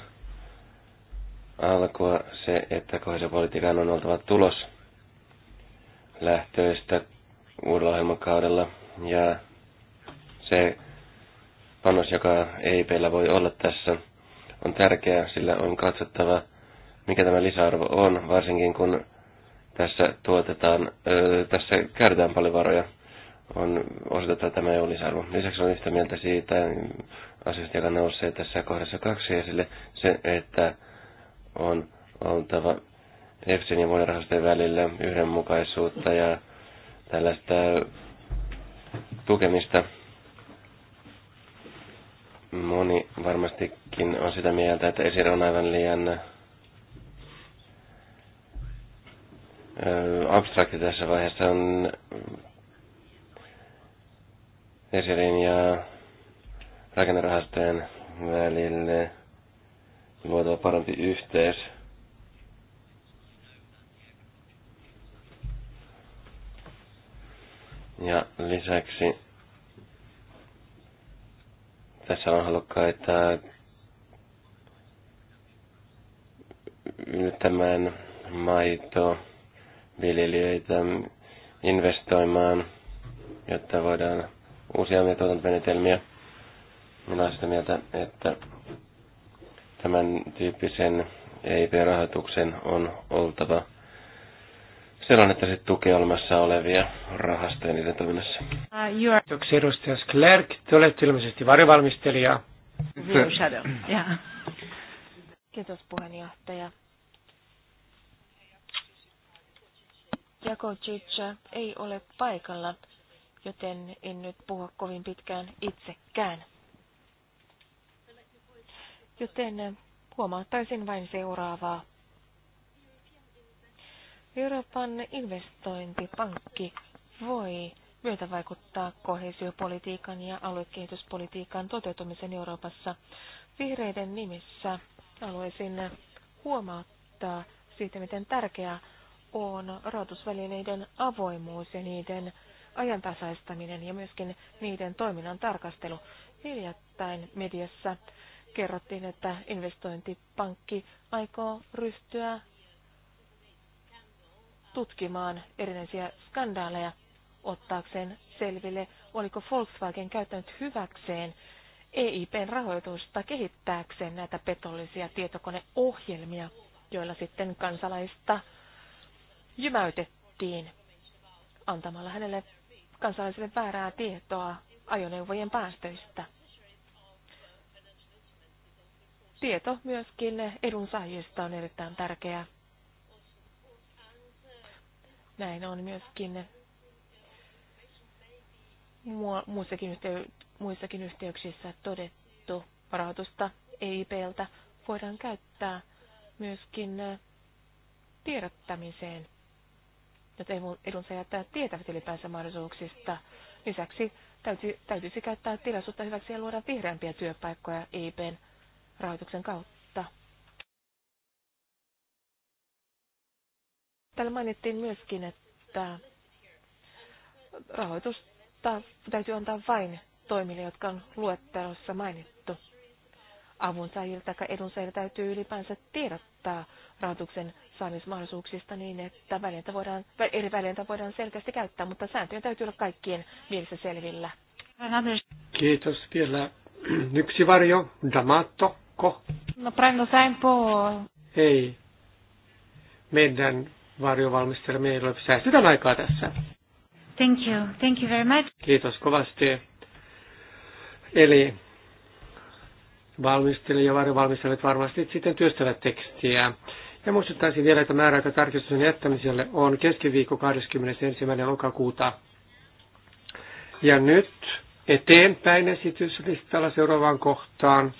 alkua se, että kohdassa politiikan on oltava tulos lähtöistä uudella ohjelmakaudella. Ja se panos, joka EIPllä voi olla tässä, on tärkeä, sillä on katsottava, mikä tämä lisäarvo on, varsinkin kun tässä tuotetaan, ö, tässä käytetään paljon varoja, on osoitettava tämä EU-lisäarvo. Lisäksi on yhtä mieltä siitä asiasta, joka nousee tässä kohdassa kaksi esille, se, että on oltava EFSin ja muiden rahastojen välillä yhdenmukaisuutta ja tällaista tukemista. Moni varmastikin on sitä mieltä, että esir on aivan liian abstrakti tässä vaiheessa on Esirin ja rakennerahastojen välille luotava parempi yhteys. Ja lisäksi tässä on halukkaita yltämään maito viljelijöitä investoimaan, jotta voidaan uusia tuotantomenetelmiä. Minä olen sitä mieltä, että tämän tyyppisen EIP-rahoituksen on oltava tilannettasi tukeolemassa olevia rahastoja niiden toiminnassa. Uh, Kiitoksia uh, edustaja Sklerk. Te olette ilmeisesti varjovalmistelija. Zero shadow, yeah. Kiitos puheenjohtaja. Jako ei ole paikalla, joten en nyt puhu kovin pitkään itsekään. Joten huomauttaisin vain seuraavaa. Euroopan investointipankki voi myötä vaikuttaa kohesiopolitiikan ja aluekehityspolitiikan toteutumisen Euroopassa. Vihreiden nimissä haluaisin huomauttaa siitä, miten tärkeää on rahoitusvälineiden avoimuus ja niiden ajantasaistaminen ja myöskin niiden toiminnan tarkastelu. Hiljattain mediassa kerrottiin, että investointipankki aikoo ryhtyä tutkimaan erinäisiä skandaaleja ottaakseen selville, oliko Volkswagen käyttänyt hyväkseen EIPn rahoitusta kehittääkseen näitä petollisia tietokoneohjelmia, joilla sitten kansalaista jymäytettiin antamalla hänelle kansalaisille väärää tietoa ajoneuvojen päästöistä. Tieto myöskin edunsaajista on erittäin tärkeää. Näin on myöskin muissakin, yhtey- muissakin yhteyksissä todettu. varoitusta EIPltä voidaan käyttää myöskin tiedottamiseen, jotta edunsaajat tietävät ylipäänsä mahdollisuuksista. Lisäksi täytyisi käyttää tilaisuutta hyväksi ja luoda vihreämpiä työpaikkoja EIPn rahoituksen kautta. Täällä mainittiin myöskin, että rahoitusta täytyy antaa vain toimille, jotka on luettelossa mainittu. Avunsaajilta tai edunsaajilta täytyy ylipäänsä tiedottaa rahoituksen saamismahdollisuuksista niin, että välineitä voidaan, eri välineitä voidaan selkeästi käyttää, mutta sääntöjen täytyy olla kaikkien mielessä selvillä. Kiitos. Vielä yksi varjo, Damato, ko? No prendo tempo. Hei. Meidän varjovalmistelemme, joilla säästetään aikaa tässä. Thank you. Thank you very much. Kiitos kovasti. Eli valmistelija ja varjovalmistelijat varmasti sitten työstävät tekstiä. Ja muistuttaisin vielä, että määräaika tarkistuksen jättämiselle on keskiviikko 21. lokakuuta. Ja nyt eteenpäin esityslistalla seuraavaan kohtaan.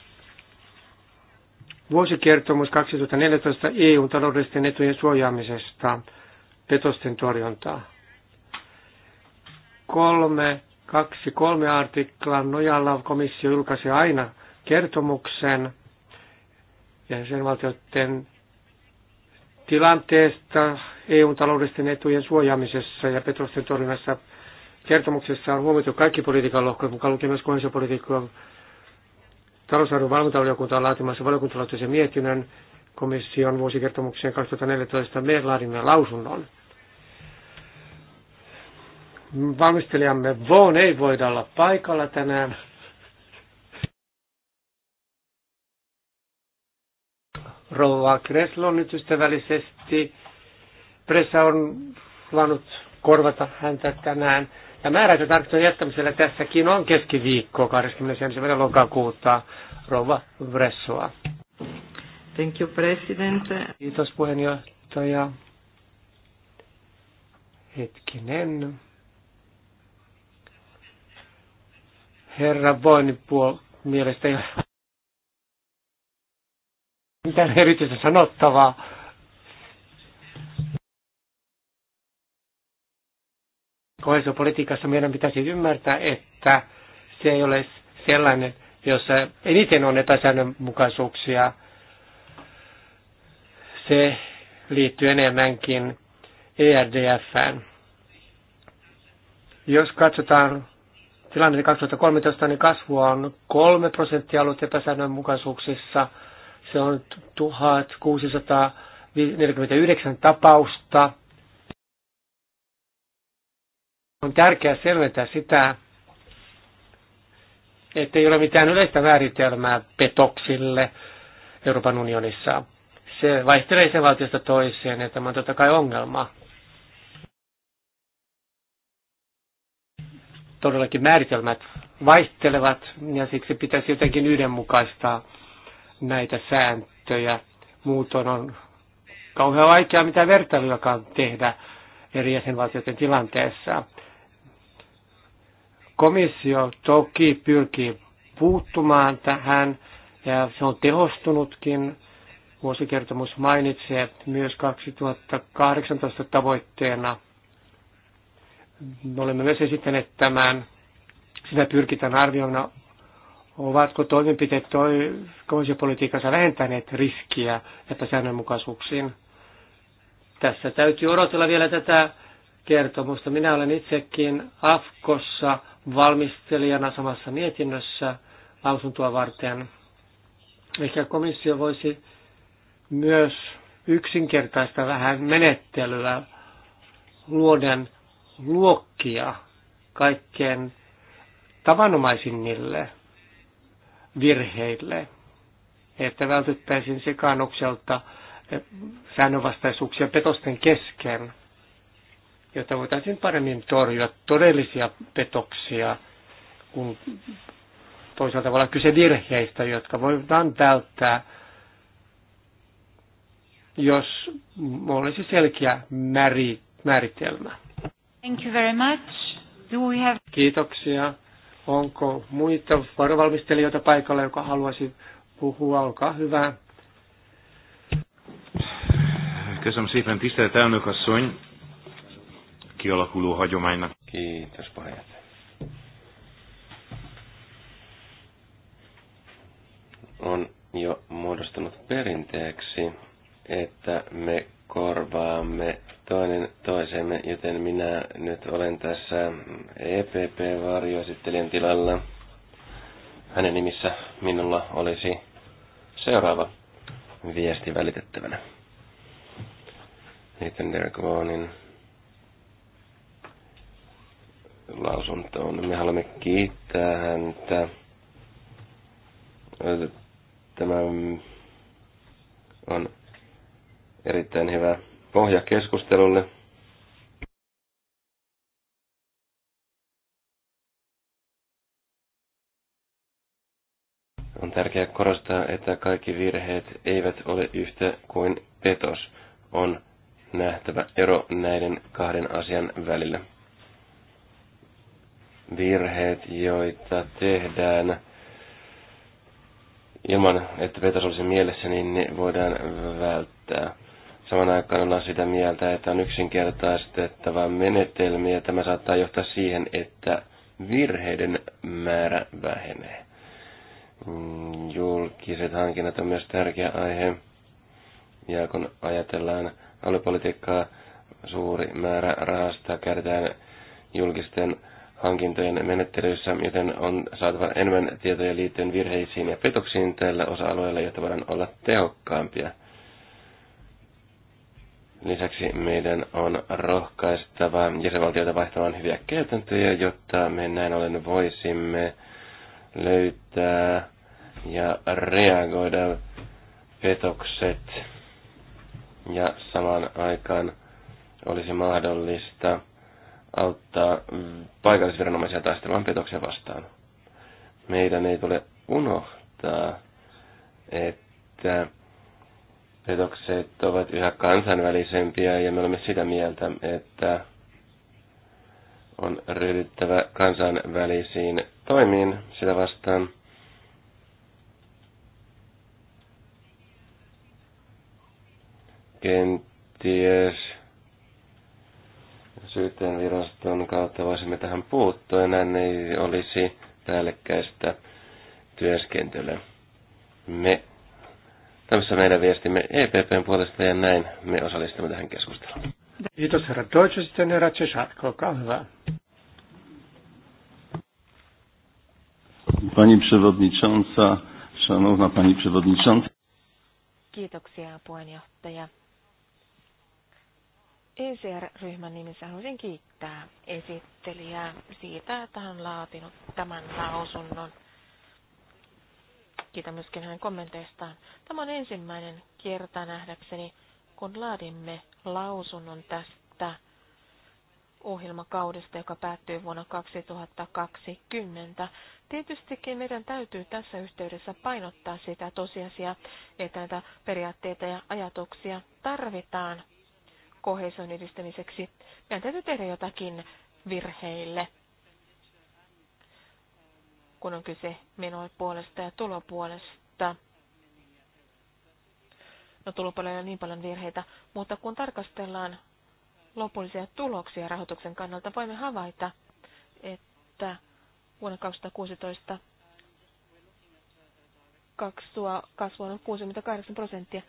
Vuosikertomus 2014 EUn taloudellisten etujen suojaamisesta petosten torjuntaa. Kolme, kaksi, 3 artiklan nojalla komissio julkaisi aina kertomuksen ja sen valtioiden tilanteesta EUn taloudellisten etujen suojaamisessa ja petosten torjunnassa. Kertomuksessa on huomioitu kaikki politiikan lohkot, mukaan lukee myös kohdallisen Talousarvon valvontavaliokunta on laatimassa valiokuntalaatuisen mietinnön komission vuosikertomukseen 2014. Me laadimme lausunnon. Valmistelijamme Voon ei voida olla paikalla tänään. Rouva Kreslo nyt ystävällisesti. Pressa on lannut korvata häntä tänään. Ja määräaikatarkistuksen jatkamisella tässäkin on keskiviikko 21. lokakuuta. Rova Vressoa. Thank you, President. Kiitos puheenjohtaja. Hetkinen. Herra Voinipuol mielestä ei ole mitään erityistä sanottavaa. kohesiopolitiikassa meidän pitäisi ymmärtää, että se ei ole sellainen, jossa eniten on epäsäännönmukaisuuksia. Se liittyy enemmänkin ERDFään. Jos katsotaan tilanne 2013, niin kasvua on 3 prosenttia ollut epäsäännönmukaisuuksissa. Se on 1649 tapausta on tärkeää selventää sitä, että ei ole mitään yleistä määritelmää petoksille Euroopan unionissa. Se vaihtelee sen valtiosta toiseen ja tämä on totta kai ongelma. Todellakin määritelmät vaihtelevat ja siksi pitäisi jotenkin yhdenmukaistaa näitä sääntöjä. Muutoin on kauhean vaikeaa mitä vertailujakaan tehdä eri jäsenvaltioiden tilanteessa. Komissio toki pyrkii puuttumaan tähän ja se on tehostunutkin. Vuosikertomus mainitsee myös 2018 tavoitteena. Me olemme myös esittäneet tämän. Sitä pyrkitään arvioimaan, ovatko toimenpiteet toi, komissiopolitiikassa vähentäneet riskiä epäsäännönmukaisuuksiin. Tässä täytyy odotella vielä tätä kertomusta. Minä olen itsekin AFKossa valmistelijana samassa mietinnössä lausuntoa varten. Ehkä komissio voisi myös yksinkertaista vähän menettelyä luoden luokkia kaikkein tavanomaisimmille virheille, että vältyttäisiin sekaannukselta säännönvastaisuuksia petosten kesken jotta voitaisiin paremmin torjua todellisia petoksia, kun toisaalta voi olla kyse virheistä, jotka voidaan välttää, jos olisi selkeä määritelmä. Thank you very much. Do we have... Kiitoksia. Onko muita varovalmistelijoita paikalla, joka haluaisi puhua? Olkaa hyvä. Köszönöm szépen, tisztelt elnök asszony! kialakuló hagyománynak. Kétes puheenjohtaja. On jo muodostunut perinteeksi, että me korvaamme toinen toisemme, joten minä nyt olen tässä EPP-varjoesittelijän tilalla. Hänen nimissä minulla olisi seuraava viesti välitettävänä. Nathan Derek Vaughanin lausuntoon. Me haluamme kiittää häntä. Tämä on erittäin hyvä pohja keskustelulle. On tärkeää korostaa, että kaikki virheet eivät ole yhtä kuin petos. On nähtävä ero näiden kahden asian välillä virheet, joita tehdään ilman, että vetos olisi mielessä, niin ne voidaan välttää. Saman aikaan ollaan sitä mieltä, että on yksinkertaistettava menetelmiä. Tämä saattaa johtaa siihen, että virheiden määrä vähenee. Julkiset hankinnat on myös tärkeä aihe. Ja kun ajatellaan aluepolitiikkaa, suuri määrä rahasta käytetään julkisten hankintojen menettelyissä, joten on saatava enemmän tietoja liittyen virheisiin ja petoksiin tällä osa-alueella, jotta voidaan olla tehokkaampia. Lisäksi meidän on rohkaistava jäsenvaltioita vaihtamaan hyviä käytäntöjä, jotta me näin ollen voisimme löytää ja reagoida petokset ja samaan aikaan olisi mahdollista auttaa paikallisviranomaisia taistelemaan petoksia vastaan. Meidän ei tule unohtaa, että petokset ovat yhä kansainvälisempiä ja me olemme sitä mieltä, että on ryhdyttävä kansainvälisiin toimiin sitä vastaan. Kenties syyteen viraston kautta voisimme tähän puuttua, näin ei olisi päällekkäistä työskentelyä. Me, tämmössä meidän viestimme EPPn puolesta ja näin me osallistumme tähän keskusteluun. Kiitos herra Deutsch, sitten herra Czesarko, olkaa hyvä. Pani przewodnicząca, szanowna pani przewodnicząca. Kiitoksia puheenjohtaja. ECR-ryhmän nimissä haluaisin kiittää esittelijää siitä, että hän on laatinut tämän lausunnon. Kiitän myöskin hänen kommenteistaan. Tämä on ensimmäinen kerta nähdäkseni, kun laadimme lausunnon tästä ohjelmakaudesta, joka päättyy vuonna 2020. Tietystikin meidän täytyy tässä yhteydessä painottaa sitä tosiasiaa, että näitä periaatteita ja ajatuksia tarvitaan kohesion edistämiseksi. Meidän täytyy tehdä jotakin virheille, kun on kyse menopuolesta ja tulopuolesta. No tulopuolella on niin paljon virheitä, mutta kun tarkastellaan lopullisia tuloksia rahoituksen kannalta, voimme havaita, että vuonna 2016 kasvua on 68 prosenttia.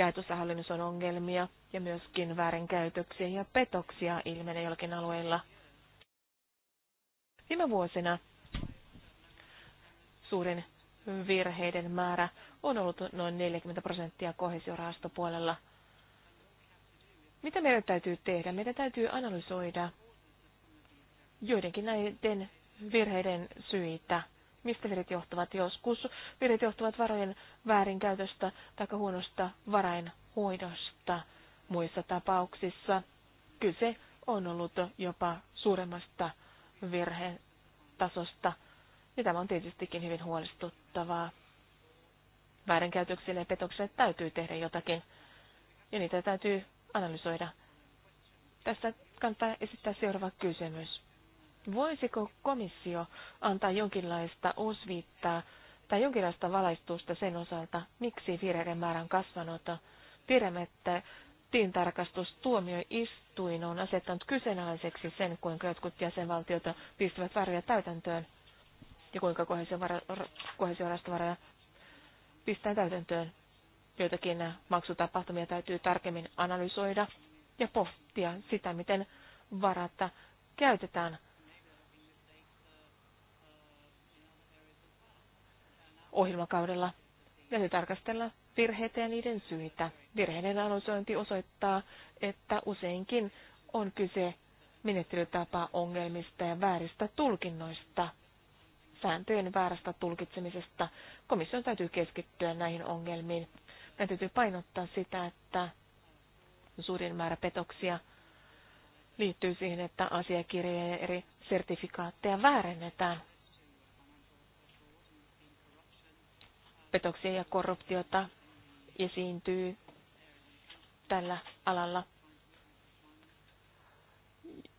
jaetussa hallinnossa on ongelmia ja myöskin väärinkäytöksiä ja petoksia ilmenee jollakin alueilla. Viime vuosina suurin virheiden määrä on ollut noin 40 prosenttia kohesiorahastopuolella. Mitä meidän täytyy tehdä? Meidän täytyy analysoida joidenkin näiden virheiden syitä mistä virit johtuvat. Joskus virit johtuvat varojen väärinkäytöstä tai huonosta varainhoidosta. Muissa tapauksissa kyse on ollut jopa suuremmasta virhetasosta, ja tämä on tietystikin hyvin huolestuttavaa. Väärinkäytöksille ja petokselle täytyy tehdä jotakin, ja niitä täytyy analysoida. Tästä kannattaa esittää seuraava kysymys. Voisiko komissio antaa jonkinlaista osviittaa tai jonkinlaista valaistusta sen osalta, miksi vireiden määrä on kasvanut? Tiedämme, että tilintarkastustuomioistuin on asettanut kyseenalaiseksi sen, kuinka jotkut jäsenvaltiot pistävät varoja täytäntöön ja kuinka kohesiorastovaroja pistää täytäntöön. Joitakin maksutapahtumia täytyy tarkemmin analysoida ja pohtia sitä, miten varata käytetään ohjelmakaudella ja tarkastella virheitä ja niiden syitä. Virheiden analysointi osoittaa, että useinkin on kyse menettelytapa ongelmista ja vääristä tulkinnoista. Sääntöjen väärästä tulkitsemisesta komission täytyy keskittyä näihin ongelmiin. Meidän täytyy painottaa sitä, että suurin määrä petoksia liittyy siihen, että asiakirjoja ja eri sertifikaatteja väärennetään petoksia ja korruptiota esiintyy tällä alalla.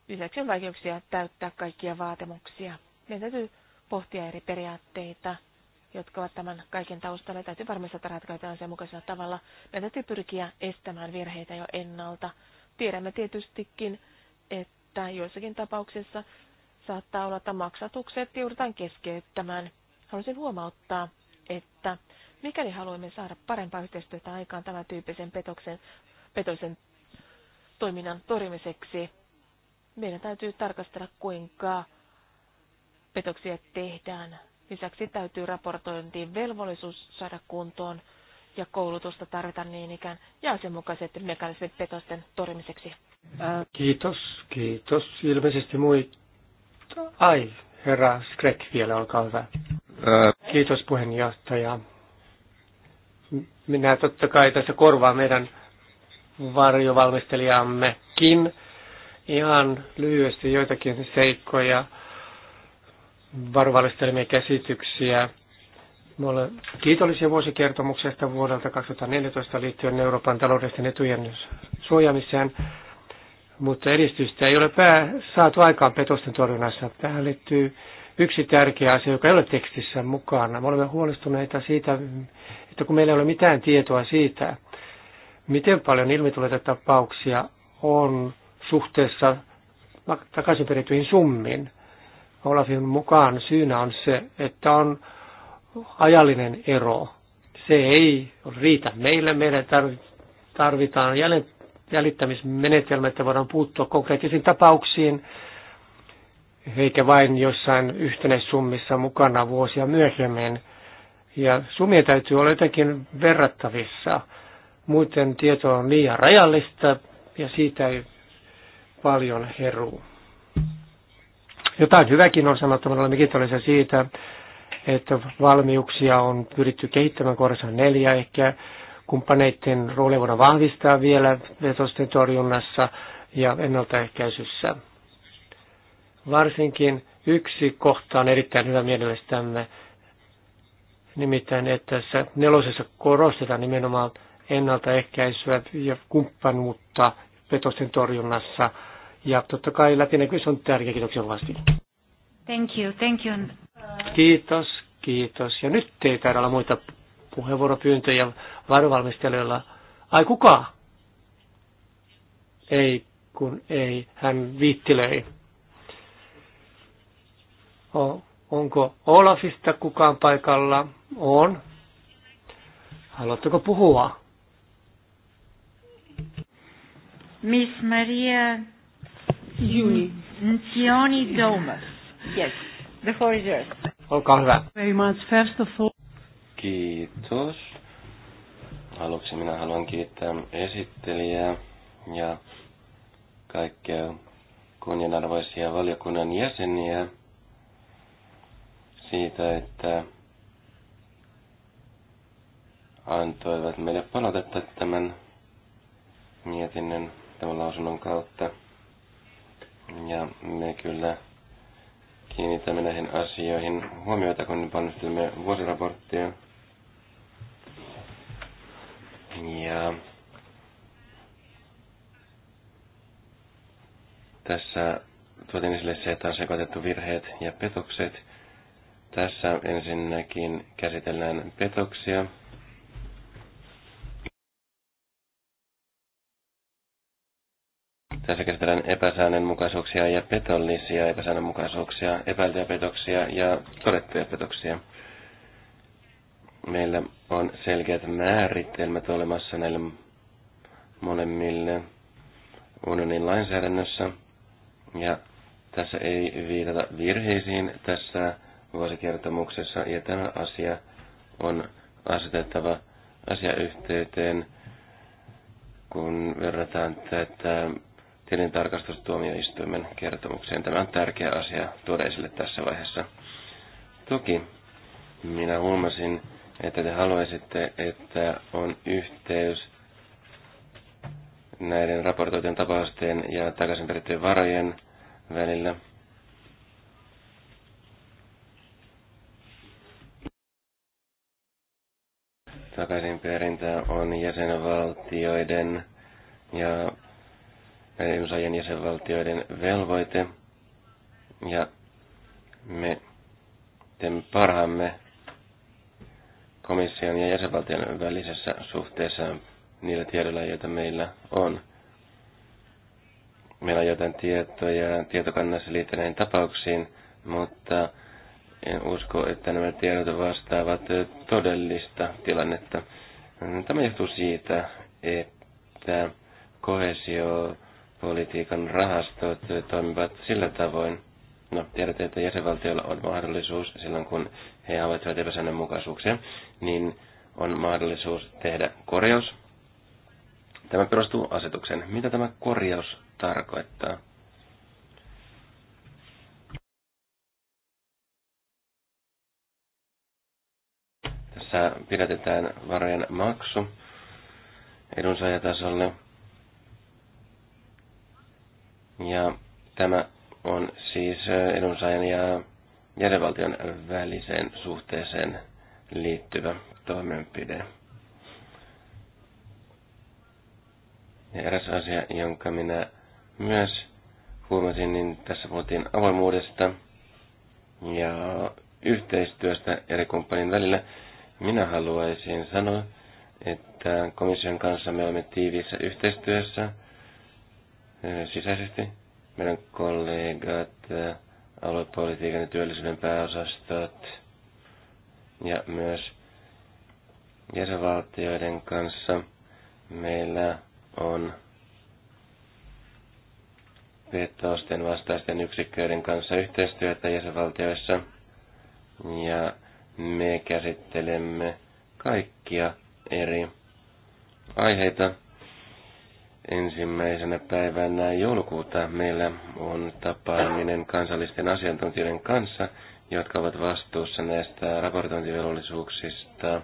Lisäksi on vaikeuksia täyttää kaikkia vaatimuksia. Meidän täytyy pohtia eri periaatteita, jotka ovat tämän kaiken taustalla. Täytyy varmistaa, että sen mukaisella tavalla. Meidän täytyy pyrkiä estämään virheitä jo ennalta. Tiedämme tietystikin, että joissakin tapauksissa saattaa olla, että maksatukset joudutaan keskeyttämään. Haluaisin huomauttaa, että mikäli haluamme saada parempaa yhteistyötä aikaan tämän tyyppisen petoksen, petoisen toiminnan torjumiseksi, meidän täytyy tarkastella, kuinka petoksia tehdään. Lisäksi täytyy raportointiin velvollisuus saada kuntoon ja koulutusta tarvitaan niin ikään ja asianmukaiset mekanismit petosten torjumiseksi. Äh. Kiitos, kiitos. Ilmeisesti muita. Ai, herra Skrek vielä, olkaa hyvä. Ää... Äh. Kiitos puheenjohtaja. Minä totta kai tässä korvaan meidän varjovalmistelijammekin ihan lyhyesti joitakin seikkoja, varovallistelmia käsityksiä. Me olemme kiitollisia vuosikertomuksesta vuodelta 2014 liittyen Euroopan taloudellisten etujen suojaamiseen, mutta edistystä ei ole pää, saatu aikaan petosten torjunnassa. Tähän liittyy yksi tärkeä asia, joka ei ole tekstissä mukana. Me olemme huolestuneita siitä, että kun meillä ei ole mitään tietoa siitä, miten paljon ilmituleita tapauksia on suhteessa takaisin perittyihin summiin. Olafin mukaan syynä on se, että on ajallinen ero. Se ei riitä meille. Meidän tarvitaan jäljittämismenetelmä, että voidaan puuttua konkreettisiin tapauksiin – eikä vain jossain yhtenäissummissa mukana vuosia myöhemmin. Ja summia täytyy olla jotenkin verrattavissa. Muuten tieto on liian rajallista ja siitä ei paljon heruu. Jotain hyväkin on sanottava, olemme siitä, että valmiuksia on pyritty kehittämään kohdassa neljä ehkä. Kumppaneiden rooli voidaan vahvistaa vielä vetosten torjunnassa ja ennaltaehkäisyssä. Varsinkin yksi kohta on erittäin hyvä mielestämme, nimittäin että tässä nelosessa korostetaan nimenomaan ennaltaehkäisyä ja kumppanuutta petosten torjunnassa. Ja totta kai läpinäkyvyys on tärkeä. Kiitoksia vasti. Thank you, thank you. Kiitos, kiitos. Ja nyt ei taida olla muita puheenvuoropyyntöjä varovalmistelijoilla. Ai kuka? Ei, kun ei. Hän viittilöi. Onko Olafista kukaan paikalla? On. Haluatteko puhua? Miss Maria Juni. Ntioni Domas. Yes, the floor is yours. Olkaa hyvä. Very much. First of all... Kiitos. Aluksi minä haluan kiittää esittelijää ja kaikkia kunnianarvoisia valiokunnan jäseniä siitä, että antoivat meille palautetta tämän mietinnön, tämän lausunnon kautta. Ja me kyllä kiinnitämme näihin asioihin huomiota, kun valmistelemme vuosiraporttia. Ja tässä tuotiin esille se, että on sekoitettu virheet ja petokset – tässä ensinnäkin käsitellään petoksia. Tässä käsitellään epäsäännönmukaisuuksia ja petollisia epäsäännönmukaisuuksia, epäiltyjä petoksia ja todettuja petoksia. Meillä on selkeät määritelmät olemassa näille molemmille unionin lainsäädännössä. Ja tässä ei viitata virheisiin, tässä vuosikertomuksessa, ja tämä asia on asetettava asiayhteyteen, kun verrataan tätä tilintarkastustuomioistuimen kertomukseen. Tämä on tärkeä asia tuoda esille tässä vaiheessa. Toki minä huomasin, että te haluaisitte, että on yhteys näiden raportoitujen tapausten ja takaisin varojen välillä – takaisinperintää on jäsenvaltioiden ja edunsaajien jäsenvaltioiden velvoite. Ja me teemme parhaamme komission ja jäsenvaltion välisessä suhteessa niillä tiedoilla, joita meillä on. Meillä on jotain tietoja tietokannassa liittyneen tapauksiin, mutta en usko, että nämä tiedot vastaavat todellista tilannetta. Tämä johtuu siitä, että kohesiopolitiikan rahastot toimivat sillä tavoin, no tiedätte, että jäsenvaltioilla on mahdollisuus silloin, kun he havaitsevat epäsäännönmukaisuuksia, niin on mahdollisuus tehdä korjaus. Tämä perustuu asetukseen. Mitä tämä korjaus tarkoittaa? Tässä pidätetään varojen maksu edunsaajatasolle. Ja tämä on siis edunsaajan ja jäsenvaltion väliseen suhteeseen liittyvä toimenpide. Ja eräs asia, jonka minä myös huomasin, niin tässä puhuttiin avoimuudesta ja yhteistyöstä eri kumppanin välillä. Minä haluaisin sanoa, että komission kanssa me olemme tiiviissä yhteistyössä eh, sisäisesti. Meidän kollegat, eh, aluepolitiikan ja työllisyyden pääosastot ja myös jäsenvaltioiden kanssa meillä on petosten vastaisten yksiköiden kanssa yhteistyötä jäsenvaltioissa ja me käsittelemme kaikkia eri aiheita. Ensimmäisenä päivänä joulukuuta meillä on tapaaminen kansallisten asiantuntijoiden kanssa, jotka ovat vastuussa näistä raportointivelvollisuuksista.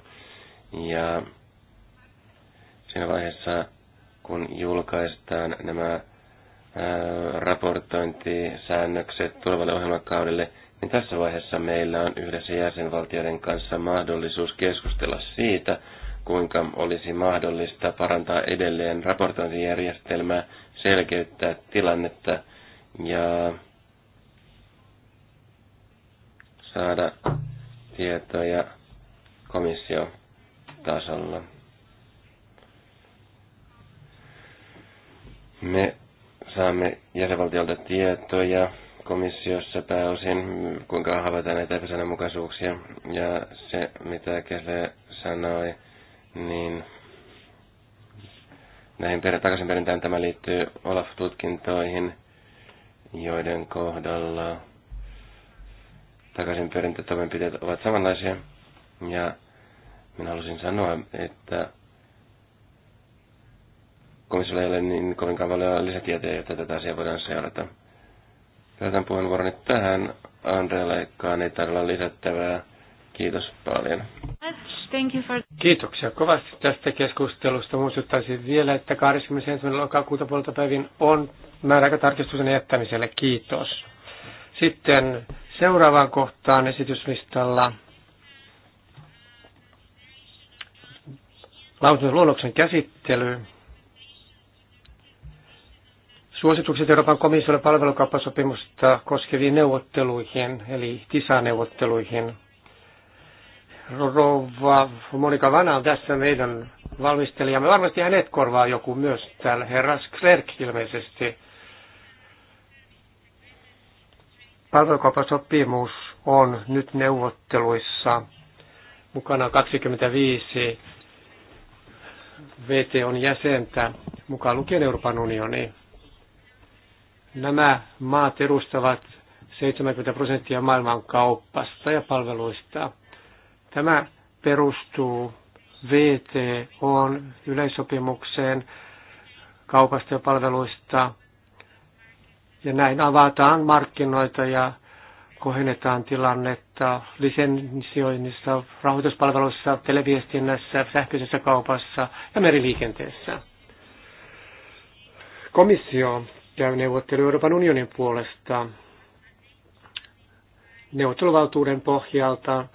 Ja siinä vaiheessa, kun julkaistaan nämä raportointisäännökset tulevalle ohjelmakaudelle – niin tässä vaiheessa meillä on yhdessä jäsenvaltioiden kanssa mahdollisuus keskustella siitä, kuinka olisi mahdollista parantaa edelleen raportointijärjestelmää, selkeyttää tilannetta ja saada tietoja komissiotasolla. Me saamme jäsenvaltiolta tietoja komissiossa pääosin, kuinka havaitaan näitä epäsäännönmukaisuuksia. Ja se, mitä Kesle sanoi, niin näihin per- takaisinperintään tämä liittyy Olaf-tutkintoihin, joiden kohdalla takaisinperintätoimenpiteet ovat samanlaisia. Ja minä halusin sanoa, että komissiolla ei ole niin kovinkaan paljon lisätietoja, jotta tätä asiaa voidaan seurata. Päätän puheenvuoroni tähän. Andreella Ekkaan ei tarvitse lisättävää. Kiitos paljon. Kiitoksia kovasti tästä keskustelusta. Muistuttaisin vielä, että 21. lokakuuta puolta päivin on määräaikatarkistuksen jättämiselle. Kiitos. Sitten seuraavaan kohtaan esityslistalla lausunnon luonnoksen käsittely suositukset Euroopan komissiolle palvelukauppasopimusta koskeviin neuvotteluihin, eli TISA-neuvotteluihin. Rouva Monika Vana on tässä meidän valmistelijamme. Varmasti hänet korvaa joku myös täällä, herra Sklerk ilmeisesti. Palvelukauppasopimus on nyt neuvotteluissa mukana 25 VT on jäsentä, mukaan lukien Euroopan unioni. Nämä maat edustavat 70 prosenttia maailman kaupasta ja palveluista. Tämä perustuu VTOn yleissopimukseen kaupasta ja palveluista. Ja näin avataan markkinoita ja kohennetaan tilannetta lisensioinnissa, rahoituspalveluissa, televiestinnässä, sähköisessä kaupassa ja meriliikenteessä. Komissio käy neuvottelu Euroopan unionin puolesta neuvotteluvaltuuden pohjalta,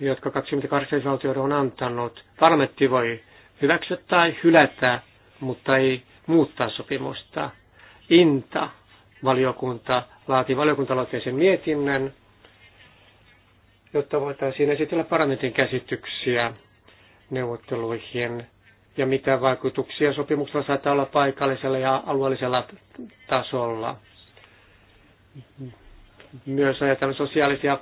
jotka 28 valtioiden on antanut. Parlamentti voi hyväksyä tai hylätä, mutta ei muuttaa sopimusta. Inta valiokunta laati valiokuntaloitteisen mietinnön, jotta voitaisiin esitellä parlamentin käsityksiä neuvotteluihin ja mitä vaikutuksia sopimuksella saattaa olla paikallisella ja alueellisella tasolla. Myös ajatellaan sosiaalisia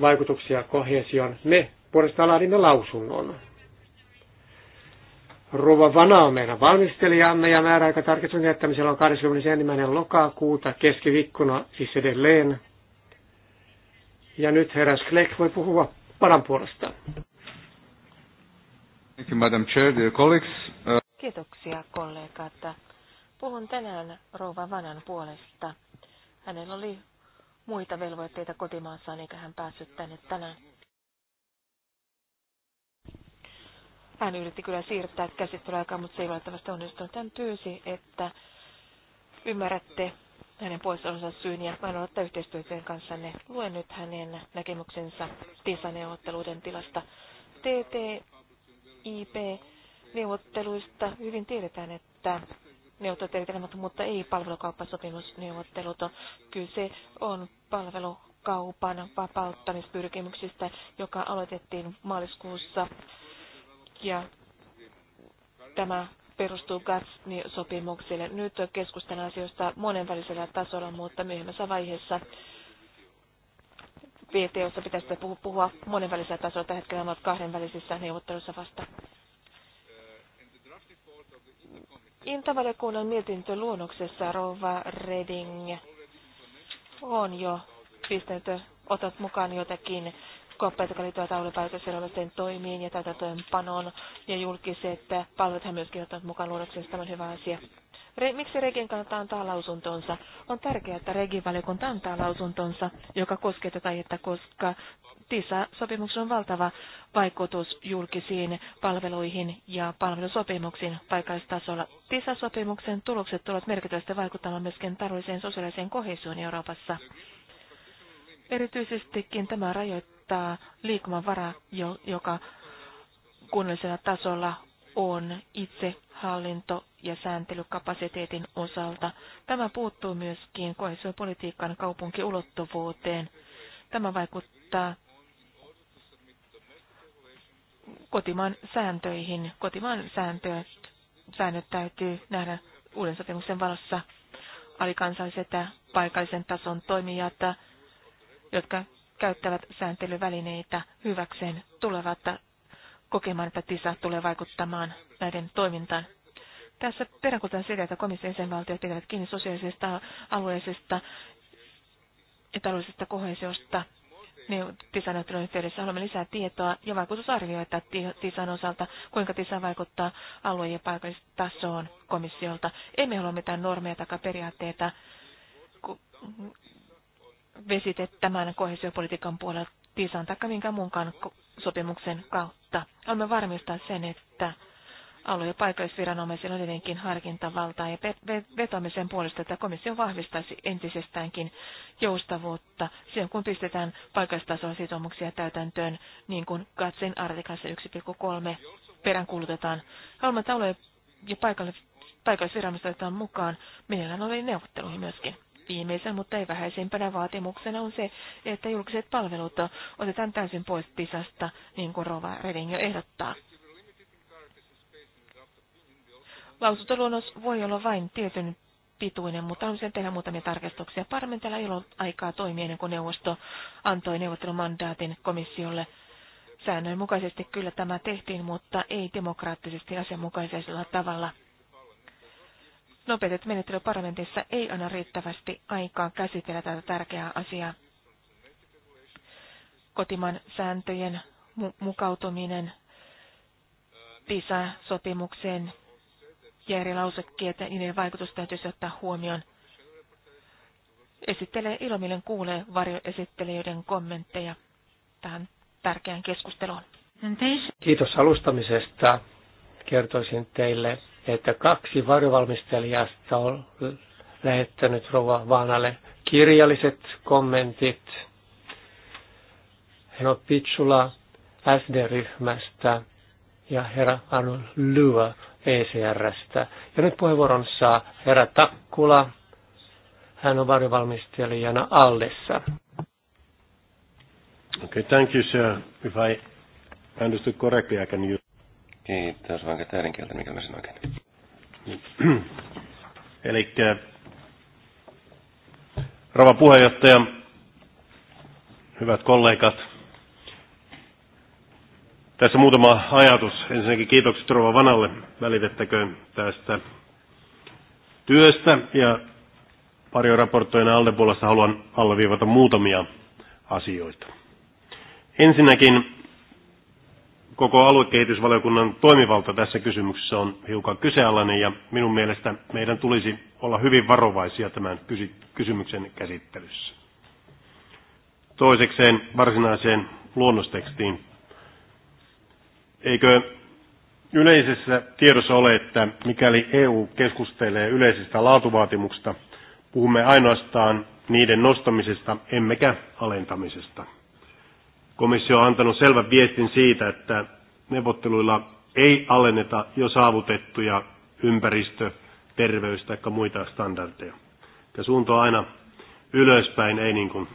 vaikutuksia kohesioon. Me puolestaan laadimme lausunnon. Rova Vana on meidän valmistelijamme ja määräaika tarkistuksen jättämisellä on 21. lokakuuta keskiviikkona siis edelleen. Ja nyt herra Schleck voi puhua paran puolesta. Thank you, Madam Chair, dear colleagues. Uh, Kiitoksia kollegat. Puhun tänään Rouva Vanan puolesta. Hänellä oli muita velvoitteita kotimaassaan, eikä hän päässyt tänne tänään. Hän yritti kyllä siirtää käsittelyaikaa, mutta se ei valitettavasti onnistunut. Hän tyysi, että ymmärrätte hänen poissaolonsa syyn ja vain olette yhteistyötä kanssanne. Luen nyt hänen näkemyksensä TISA-neuvotteluiden tilasta. TT ip neuvotteluista hyvin tiedetään, että neuvottelut erittelemättä, mutta ei palvelukauppasopimusneuvottelut. Kyse on palvelukaupan vapauttamispyrkimyksistä, joka aloitettiin maaliskuussa. Ja tämä perustuu GATS-sopimukselle. Nyt keskustellaan asioista monenvälisellä tasolla, mutta myöhemmässä vaiheessa viestiä, joista pitäisi puhua monenvälisellä tasolla. Tällä hetkellä olet kahdenvälisissä neuvotteluissa vasta. Intavaliokunnan luonnoksessa Rova Reding on jo pistänyt, otat mukaan jotakin koppeita, jotka liittyvät taulupäätösviranomaisten toimiin ja täytäntöönpanoon ja julkiset palvelut hän myöskin ottanut mukaan luonnoksessa. Tämä on hyvä asia. Re, miksi Regin kannattaa antaa lausuntonsa? On tärkeää, että valiokunta antaa lausuntonsa, joka koskee tätä aihetta, koska TISA-sopimuksen on valtava vaikutus julkisiin palveluihin ja palvelusopimuksiin paikallistasolla. TISA-sopimuksen tulokset tulevat merkittävästi vaikuttamaan myöskin taloudelliseen sosiaaliseen kohesioon Euroopassa. Erityisestikin tämä rajoittaa liikkumavaraa, joka kunnallisella tasolla on itsehallinto ja sääntelykapasiteetin osalta. Tämä puuttuu myöskin kohesiopolitiikan kaupunkiulottuvuuteen. Tämä vaikuttaa kotimaan sääntöihin. Kotimaan sääntöt, säännöt täytyy nähdä uuden sopimuksen valossa. Alikansalliset ja paikallisen tason toimijat, jotka käyttävät sääntelyvälineitä hyväkseen, tulevat kokemaan, että TISA tulee vaikuttamaan näiden toimintaan. Tässä peräkutaan sitä, että komission jäsenvaltiot tekevät kiinni sosiaalisesta, alueellisesta ja taloudellisesta kohesiosta TISA-neuvottelun yhteydessä. Haluamme lisää tietoa ja vaikutusarvioita TISAn osalta, kuinka TISA vaikuttaa alue- ja paikallistasoon komissiolta. Emme halua mitään normeja tai periaatteita vesitettämään kohesiopolitiikan puolelta. TISAn tai minkään muunkaan sopimuksen kautta. Haluamme varmistaa sen, että alue- ja paikallisviranomaisilla on edelleenkin harkintavaltaa ja vetoamisen puolesta, että komissio vahvistaisi entisestäänkin joustavuutta siinä kun pistetään paikallistasolla sitoumuksia täytäntöön, niin kuin Katsin artikassa 1.3 peräänkuulutetaan. Haluamme, että alue- ja paikallisviranomaiset otetaan mukaan, on oli neuvotteluihin myöskin. Viimeisen, mutta ei vähäisimpänä vaatimuksena on se, että julkiset palvelut otetaan täysin pois pisasta, niin kuin Rova Reding jo ehdottaa. Lausuntoluonnos voi olla vain tietyn pituinen, mutta haluaisin tehdä muutamia tarkastuksia. Parlamentilla ei ollut aikaa toimia ennen kuin neuvosto antoi neuvottelumandaatin komissiolle. Säännönmukaisesti kyllä tämä tehtiin, mutta ei demokraattisesti asianmukaisella tavalla nopeutettu menettely parlamentissa ei anna riittävästi aikaa käsitellä tätä tärkeää asiaa. Kotiman sääntöjen mu- mukautuminen PISA-sopimukseen ja eri lausekkeet ja niiden vaikutus täytyisi ottaa huomioon. Esittelee ilomielen kuulee varjoesittelijöiden kommentteja tähän tärkeään keskusteluun. Kiitos alustamisesta. Kertoisin teille että kaksi varovalmistelijasta on lähettänyt Rova Vaanalle kirjalliset kommentit. Hän on Pitsula SD-ryhmästä ja herra Anu Lyö ECRstä. Ja nyt puheenvuoron saa herra Takkula. Hän on varovalmistelijana Allessa. Okay, thank you, sir. If I understood correctly, I can use Kiitos, vaan käyttää äidinkieltä, mikä mä sen oikein. (clears throat) Eli Rova puheenjohtaja, hyvät kollegat, tässä muutama ajatus. Ensinnäkin kiitokset Rova Vanalle. Välitettäköön tästä työstä. Ja pari raportoina alle puolesta haluan alleviivata muutamia asioita. Ensinnäkin koko aluekehitysvaliokunnan toimivalta tässä kysymyksessä on hiukan kyseenalainen ja minun mielestä meidän tulisi olla hyvin varovaisia tämän kysymyksen käsittelyssä. Toisekseen varsinaiseen luonnostekstiin. Eikö yleisessä tiedossa ole, että mikäli EU keskustelee yleisistä laatuvaatimuksista, puhumme ainoastaan niiden nostamisesta emmekä alentamisesta. Komissio on antanut selvän viestin siitä, että neuvotteluilla ei alenneta jo saavutettuja ympäristö-, terveys- tai muita standardeja. Ja suunta on aina ylöspäin, ei niin kuin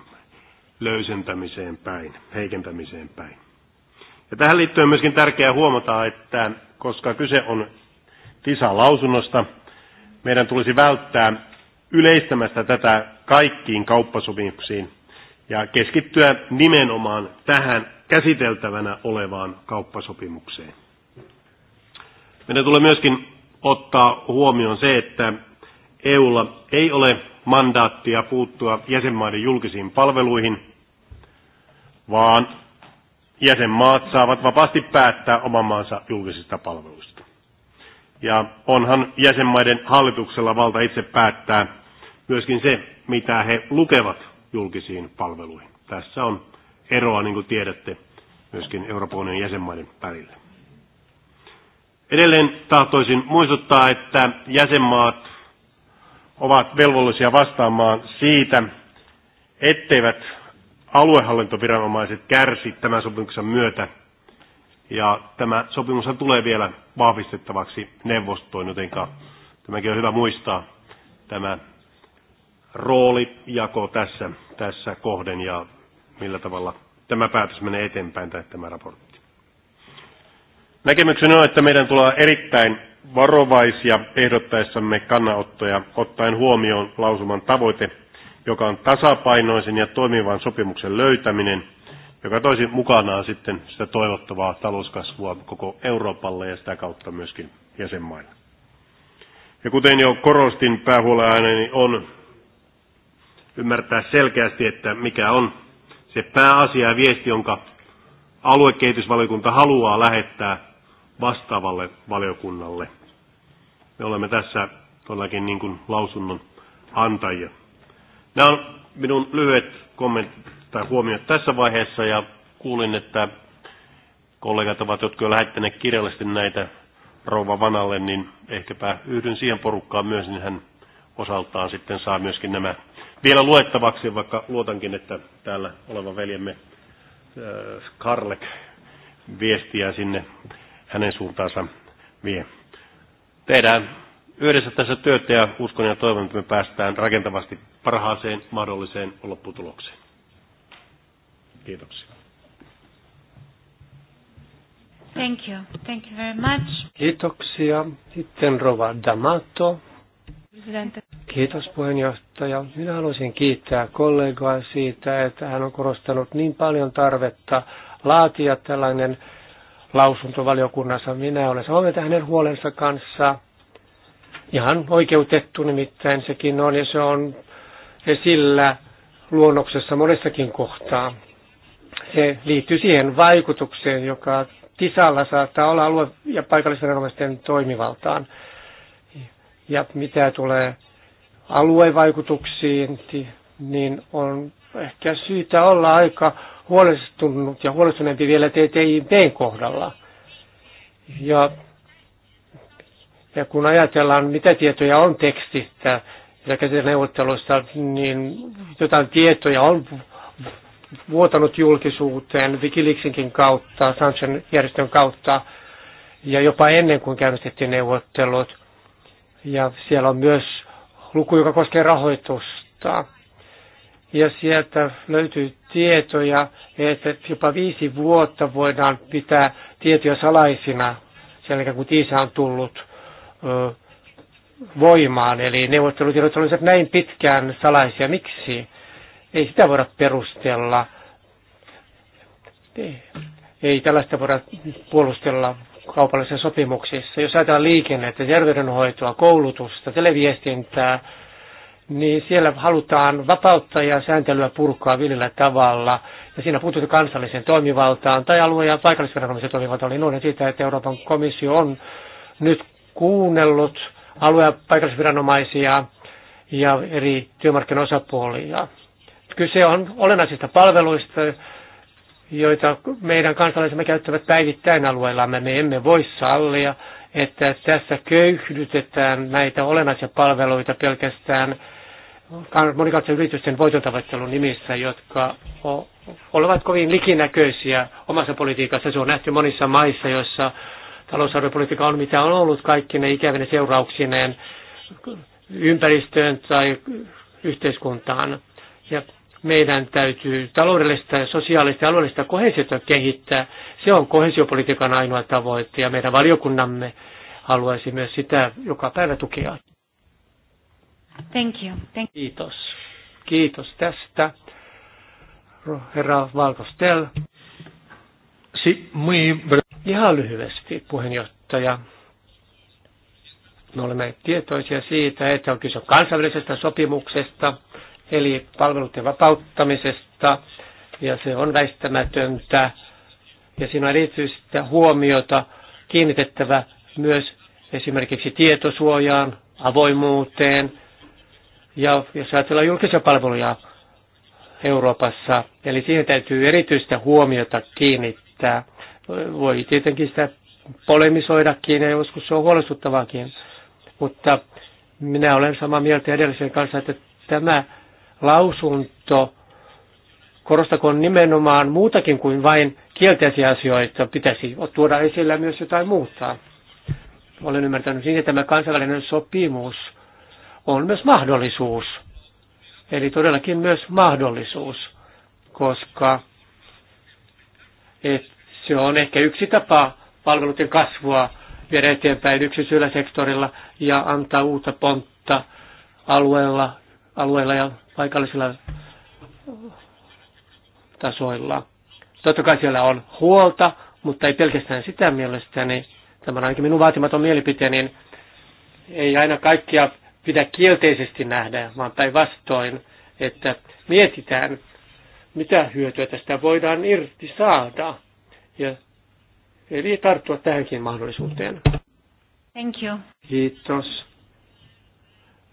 löysentämiseen päin, heikentämiseen päin. Ja tähän liittyen myöskin tärkeää huomata, että koska kyse on TISA-lausunnosta, meidän tulisi välttää yleistämästä tätä kaikkiin kauppasopimuksiin ja keskittyä nimenomaan tähän käsiteltävänä olevaan kauppasopimukseen. Meidän tulee myöskin ottaa huomioon se, että EUlla ei ole mandaattia puuttua jäsenmaiden julkisiin palveluihin, vaan jäsenmaat saavat vapaasti päättää oman maansa julkisista palveluista. Ja onhan jäsenmaiden hallituksella valta itse päättää myöskin se, mitä he lukevat julkisiin palveluihin. Tässä on eroa, niin kuin tiedätte, myöskin Euroopan unionin jäsenmaiden välillä. Edelleen tahtoisin muistuttaa, että jäsenmaat ovat velvollisia vastaamaan siitä, etteivät aluehallintoviranomaiset kärsi tämän sopimuksen myötä. Ja tämä sopimus tulee vielä vahvistettavaksi neuvostoon, jotenka tämäkin on hyvä muistaa, tämä roolijako tässä, tässä kohden ja millä tavalla tämä päätös menee eteenpäin tai tämä raportti. Näkemykseni on, että meidän tulee erittäin varovaisia ehdottaessamme kannanottoja ottaen huomioon lausuman tavoite, joka on tasapainoisen ja toimivan sopimuksen löytäminen, joka toisi mukanaan sitten sitä toivottavaa talouskasvua koko Euroopalle ja sitä kautta myöskin jäsenmaille. Ja kuten jo korostin, päähuoleaineeni on ymmärtää selkeästi, että mikä on se pääasia ja viesti, jonka aluekehitysvaliokunta haluaa lähettää vastaavalle valiokunnalle. Me olemme tässä todellakin niin kuin lausunnon antajia. Nämä on minun lyhyet kommentit tai huomiot tässä vaiheessa ja kuulin, että kollegat ovat, jotka jo lähettäneet kirjallisesti näitä rouva Vanalle, niin ehkäpä yhdyn siihen porukkaan myös, niin hän osaltaan sitten saa myöskin nämä vielä luettavaksi, vaikka luotankin, että täällä oleva veljemme Karlek äh, viestiä sinne hänen suuntaansa vie. Tehdään yhdessä tässä työtä ja uskon ja toivon, että me päästään rakentavasti parhaaseen mahdolliseen lopputulokseen. Kiitoksia. Thank you. Thank you very much. Kiitoksia. Sitten Rova D'Amato. Kiitos puheenjohtaja. Minä haluaisin kiittää kollegaa siitä, että hän on korostanut niin paljon tarvetta laatia tällainen lausuntovaliokunnassa. Minä olen samaa mieltä hänen huolensa kanssa. Ihan oikeutettu nimittäin sekin on ja se on esillä luonnoksessa monessakin kohtaa. Se liittyy siihen vaikutukseen, joka Tisalla saattaa olla alue- ja paikallisviranomaisten toimivaltaan. Ja mitä tulee aluevaikutuksiin, niin on ehkä syytä olla aika huolestunut ja huolestuneempi vielä TTIPn kohdalla. Ja, ja kun ajatellaan, mitä tietoja on tekstistä ja käsiteneuvotteluista, niin jotain tietoja on vuotanut julkisuuteen Wikileaksinkin kautta, Sanchen järjestön kautta ja jopa ennen kuin käynnistettiin neuvottelut – ja siellä on myös luku, joka koskee rahoitusta. Ja sieltä löytyy tietoja, että jopa viisi vuotta voidaan pitää tietoja salaisina, sen jälkeen kun Tiisa on tullut ö, voimaan. Eli neuvottelutiedot olisivat näin pitkään salaisia. Miksi? Ei sitä voida perustella. Ei, ei tällaista voida puolustella kaupallisissa sopimuksissa. Jos ajatellaan liikennettä, terveydenhoitoa, koulutusta, televiestintää, niin siellä halutaan vapautta ja sääntelyä purkaa viljellä tavalla. Ja siinä puututaan kansalliseen toimivaltaan tai alue- ja paikallisviranomaisen toimivaltaan. Oli noin siitä, että Euroopan komissio on nyt kuunnellut alue- ja paikallisviranomaisia ja eri työmarkkinoosapuolia. Kyse on olennaisista palveluista, joita meidän kansalaisemme käyttävät päivittäin alueillamme. Me emme voi sallia, että tässä köyhdytetään näitä olennaisia palveluita pelkästään monikansallisten yritysten voitontavoittelun nimissä, jotka ovat kovin likinäköisiä omassa politiikassa. Se on nähty monissa maissa, joissa talousarvopolitiikka on mitä on ollut kaikki ne ikävinen seurauksineen ympäristöön tai yhteiskuntaan. Ja meidän täytyy taloudellista, sosiaalista ja alueellista kohesiota kehittää. Se on kohesiopolitiikan ainoa tavoite ja meidän valiokunnamme haluaisi myös sitä joka päivä tukea. Thank you. Thank you. Kiitos. Kiitos tästä. Herra Valkostel. Si, mui... Ihan lyhyesti, puheenjohtaja. Me olemme tietoisia siitä, että on kyse kansainvälisestä sopimuksesta, eli palveluiden vapauttamisesta, ja se on väistämätöntä. Ja siinä on erityistä huomiota kiinnitettävä myös esimerkiksi tietosuojaan, avoimuuteen, ja jos ajatellaan julkisia palveluja Euroopassa, eli siihen täytyy erityistä huomiota kiinnittää. Voi tietenkin sitä polemisoidakin ja joskus se on huolestuttavaakin, mutta minä olen samaa mieltä edellisen kanssa, että tämä lausunto korostakoon nimenomaan muutakin kuin vain kielteisiä asioita. Pitäisi tuoda esillä myös jotain muuta. Olen ymmärtänyt niin, että tämä kansainvälinen sopimus on myös mahdollisuus. Eli todellakin myös mahdollisuus, koska et se on ehkä yksi tapa palveluiden kasvua viedä eteenpäin yksityisellä sektorilla ja antaa uutta pontta alueella, alueella ja paikallisilla tasoilla. Totta kai siellä on huolta, mutta ei pelkästään sitä mielestäni, tämä on ainakin minun vaatimaton mielipiteeni, niin ei aina kaikkia pidä kielteisesti nähdä, vaan päinvastoin, että mietitään, mitä hyötyä tästä voidaan irti saada. Ja, eli tarttua tähänkin mahdollisuuteen. Thank you. Kiitos.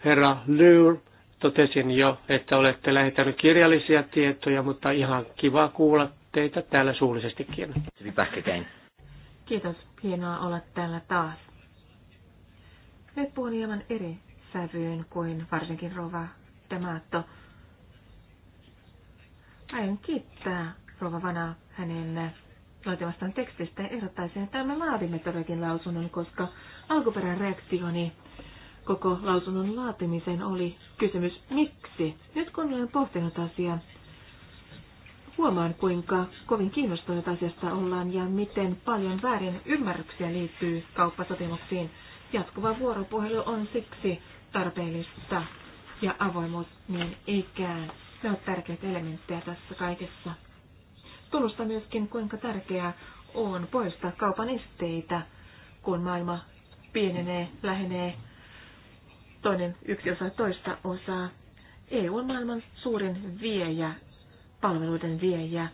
Herra Lyr Totesin jo, että olette lähettänyt kirjallisia tietoja, mutta ihan kiva kuulla teitä täällä suullisestikin. Kiitos. Hienoa olla täällä taas. Nyt puhun hieman eri sävyyn kuin varsinkin Rova Damato. Aion kiittää Rova vana hänen laatimastaan tekstistä ja ehdottaisin, että me laadimme todellakin lausunnon, koska alkuperän reaktioni koko lausunnon laatimiseen oli kysymys, miksi? Nyt kun olen pohtinut asiaa, huomaan kuinka kovin kiinnostuneita asiasta ollaan ja miten paljon väärin ymmärryksiä liittyy kauppasopimuksiin. Jatkuva vuoropuhelu on siksi tarpeellista ja avoimuus niin ikään. Ne ovat tärkeitä elementtejä tässä kaikessa. Tunnusta myöskin, kuinka tärkeää on poistaa kaupan esteitä, kun maailma pienenee, lähenee toinen yksi osa toista osaa. EU on maailman suurin viejä, palveluiden viejä.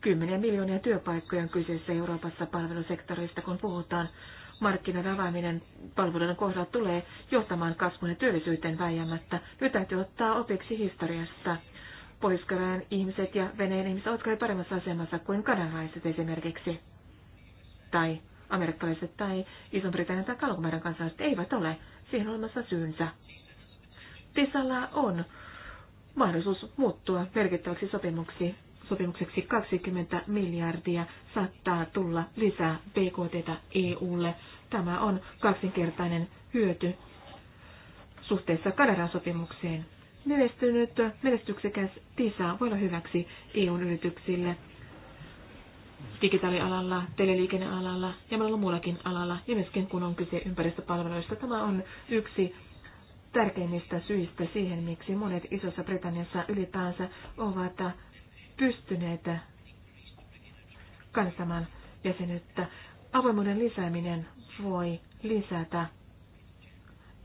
Kymmeniä miljoonia työpaikkoja on kyseessä Euroopassa palvelusektorista, kun puhutaan. Markkinoiden avaaminen palveluiden kohdalla tulee johtamaan kasvun ja työllisyyteen väijämättä. Nyt täytyy ottaa opiksi historiasta. Poiskarajan ihmiset ja veneen ihmiset ovat paremmassa asemassa kuin kanalaiset esimerkiksi. Tai amerikkalaiset tai Iso-Britannian tai Kalkomaiden kansalaiset eivät ole. Siihen on olemassa syynsä. Tisalla on mahdollisuus muuttua merkittäväksi sopimuksi. sopimukseksi 20 miljardia saattaa tulla lisää BKT EUlle. Tämä on kaksinkertainen hyöty suhteessa Kanadan sopimukseen. Menestynyt, menestyksekäs TISA voi olla hyväksi EUn yrityksille digitaalialalla, teleliikennealalla ja monella muullakin alalla, ja myöskin kun on kyse ympäristöpalveluista. Tämä on yksi tärkeimmistä syistä siihen, miksi monet Isossa Britanniassa ylipäänsä ovat pystyneet kansamaan jäsenyyttä. Avoimuuden lisääminen voi lisätä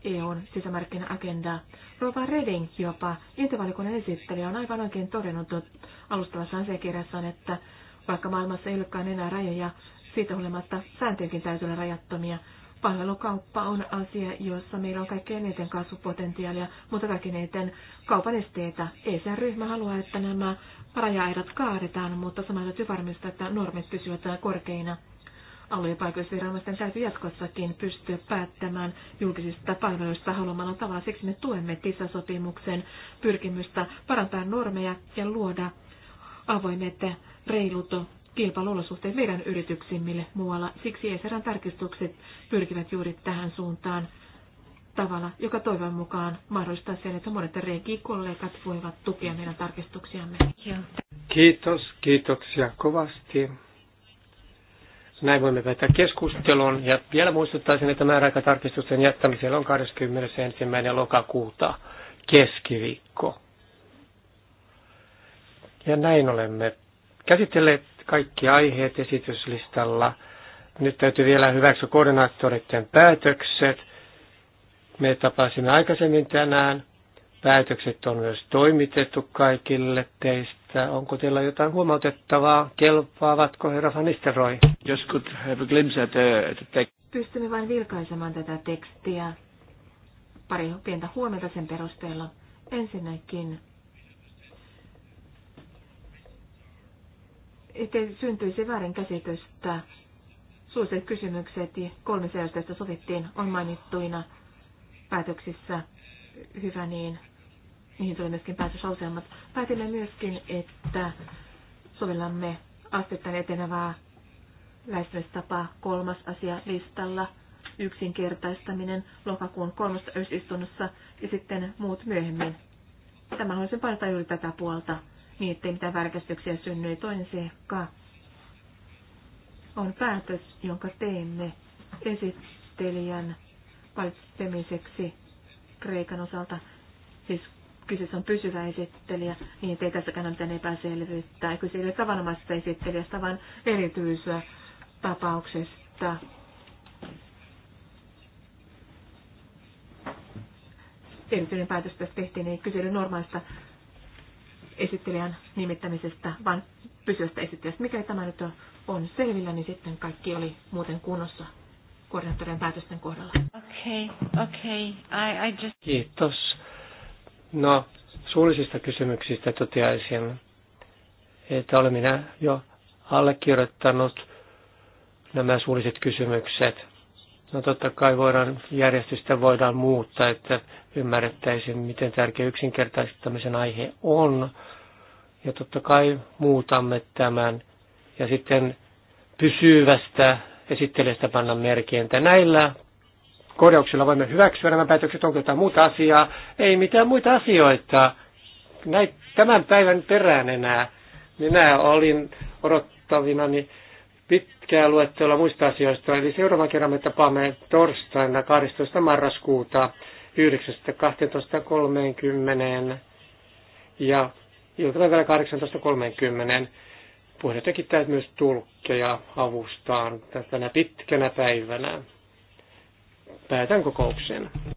EUn sisämarkkina-agendaa. Rova Reding jopa, intervalikunnan esittelijä, on aivan oikein todennut alustavassa asiakirjassaan, että vaikka maailmassa ei olekaan enää rajoja, siitä huolimatta sääntöjenkin täytyy olla rajattomia. Palvelukauppa on asia, jossa meillä on kaikkein eniten kasvupotentiaalia, mutta kaikkein eniten kaupan esteitä. ESR-ryhmä haluaa, että nämä raja-aidat kaadetaan, mutta samalla täytyy varmistaa, että normit pysyvät korkeina. Alue- ja paikallisviranomaisten täytyy jatkossakin pystyä päättämään julkisista palveluista haluamalla tavalla. Siksi me tuemme TISA-sopimuksen pyrkimystä parantaa normeja ja luoda avoimet, reilut kilpailuolosuhteet meidän yrityksimmille muualla. Siksi ESRn tarkistukset pyrkivät juuri tähän suuntaan tavalla, joka toivon mukaan mahdollistaa sen, että monet reiki-kollegat voivat tukea meidän tarkistuksiamme. Kiitos, kiitoksia kovasti. Näin voimme päättää keskustelun ja vielä muistuttaisin, että määräaikatarkistusten jättämisellä on 21. lokakuuta keskiviikko. Ja näin olemme käsitelleet kaikki aiheet esityslistalla. Nyt täytyy vielä hyväksyä koordinaattoreiden päätökset. Me tapasimme aikaisemmin tänään. Päätökset on myös toimitettu kaikille teistä. Onko teillä jotain huomautettavaa? Kelpaavatko herra Van Nistelrooy? Jos could have a glimpse at the text. Pystymme vain vilkaisemaan tätä tekstiä. Pari pientä huomiota sen perusteella. Ensinnäkin ettei syntyisi väärinkäsitystä. Suuset kysymykset ja kolme sellaista, sovittiin, on mainittuina päätöksissä. Hyvä niin. Niihin tuli myöskin päätösauselmat. Päätimme myöskin, että sovellamme astettain etenevää lähestymistapaa kolmas asia listalla – yksinkertaistaminen lokakuun kolmasta ysistunnossa ja sitten muut myöhemmin. Tämä haluaisin painottaa juuri tätä puolta niin ettei mitään värkästyksiä synny. Toinen seikka on päätös, jonka teemme esittelijän valitsemiseksi Kreikan osalta. Siis kyseessä on pysyvä esittelijä, niin ettei tässäkään ole mitään epäselvyyttä. Kyse ole tavanomaisesta esittelijästä, vaan erityisä tapauksesta. Erityinen päätös tässä tehtiin, ei kyse normaalista esittelijän nimittämisestä, vaan pysyvästä esittelijästä. Mikäli tämä nyt on selvillä, niin sitten kaikki oli muuten kunnossa koordinaattorien päätösten kohdalla. Okei, okay, okei. Okay. I, I just... Kiitos. No, suullisista kysymyksistä toteaisin, että olen minä jo allekirjoittanut nämä suulliset kysymykset No totta kai voidaan, järjestystä voidaan muuttaa, että ymmärrettäisiin, miten tärkeä yksinkertaistamisen aihe on. Ja totta kai muutamme tämän. Ja sitten pysyvästä esittelijästä panna merkintä. Näillä korjauksilla voimme hyväksyä nämä päätökset, onko jotain muuta asiaa, ei mitään muita asioita. Näin, tämän päivän perään enää. Minä olin odottavina, niin pitkää luettelua muista asioista. Eli seuraavan kerran me tapaamme torstaina 12. marraskuuta 9.12.30 ja iltana vielä 18.30. Puheenjohtaja kiittää myös tulkkeja avustaan tänä pitkänä päivänä. Päätän kokouksen.